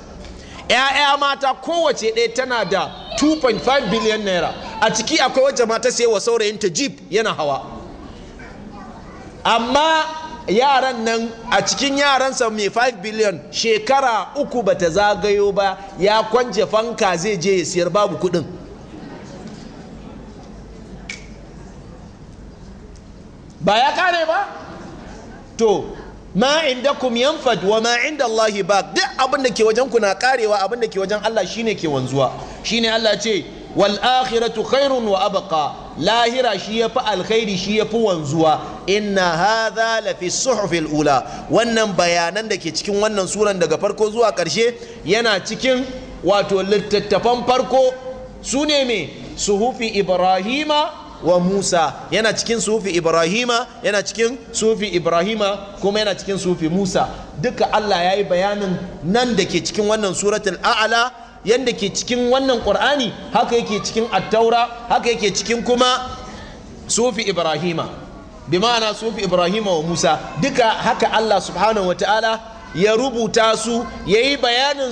'ya'ya mata kowace ɗaya tana da 2.5 biliyan naira a ciki akwai wacce mata sai wa saurayinta jeep yana hawa amma yaran nan a cikin yaransa mai 5 biliyan shekara uku bata zagayo ba ya kwance fanka zai je ya siyar babu kudin ba ya kare ba to ma indakum yanfad wa ma inda Allah baq duk abin da ke wajen ku na karewa abin da ke wajen Allah shine ke wanzuwa shine Allah ce wal akhiratu khairun wa abqa lahira shi yafi alkhairi shi yafi wanzuwa inna hadha la fi suhufil ula wannan bayanan da ke cikin wannan suran daga farko zuwa karshe yana cikin wato littattafan farko Sune mai me suhufi ibrahima wa Musa yana cikin sufi Ibrahima yana cikin sufi Ibrahima kuma yana cikin sufi Musa duka Allah ya yi bayanin nan da ke cikin wannan suratul a'ala yadda ke cikin wannan ƙur'ani haka yake cikin attaura haka yake cikin kuma sufi Ibrahima bi ma'ana sufi Ibrahima wa Musa duka haka Allah subhanahu wa ta'ala ya rubuta su ya yi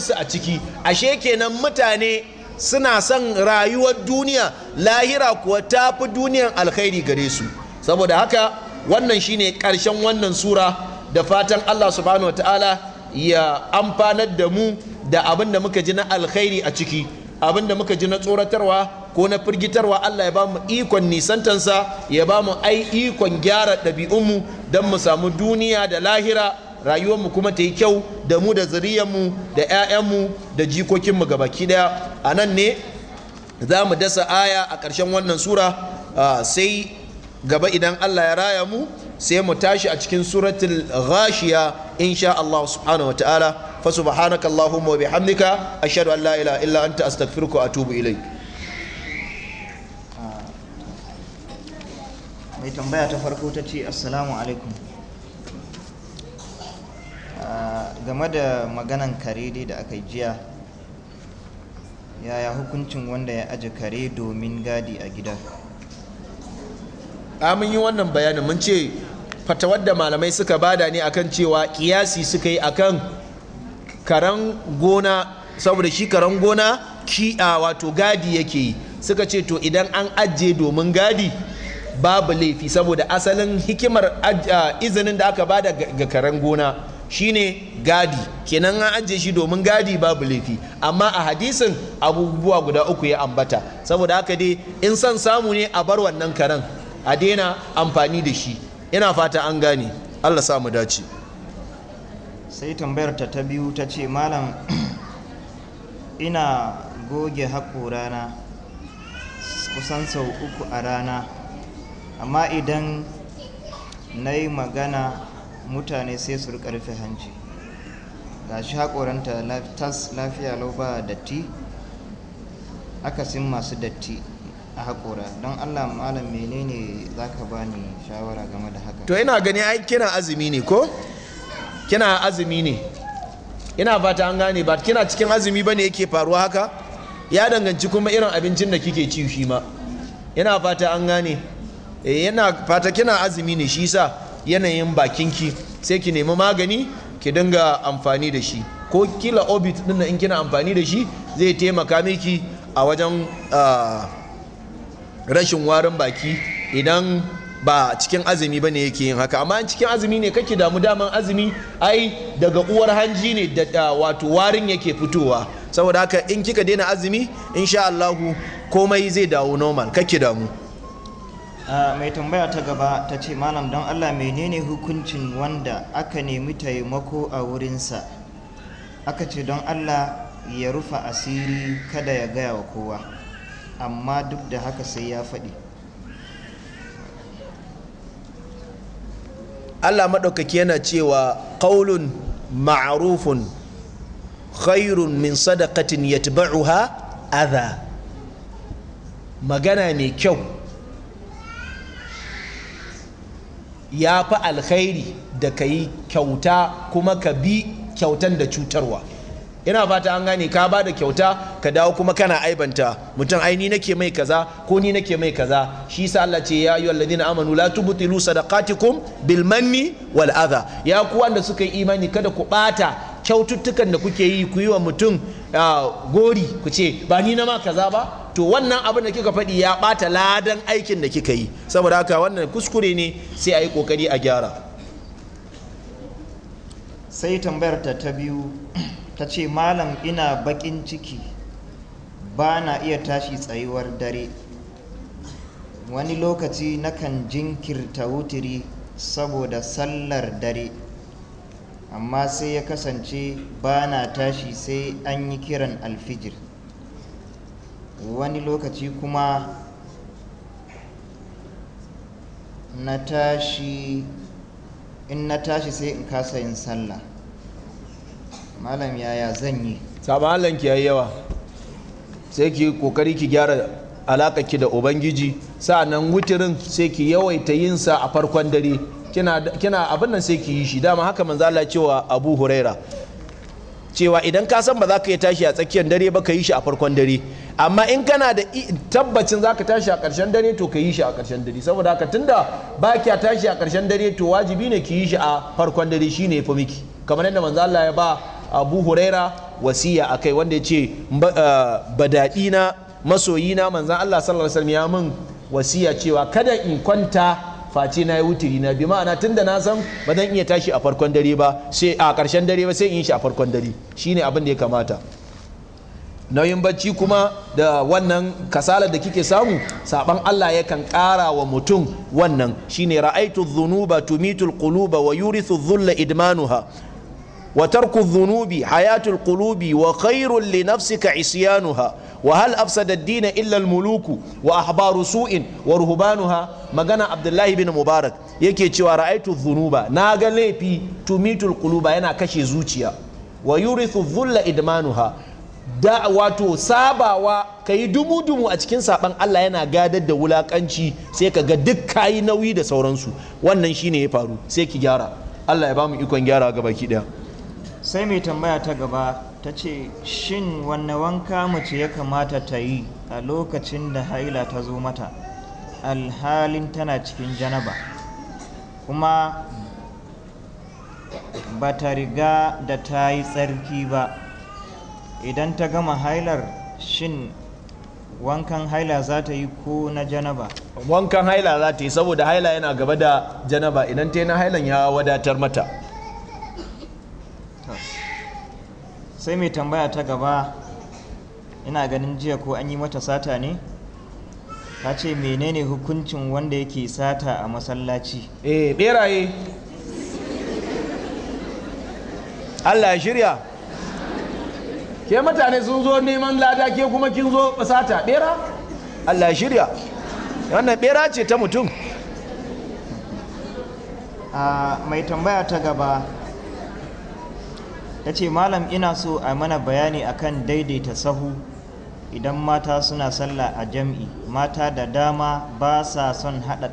su a ciki ashe kenan mutane suna son rayuwar duniya lahira kuwa ta fi duniyar alkhairi gare su saboda haka wannan shine karshen wannan sura da fatan allah subhanahu ta'ala ya amfanar da mu da abin da muka ji na alkhairi a ciki abin da muka ji na tsoratarwa ko na firgitarwa Allah ya ba mu ikon nisantansa ya ba mu ai ikon gyara ɗabi'unmu don mu samu duniya da lahira rayuwarmu kuma ta yi kyau da mu da zuriyarmu da 'ya'yanmu da jikokinmu ga baki daya a nan ne za mu dasa aya a ƙarshen wannan sura sai gaba idan allah ya raya mu sai mu tashi a cikin suratul ghashiya insha allah subhanahu wa ta'ala fa subhanaka allahumma wa bihamdika ashhadu an la ilaha illa anta astaghfiruka wa atubu ilayk mai tambaya ta farko ta ce assalamu alaikum game da maganan kare dai da aka yi jiya yaya hukuncin wanda ya aje kare domin gadi a gida a mun yi wannan bayanin mun ce fatawar da malamai suka bada ne akan cewa kiyasi suka yi akan karen gona saboda shi karen gona a wato gadi yake yi suka ce to idan an ajiye domin gadi babu laifi saboda asalin hikimar izinin da aka bada ga karen gona shine gadi kenan an ajiye shi domin gadi babu laifi amma a hadisin abubuwa guda uku ya ambata saboda haka dai in son samu ne a bar wannan karen a daina amfani da shi ina fata an gane allah sa mu dace sai tambayar ta ta biyu ta ce malam ina goge haƙo rana kusan sau uku a rana amma idan na yi magana mutane sai su rika rufe hanci ga shi haƙoranta tas lafiya lau ba datti akasin masu datti a haƙora don allah malam menene za ka ba ni shawara game da haka to ina gani ai kina azumi ne ko kina azumi ne ina fata an gane ba kina cikin azumi ba ne yake faruwa haka ya danganci kuma irin abincin da kike ci shi ma ina fata an gane yana eh, fata kina azumi ne shi sa yanayin bakinki sai ki nemi magani ki dinga amfani da shi ko kila obit din in kina amfani da shi zai taimaka miki a wajen rashin warin baki idan ba cikin azumi ba ne yake yin haka amma cikin azumi ne kake damu daman azumi ai daga uwar hanji ne da wato warin yake fitowa saboda haka in kika daina azumi insha Allahu komai zai dawo normal kake damu mai tambaya ta gaba ta ce malam don allah menene hukuncin wanda aka nemi taimako a wurinsa aka ce don allah ya rufe asiri kada ya gaya wa kowa amma duk da haka sai ya faɗi allah maɗaukaki yana cewa ƙaulun ma'arufun khairun min sadakatin yatba'uha adha magana mai kyau ya fi alkhairi da ka yi kyauta kuma ka bi kyautan da cutarwa ina fata an gane ka ba da kyauta ka dawo kuma kana aibanta mutum ai ni nake mai kaza ko ni nake mai kaza shi sa Allah ce ya yi ladina amanu la tubtilu sadaqatikum bil manni wal adha ya ku wanda suka yi imani kada ku bata kyaututtukan da kuke yi ku yi wa mutum ah, gori ku ce ba ni na ma kaza ba to wannan abin da kika faɗi ya ɓata ladan aikin da kika yi saboda haka wannan kuskure ne sai a yi ƙoƙari a gyara sai tambayar ta ta biyu ta ce malam ina baƙin ciki ba na iya tashi tsayuwar dare wani lokaci nakan jinkirta wutiri saboda sallar dare amma sai ya kasance ba na tashi sai an yi kiran alfijir wani lokaci kuma na tashi in na tashi sai in kasa yin sallah malam yaya zan yi sabon ki yayi yawa sai ki kokari ki gyara alaka ki da ubangiji sa'annan wutirin sai ki yawaita yin sa a farkon dare kina abin nan sai ki yi shi dama haka manzo Allah cewa Abu Huraira cewa idan ka san ba za ka yi tashi a tsakiyar dare ba ka yi shi a farkon dare amma in kana da tabbacin zaka tashi a ƙarshen dare to ka yi shi a ƙarshen dare saboda haka tunda ba kya tashi a karshen dare to wajibi ne ki yi shi a farkon dare shine ya fi miki kamar yadda manzo Allah ya ba Abu Huraira wasiya akai wanda ya ce eh, badaɗina na masoyi na manzo Allah sallallahu alaihi wasallam ya min wasiya cewa kada in kwanta face na yi wuturi na bi ma'ana tunda na san ba zan iya tashi a farkon dare ba sai a ƙarshen dare ba sai in yi shi a farkon dare shine abin da ya kamata nauyin bacci kuma da wannan kasalar da kike samu saban Allah yakan ƙara wa mutum wannan shine ra'aitu dhunuba tumitul quluba wa yurithu dhulla idmanuha wa tarku dhunubi hayatul qulubi wa khairul li nafsika isyanuha wa hal afsada ad-din illa al-muluku wa ahbaru su'in wa ruhbanuha magana Abdullahi bin Mubarak yake cewa ra'aitu dhunuba na ga laifi tumitul quluba yana kashe zuciya wa yurithu dhulla idmanuha da wato sabawa ka yi dumu-dumu a cikin saban Allah yana gadar da wulakanci sai ka ga duk kayi nauyi da sauransu wannan shine ya faru sai ki gyara Allah ya bamu ikon gyara ga baki daya sai mai tambaya ta gaba ta ce shin wanne wanka mace ya kamata ta yi a lokacin da haila ta zo mata alhalin tana cikin janaba kuma ba ta riga da ta yi tsarki ba idan ta gama hailar shin wankan haila za ta yi ko na janaba wankan haila za ta yi saboda haila yana gaba da janaba idan ta yi na hailan ya wadatar mata sai mai tambaya ta gaba ina ganin jiya ko an yi mata sata ne ta ce menene hukuncin wanda yake sata a masallaci eh beraye allah ya shirya ke mutane sun zo neman lada ke kuma kin zo basata bera Allah shirya wannan bera ce ta mutum mai tambaya ta gaba ta ce malam ina so a mana bayani akan daidaita sahu idan mata suna sallah a jam'i mata da dama ba sa son haɗa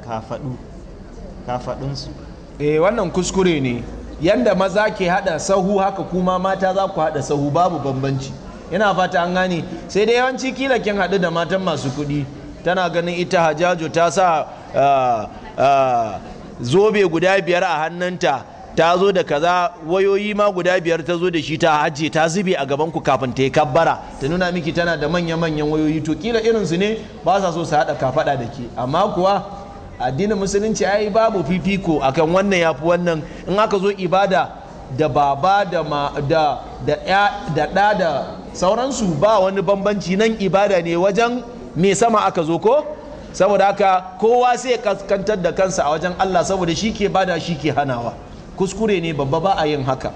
kafaɗunsu eh wannan kuskure ne yanda maza ke hada sahu haka kuma mata za ku hada sahu babu bambanci ina fata an gane sai dai yawanci kila kin hadu da matan masu kuɗi tana ganin ita hajaju ta sa ah, ah, zobe guda biyar a hannunta ta zo da kaza wayoyi ma guda biyar ta zo da shi ta hajje ta zube a gaban ku kafin ta yi kabbara ta nuna miki tana da manya-manyan wayoyi to kila irinsu ne ba sa so su haɗa kafaɗa da ke amma kuwa addinin musulunci ai babu fifiko akan wannan ya fi wannan in aka zo ibada da baba da ma da da da da da sauransu ba wani bambanci nan ibada ne wajen me sama aka zo ko saboda haka kowa sai ya kaskantar da kansa a wajen Allah saboda shi ke bada shi ke hanawa kuskure ne babba ba a yin haka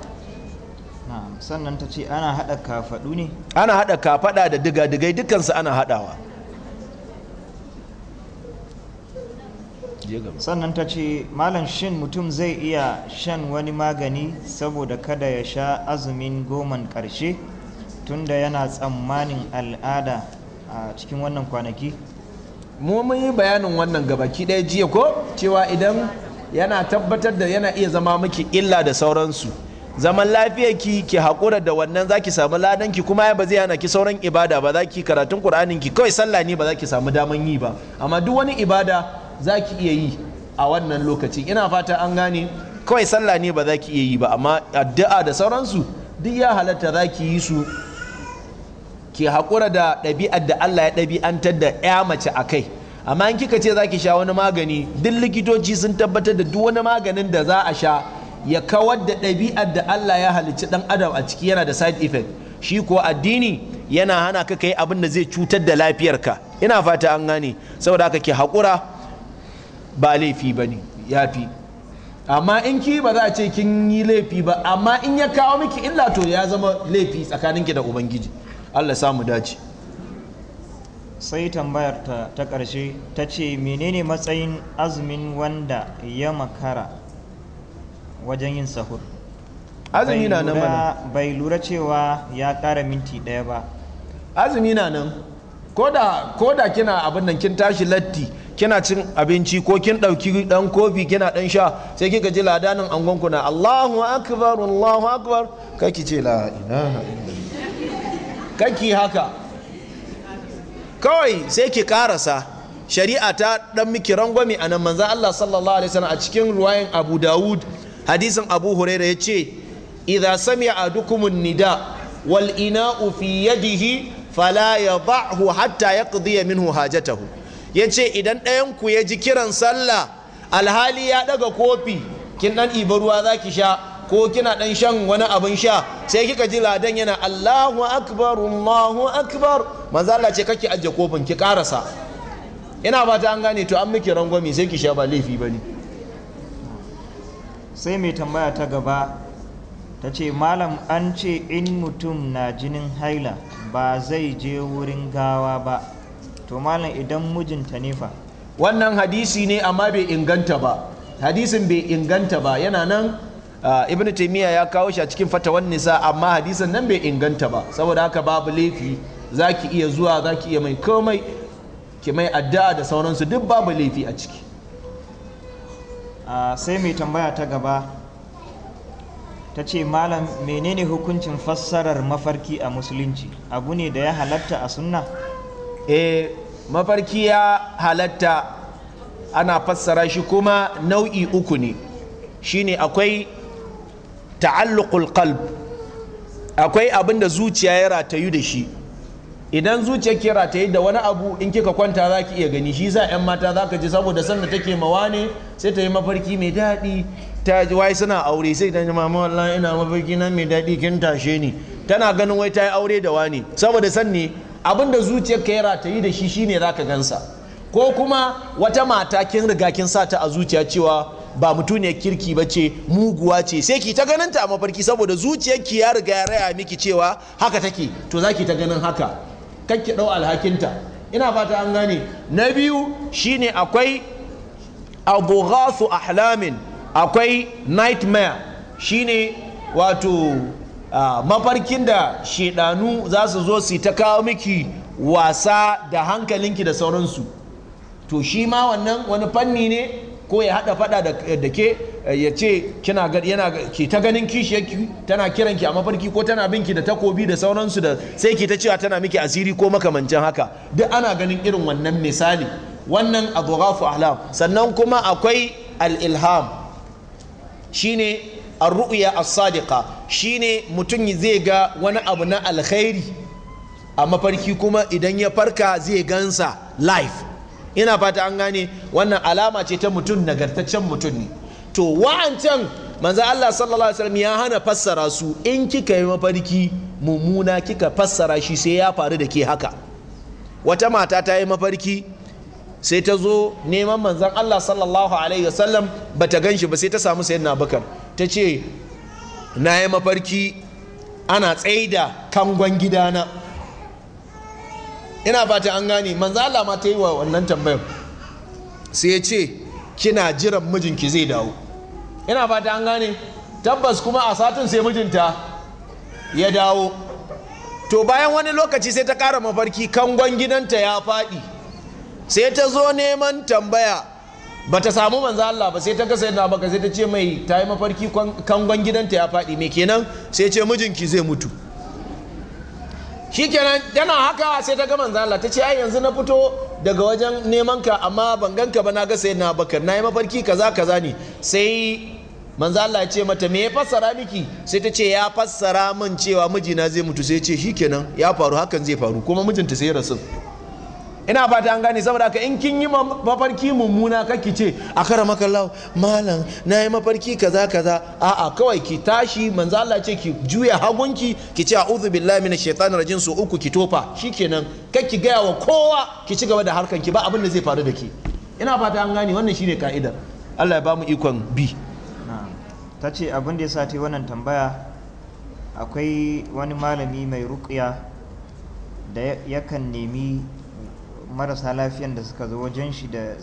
sannan ta ce ana hada kafadu ne ana haɗa kafaɗa da diga-digai dukansu ana haɗawa je gaba sannan ta ce malam shin mutum zai iya shan wani magani saboda kada ya sha azumin goman karshe tunda yana tsammanin al'ada a cikin wannan kwanaki mu mun yi bayanin wannan gabaki ɗaya jiya ko cewa idan yana tabbatar da yana iya zama miki illa da sauransu zaman lafiya ki ki haƙura da wannan zaki ki samu ladan ki kuma ba zai hana ki sauran ibada ba za karatun ƙur'anin ki kawai sallah ne ba za ki samu daman yi ba amma duk wani ibada za ki iya yi a wannan lokacin ina fata an gane kawai sallah ne ba za ki iya yi ba amma addu'a da sauransu duk ya halatta za ki yi su ke haƙura da ɗabi'ar da Allah ya ɗabi'antar da ya mace a kai amma in kika ce za ki sha wani magani duk likitoci sun tabbatar da duk wani maganin da za a sha ya kawar da ɗabi'ar da Allah ya halicci ɗan adam a ciki yana da side effect shi kuwa addini yana hana ka kai abin da zai cutar da lafiyarka ina fata an gane saboda haka ke haƙura ba laifi ba ne ya fi amma in ki ba za a ce kin yi laifi ba amma in ya kawo miki illa to ya zama laifi tsakaninki da ubangiji allah samu dace sai tambayar ta ta ƙarshe ta ce menene matsayin azumin wanda ya makara wajen yin sahur azumi na nan bai lura cewa ya ƙara minti ɗaya ba azumi na nan Koda da kina abin nan kin tashi latti kina cin abinci ko kin ɗauki ɗan kofi kina ɗan sha sai kika ji ladanin angonku na Allahu akbar Allahu akbar kaki ce la ilaha kaki haka kawai sai ki karasa shari'a ta dan miki rangwami a nan manzan Allah sallallahu alaihi wasallam a cikin ruwayan Abu Dawud hadisin Abu Huraira yace ce idza sami'a dukumun nida wal ina'u fi yadihi fala ya hu hatta ya yaqdi minhu hajatahu ce, idan ɗayan ku ya ji kiran sallah alhali ya ɗaga kofi kin ɗan iba ruwa ki sha ko kina ɗan shan wani abin sha sai kika ji ladan yana Allahu akbar Allahu akbar manzo ce kake ajje kofin ki karasa ina ta an gane to an miki rangwami sai ki sha ba laifi bane sai mai tambaya ta gaba ta ce malam an ce in mutum na jinin haila ba zai je wurin gawa ba to malam idan mijinta ne fa wannan hadisi ne amma bai inganta ba hadisin bai inganta ba yana nan ibn taimiyya ya kawo shi a cikin fatawan nisa amma hadisin nan bai inganta ba saboda haka babu laifi za ki iya zuwa za ki iya mai komai ki mai addu'a da sauransu duk babu laifi a ciki sai mai tambaya ta gaba ta ce malam menene hukuncin fassarar mafarki a musulunci abu ne da ya halatta a sunna eh mafarki ya halatta ana fassara shi kuma nau'i uku ne shine akwai ta'alluqul qalb akwai abin da zuciya ya ratayu da shi idan zuciya ke ratayu da wani abu in kika kwanta za ki iya gani shi za 'yan mata za ka ji saboda sanda take mawa ne sai ta yi mafarki mai daɗi ta wai suna aure sai ta ji mama wallahi ina mafarki na mai daɗi kin tashe ni tana ganin wai ta yi aure da wani saboda san ne abinda zuciyar ka yara ta yi da shi shine zaka gansa ko kuma wata mata kin riga kin sa ta a zuciya cewa ba mutuniyar kirki ba ce muguwa ce sai ki ta ganin ta a mafarki saboda zuciyar ki ya riga ya raya miki cewa haka take to za ki ta ganin haka kan ki ɗau alhakinta ina fata an gane na biyu shine akwai ghasu ahlamin akwai nightmare shine wato mafarkin da shedanu za su zo su ta kawo miki wasa da hankalinki da sauransu to shi ma wannan wani fanni ne ko ya hada fada da ke ya ce kina yana ke ta ganin kishi kishiyarki tana kiranki a mafarki ko tana binki da takobi da sauransu da sai ke ta cewa tana miki asiri ko makamancin haka duk ana ganin irin wannan misali wannan adghafu ahlam sannan kuma akwai al-ilham shine ar-ru'ya as-sadiqa shine mutum zai ga wani abu na alkhairi a mafarki kuma idan ya farka zai gansa life ina fata an gane wannan alama ce ta mutum nagartaccen mutum ne to wa'ancan manzo Allah sallallahu alaihi wasallam ya hana fassara su in kika yi mafarki mummuna kika fassara shi sai ya faru da ke haka wata mata ta yi mafarki sai ta zo neman manzan Allah sallallahu alaihi wasallam ba ta gan shi ba sai ta samu sayyidina bakar ta ce na yi mafarki ana tsaida kangon gidana ina fata an gane manzan Allah ma ta yi wa wannan tambayar sai ya ce kina jiran mijinki zai dawo ina fata an gane tabbas kuma a satin sai mijinta ya dawo to bayan wani lokaci sai ta kara mafarki kangon gidanta ya faɗi sai ta zo neman tambaya bata samu manzo Allah ba sai ta kasa yana baka sai ta ce mai ta yi mafarki kangon gidanta ya faɗi mai kenan sai ce mijinki zai mutu shikenan yana haka sai ta ga manzo Allah ta ce ai yanzu na fito daga wajen neman ka amma ban ganka ba na ga sayyidina baka na yi mafarki kaza kaza ne sai manzo Allah ce mata me ya fassara miki sai ta ce ya fassara min cewa mijina zai mutu sai ce ce shikenan ya faru hakan zai faru kuma mijinta sai ya rasu ina fata an gane saboda ka in kin yi mafarki mummuna kake ce a kara makallau malam na yi mafarki kaza kaza a'a kawai ki tashi manzo Allah ce ki juya hagunki ki ce a'udhu billahi minash shaitani rajim su uku ki tofa shikenan kai ki gaya wa kowa ki ci gaba da harkan ki ba abin da zai faru da ke ina fata an gane wannan shine ka'idar Allah ya ba mu ikon bi ta ce abin da ya sa ta wannan tambaya akwai wani malami mai ruqya da yakan nemi marasa lafiyan da suka zo wajen shi da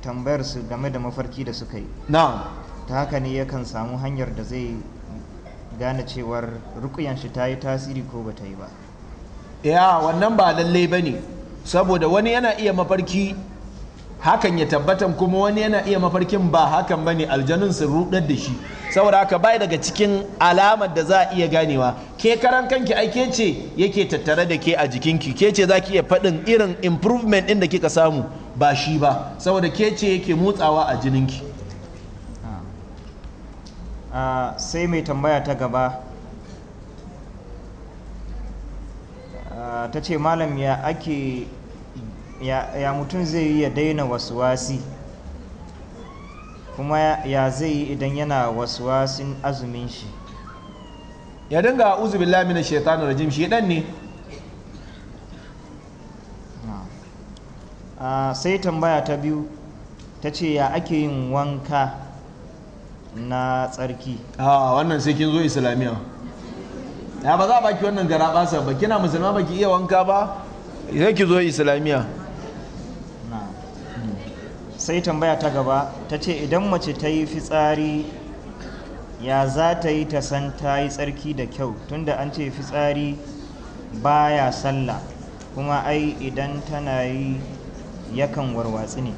tambayar su game da mafarki da suka yi na'am ta haka ne yakan samu hanyar da zai gane cewar rukuyan shi ta yi tasiri ko ba ta yi ba ya wannan ba lallai ba ne saboda wani yana iya mafarki hakan ya tabbatan kuma wani yana iya mafarkin ba hakan ba ne aljanun sun rudar da shi saboda haka bai daga cikin alamar da za a iya ganewa ke karan kanki ai ce yake tattare da ke a jikinki ke ce za iya faɗin irin improvement ɗin da kika samu ba shi ba saboda ke ce yake motsawa a jininki ah, ah, sai mai tambaya ta gaba ah, ta ce malam ya ake ya mutum zai yi ya daina wasuwasi kuma ya zai yi idan yana wasuwasin azumin shi ya dinga uzu billahi minash shaitanir rajim dan ne ah, sai tambaya ta biyu ta ce ya ake yin wanka na tsarki a wannan sai kin zo islamiyya ya ba za a baki wannan gara ba kina musulma baki iya wanka ba sai ki zo islamiyya sai tambaya ta gaba ta ce idan mace ta yi fitsari ya za ta yi ta san ta yi tsarki da kyau tunda an ce fitsari baya sallah kuma ai idan tana yi yakan warwatsi ne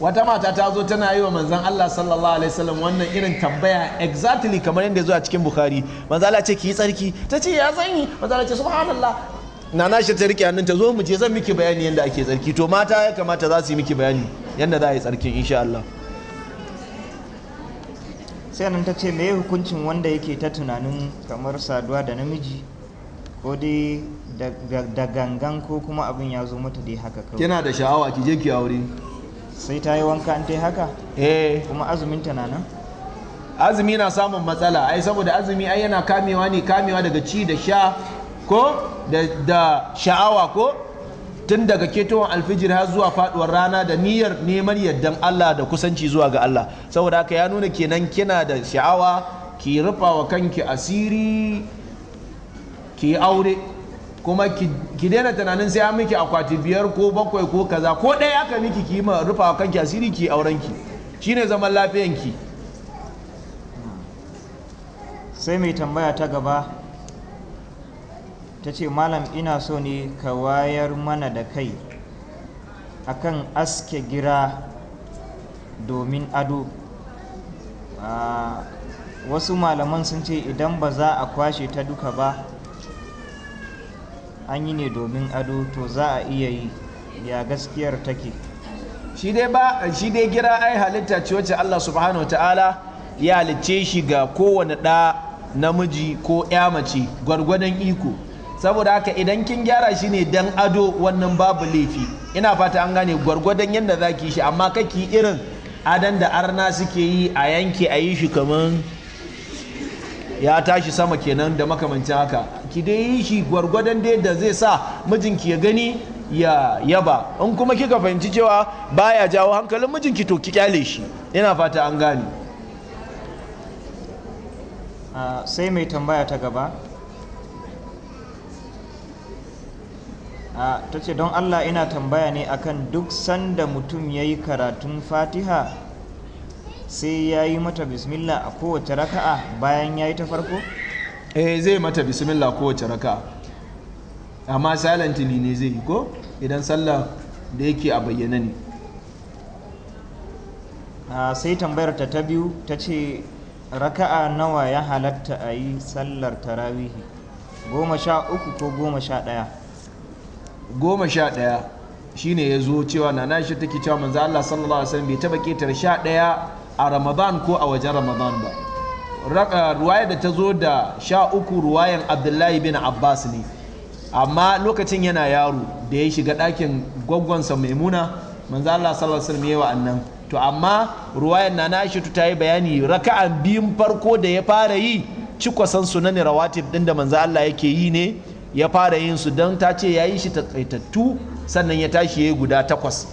wata mata ta zo tana yi wa manzan Allah sallallahu alaihi wasallam wannan irin tambaya exactly kamar yadda ya zo a cikin Bukhari manzala ce ki yi tsarki ta ce ya zanyi yi Allah ce subhanallah nana shi ta rike hannun ta zo mu je zan miki bayani yadda ake tsarki to mata ya kamata za su yi miki bayani yadda za a yi tsarkin insha Allah sai nan ta ce meye hukuncin wanda yake ta tunanin kamar saduwa da namiji ko dai da gangan ko kuma abin ya zo mata dai haka kawai kina da sha'awa ki je ki aure sai ta yi wanka an ta yi haka eh kuma azumin ta na nan azumi na samun matsala ai saboda azumi ai yana kamewa ne kamewa daga ci da sha ko da sha'awa ko tun daga ketowar alfijir har zuwa faduwar rana da niyyar neman yardan Allah da kusanci zuwa ga Allah saboda haka ya nuna kenan kina da sha'awa ki rufa wa kanki asiri ki aure kuma ki daina tunanin sai an miki akwati biyar ko bakwai ko kaza ko ɗaya aka miki ki ma rufa wa kanki asiri ki auren ki shine zaman lafiyanki sai mai tambaya ta gaba ta ce malam ina so ne ka wayar mana da kai akan aske gira domin ado wasu malaman sun ce idan ba za a kwashe ta duka ba an yi ne domin ado to za a iya yi ya gaskiyar take shi dai ba shi dai gira ai halitta ce wacce Allah subhanahu ta'ala ya halicce shi ga kowane ɗa namiji ko ya mace gwargwadon iko saboda haka idan kin gyara shi ne dan ado wannan babu laifi ina fata an gane gwargwadon yadda za ki shi amma kaki irin adan da arna suke yi a yanke a yi shi kamar ya tashi sama kenan da makamancin haka ki dai yi shi gwargwadon dai da zai sa mijinki ya gani ya yaba in kuma kika fahimci cewa baya jawo hankalin mijinki to ki kyale shi ina fata an gane ah, sai mai tambaya ta gaba ta ce don Allah ina tambaya ne akan duk sanda mutum ya yi karatun fatiha sai ya yi mata bismillah a kowace raka'a bayan ya yi ta farko? eh zai mata bismillah kowace raka'a amma silently ne zai yi ko idan sallah da yake a bayyana ne sai tambayar ta ta biyu ta ce raka'a nawa ya halatta a yi sallar tarawihi goma sha uku ko goma sha ɗaya goma sha ɗaya ne ya zo cewa na nashi take cewa manzo Allah sallallahu alaihi wasallam bai taba ketar sha ɗaya a ramadan ko a wajen ramadan ba ruwaya da ta zo da sha uku ruwayan abdullahi bin abbas ne amma lokacin yana yaro da ya shiga ɗakin gwaggonsa maimuna manzo Allah sallallahu alaihi wasallam yawa annan to amma ruwayan na nashi ta yi bayani raka'an biyun farko da ya fara yi cikwasan sunan rawatib din da manzo Allah yake yi ne ya fara yin su don ta ce ya yi shi takaitattu sannan ya tashi ya yi guda takwas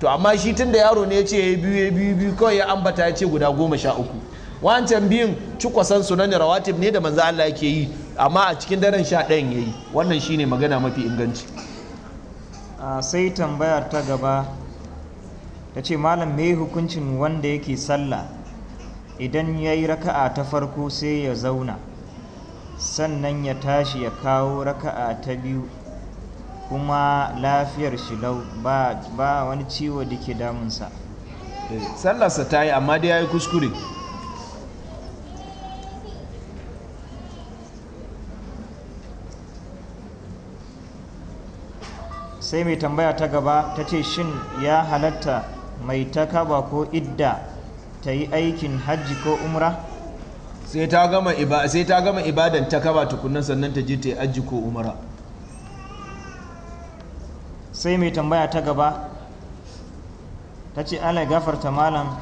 to amma shi tun da yaro ne ya ce ya yi biyu ya biyu biyu kawai ya ambata ya ce guda goma sha uku wancan biyun cikwasan sunan rawatib ne da manzo Allah yake yi amma a cikin daren sha ɗayan ya yi wannan shi ne magana mafi inganci sai tambaya ta gaba ta ce malam me hukuncin wanda yake sallah idan ya yi raka'a ta farko sai ya zauna sannan ya tashi ya kawo raka'a ta biyu kuma lafiyar shi lau ba, wani ciwo da ke damunsa eh, sallarsa ta yi amma dai ya yi kuskure sai mai tambaya ta gaba ta ce shin ya halatta mai takaba ko idda ta yi aikin hajji ko umra? sai ta gama ibadar ta ibadan ta kaba tukunna sannan ta je ta yi aji ko umara sai mai tambaya ta gaba ta ce ala gafarta malam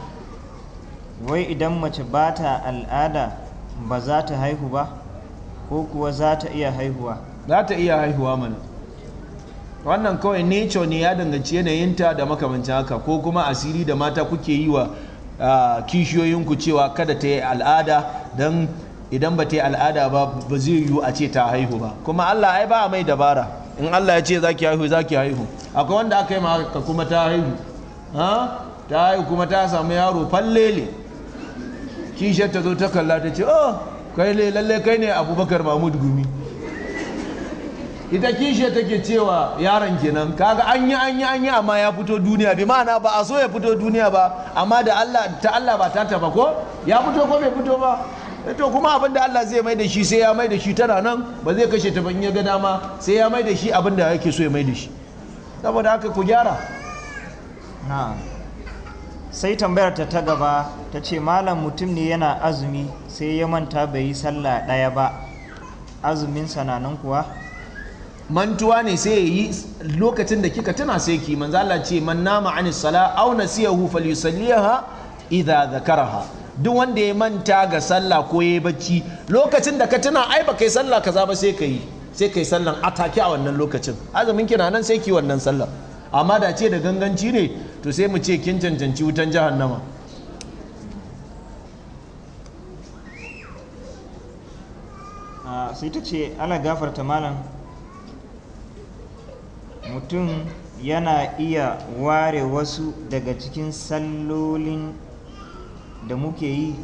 wai idan mace ba ta al'ada ba za ta haihu ba ko kuwa za ta iya haihuwa za ta iya haihuwa mana wannan kawai nature ne ya danganci yanayinta da makamancin haka ko kuma asiri da mata kuke yi wa kishiyoyinku cewa kada ta yi al'ada don idan ba ta yi al'ada ba ba zai yiwu a ce ta haihu ba kuma Allah ai ba a mai dabara in Allah ya ce za ki haihu za ki haihu akwai wanda aka yi ma kuma ta haihu ta haihu kuma ta samu yaro fallele kishiyar ta zo ta kalla ta ce oh kai ne lallai kai ne abubakar mahmud gumi ita kishe take cewa yaron kenan kaga an yi an yi an yi amma ya fito duniya bi ma'ana ba a so ya fito duniya ba amma da Allah ta Allah ba ta taba ko ya fito ko bai fito ba eh to kuma abinda Allah zai mai da shi sai ya mai da shi tana nan ba zai kashe ta ban ya ga dama sai ya mai da shi abinda yake so ya mai da shi saboda haka ku gyara na sai tambayar ta ta gaba ta ce malam mutum ne yana azumi sai ya manta bai yi sallah ɗaya ba azumin sananan kuwa mantuwa ne sai ya yi lokacin da kika tuna sai ki manzo Allah ce man nama anis sala ha nasiyahu falyusalliha idza zakaraha duk wanda ya manta ga sallah ko yi bacci lokacin da ka tuna ai ba kai sallah kaza ba sai kai sai kai sallan atake a wannan lokacin azumin kina nan sai ki wannan sallah amma da ce da ganganci ne to sai mu ce kin cancanci wutan jahannama ah, sai ta ce ana gafarta malam mutum yana iya ware wasu daga cikin sallolin da muke yi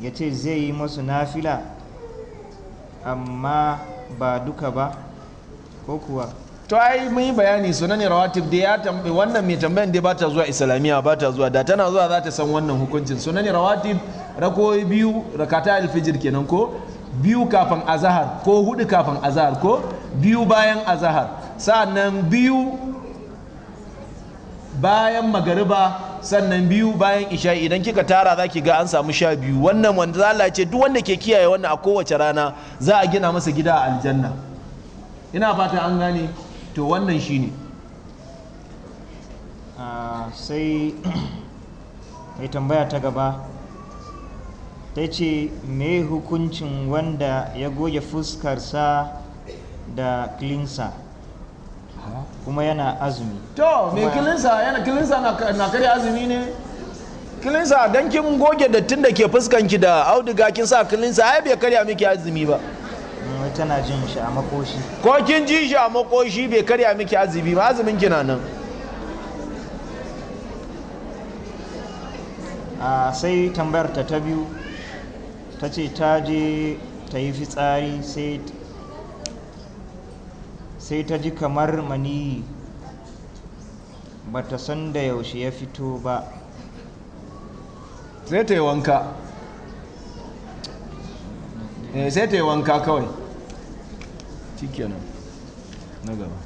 ya ce zai yi masu nafila amma ba duka ba ko kuwa to ai mun yi bayani sunani rawatib da ya tambaye wannan mai tambayan dai ta zuwa islamiyya ba ta zuwa da tana zuwa za ta san wannan hukuncin sunan rawatib rakoyi biyu rakata alfijir kenan ko biyu kafin azahar ko hudu kafin azahar ko biyu bayan azahar sa'annan biyu bayan magariba sannan biyu bayan isha'i idan kika tara za ki ga an samu sha biyu wannan wanda za duk wanda ke kiyaye wannan a kowace rana za a gina masa gida a aljanna ina fata an gane to wannan shi ne. Ah, sai mai tambaya ta gaba ta ce me hukuncin wanda ya goge fuskarsa da cleanser kuma yana azumi to me kilinsa yana kilinsa na karya azumi ne kilinsa don kin goge dattin da ke fuskanki da auduga kin sa kilinsa ai bai karya miki azumi ba mm, tana jin shi a makoshi ko kin ji shi a makoshi bai karya miki azumi ba azumin kina nan ah, sai tambayar ta ta biyu ta ce ta je ta yi fitsari sai sai ta ji kamar maniyi bata san da yaushe ya fito ba sai ta yi wanka eh, sai ta yi wanka kawai shikenan na gaba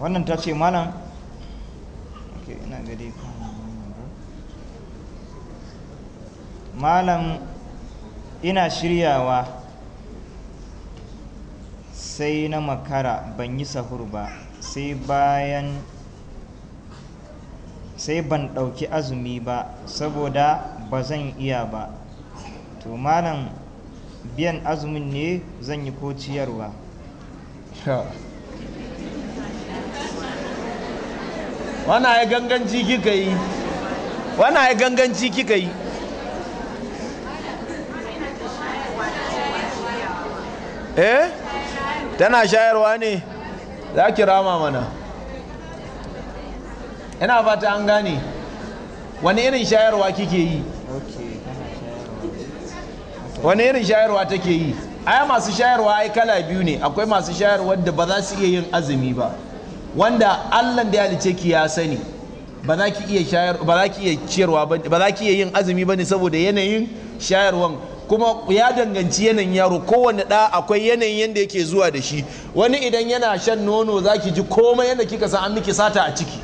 wannan ta ce malam ina gari malam ina shiryawa sai na makara ban yi sahur ba sai bayan sai ban ɗauki azumi ba saboda ba zan iya ba to malam biyan azumin ne zan yi ko ciyarwa wana ya ganganci kika yi wana ya ganganci kika yi eh tana shayarwa ne za ki rama mana ina fata an gane wani irin shayarwa kike yi wani irin shayarwa take yi aya masu shayarwa ai kala biyu ne akwai masu shayarwa da ba za su iya yin azumi ba wanda allah da ya halice ki ya sani ba za ki iya shayar ba za ki iya ciyarwa ba za ki iya yin azumi ba ne saboda yanayin shayarwan kuma ya danganci yanayin yaro kowane ɗa akwai yanayin yadda yake zuwa da shi wani idan yana shan nono za ki ji komai yadda kika san an miki sata a ciki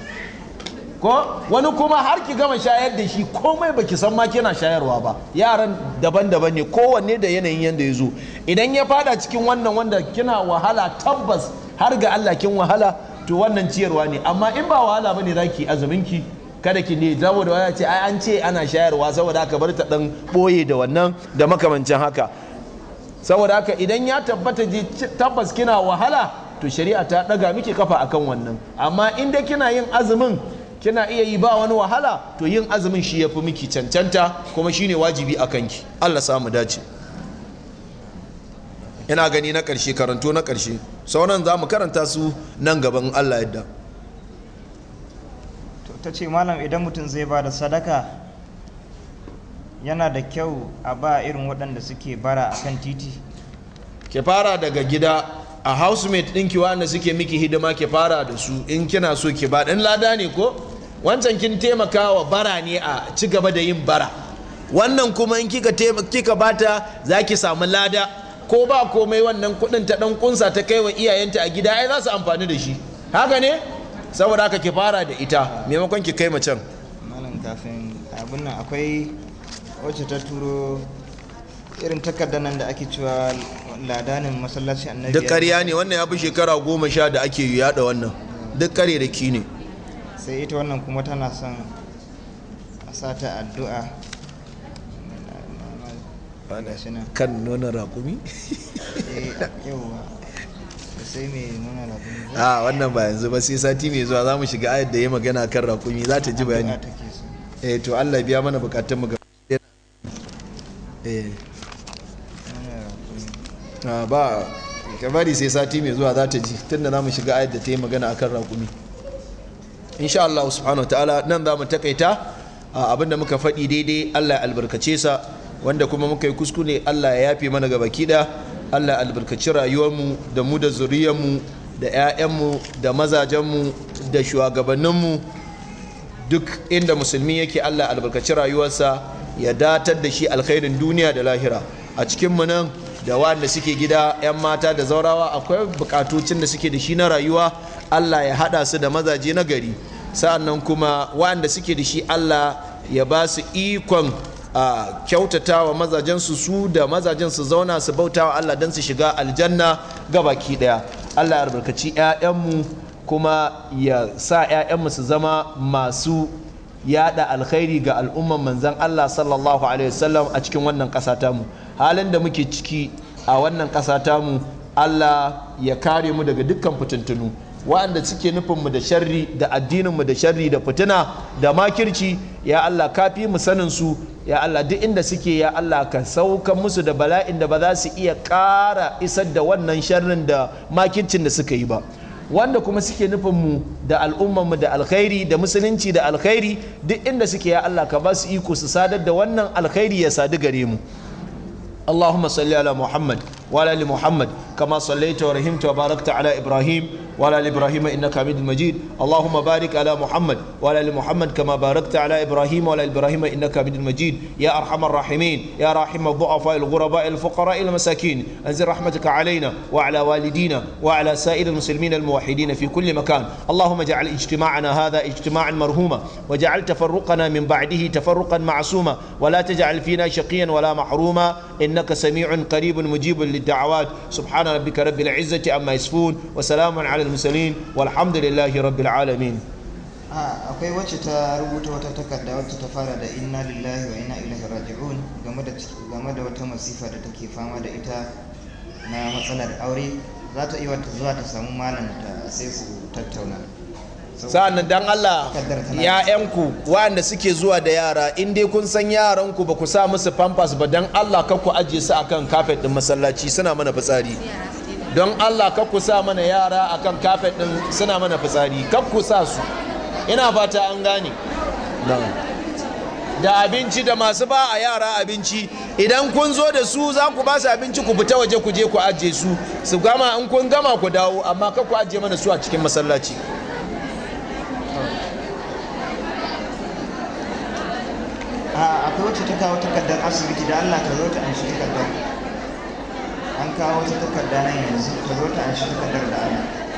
ko wani kuma har ki gama shayar da shi komai baki san ma kina shayarwa ba yaran daban-daban ne kowanne da yanayin yadda ya zo idan ya fada cikin wannan wanda kina wahala tabbas har ga Allah kin wahala to wannan ciyarwa ne amma in ba wahala bane zaki azumin ki kada ki ne zamu da wani ce ai an ce ana shayarwa saboda aka bar ta dan boye da wannan da makamancin haka saboda haka idan ya tabbata tabbas kina wahala to shari'a ta daga miki kafa akan wannan amma in dai kina yin azumin kina iya yi ba wani wahala to yin azumin shi yafi miki cancanta kuma shine wajibi a kanki Allah samu dace ina gani na karshe karanto na karshe sauran za mu karanta su nan gaban Allah yadda ta ce malam idan mutum zai ba da sadaka yana da kyau a ba irin waɗanda suke bara a kan titi ke fara daga gida a housemate ɗinki wanda suke miki hidima ke fara da su in kina so ki ba ɗin lada ne ko wancan kin taimaka wa bara ne a ci gaba da yin bara wannan kuma in kika kika bata za ki samu lada ko ba komai wannan kuɗin ta ɗan kunsa ta kai wa iyayenta a gida ai za su amfani da shi haka ne saboda haka ki fara da ita maimakon ki kai macen malam kafin abin nan akwai wacce ta turo irin takarda nan da ake cewa ladanin masallaci annabi duk kariya ne wannan ya fi shekara goma sha da ake yi. yada wannan duk kare da ki ne sai ita wannan kuma tana son a sata addu'a kan nuna raƙumi? Eh, yauwa sai me muna labin a wannan ba yanzu ba sai sati mai zuwa za mu shiga ayar da ya magana kan rakumi za ta ji bayani eh to Allah biya mana bukatun mu eh ba bari sai sati mai zuwa za ta ji tunda za mu shiga ayar da ta yi magana akan rakumi insha Allah subhanahu ta'ala nan za mu takaita abinda muka faɗi daidai Allah ya albarkace sa wanda kuma muka yi kuskure Allah ya yafe mana gaba kida Allah albarkaci rayuwar mu da mu da zuriyarmu da 'ya'yanmu da mazajenmu da shugabanninmu duk inda musulmi yake Allah albarkaci rayuwarsa ya datar da shi alkhairin duniya da lahira a cikinmu nan da waɗanda suke gida 'yan mata da zaurawa akwai buƙatocin da suke da shi na rayuwa Allah ya haɗa su da mazaje na gari sa'annan kuma wanda suke da shi Allah ya ba su ikon a kyautata wa mazajensu su da mazajen su zauna su bauta wa Allah don su shiga aljanna ga baki daya Allah ya albarkaci 'ya'yanmu kuma ya sa 'ya'yanmu su zama masu yada alkhairi ga al'umman manzan Allah sallallahu alaihi wasallam a cikin wannan ƙasa tamu halin da muke ciki a wannan ƙasa tamu Allah ya kare mu daga dukkan fitintunu waɗanda suke nufinmu da sharri da addininmu da sharri da fitina da makirci ya Allah kafi mu sanin su ya Allah duk inda suke ya Allah ka sauka musu da bala'in da ba za su iya ƙara isar da wannan sharrin da makincin da suka yi ba wanda kuma suke nufin mu da al'ummarmu da alkhairi da musulunci da alkhairi duk inda suke ya Allah ka ba su iko su sadar da wannan alkhairi ya sadu gare mu اللهم صل على محمد وعلى ال محمد كما صليت ورحمت وباركت على ابراهيم وعلى آل إبراهيم إنك حميد مجيد اللهم بارك على محمد وعلى آل محمد كما باركت على إبراهيم وعلى آل إبراهيم إنك حميد مجيد يا أرحم الراحمين يا راحم الضعفاء الغرباء الفقراء المساكين أنزل رحمتك علينا وعلى والدينا وعلى سائر المسلمين الموحدين في كل مكان اللهم اجعل اجتماعنا هذا اجتماعا مرهوما وجعل تفرقنا من بعده تفرقا معصوما ولا تجعل فينا شقيا ولا محروما إنك سميع قريب مجيب للدعوات سبحان ربك رب العزة عما يصفون وسلام على المرسلين والحمد لله رب العالمين akwai wacce ta rubuta wata takarda wacce ta fara da inna lillahi wa inna ilaihi raji'un game da game da wata masifa da take fama da ita na matsalar aure za ta iya zuwa ta samu malam ta sai su tattauna sa'annan dan Allah ya ya'yanku waɗanda suke zuwa da yara in dai kun san yaranku ba ku sa musu pampers ba dan Allah kar ku ajiye su akan kafet din masallaci suna mana fitsari don allah kusa mana yara akan kafet din suna mana fitsari kusa su ina fata an gane da abinci da masu ba a yara abinci idan kun zo da su za ku ba su abinci ku fita waje ku je ku ajiye su su gama in kun gama ku dawo amma ka ku ajiye mana su a cikin masallaci akwai wacce ta kawo takardar asibiti da allah ta zo ta amshi takardar an kawo wata takarda nan yanzu ka zo ta an shi takardar da ana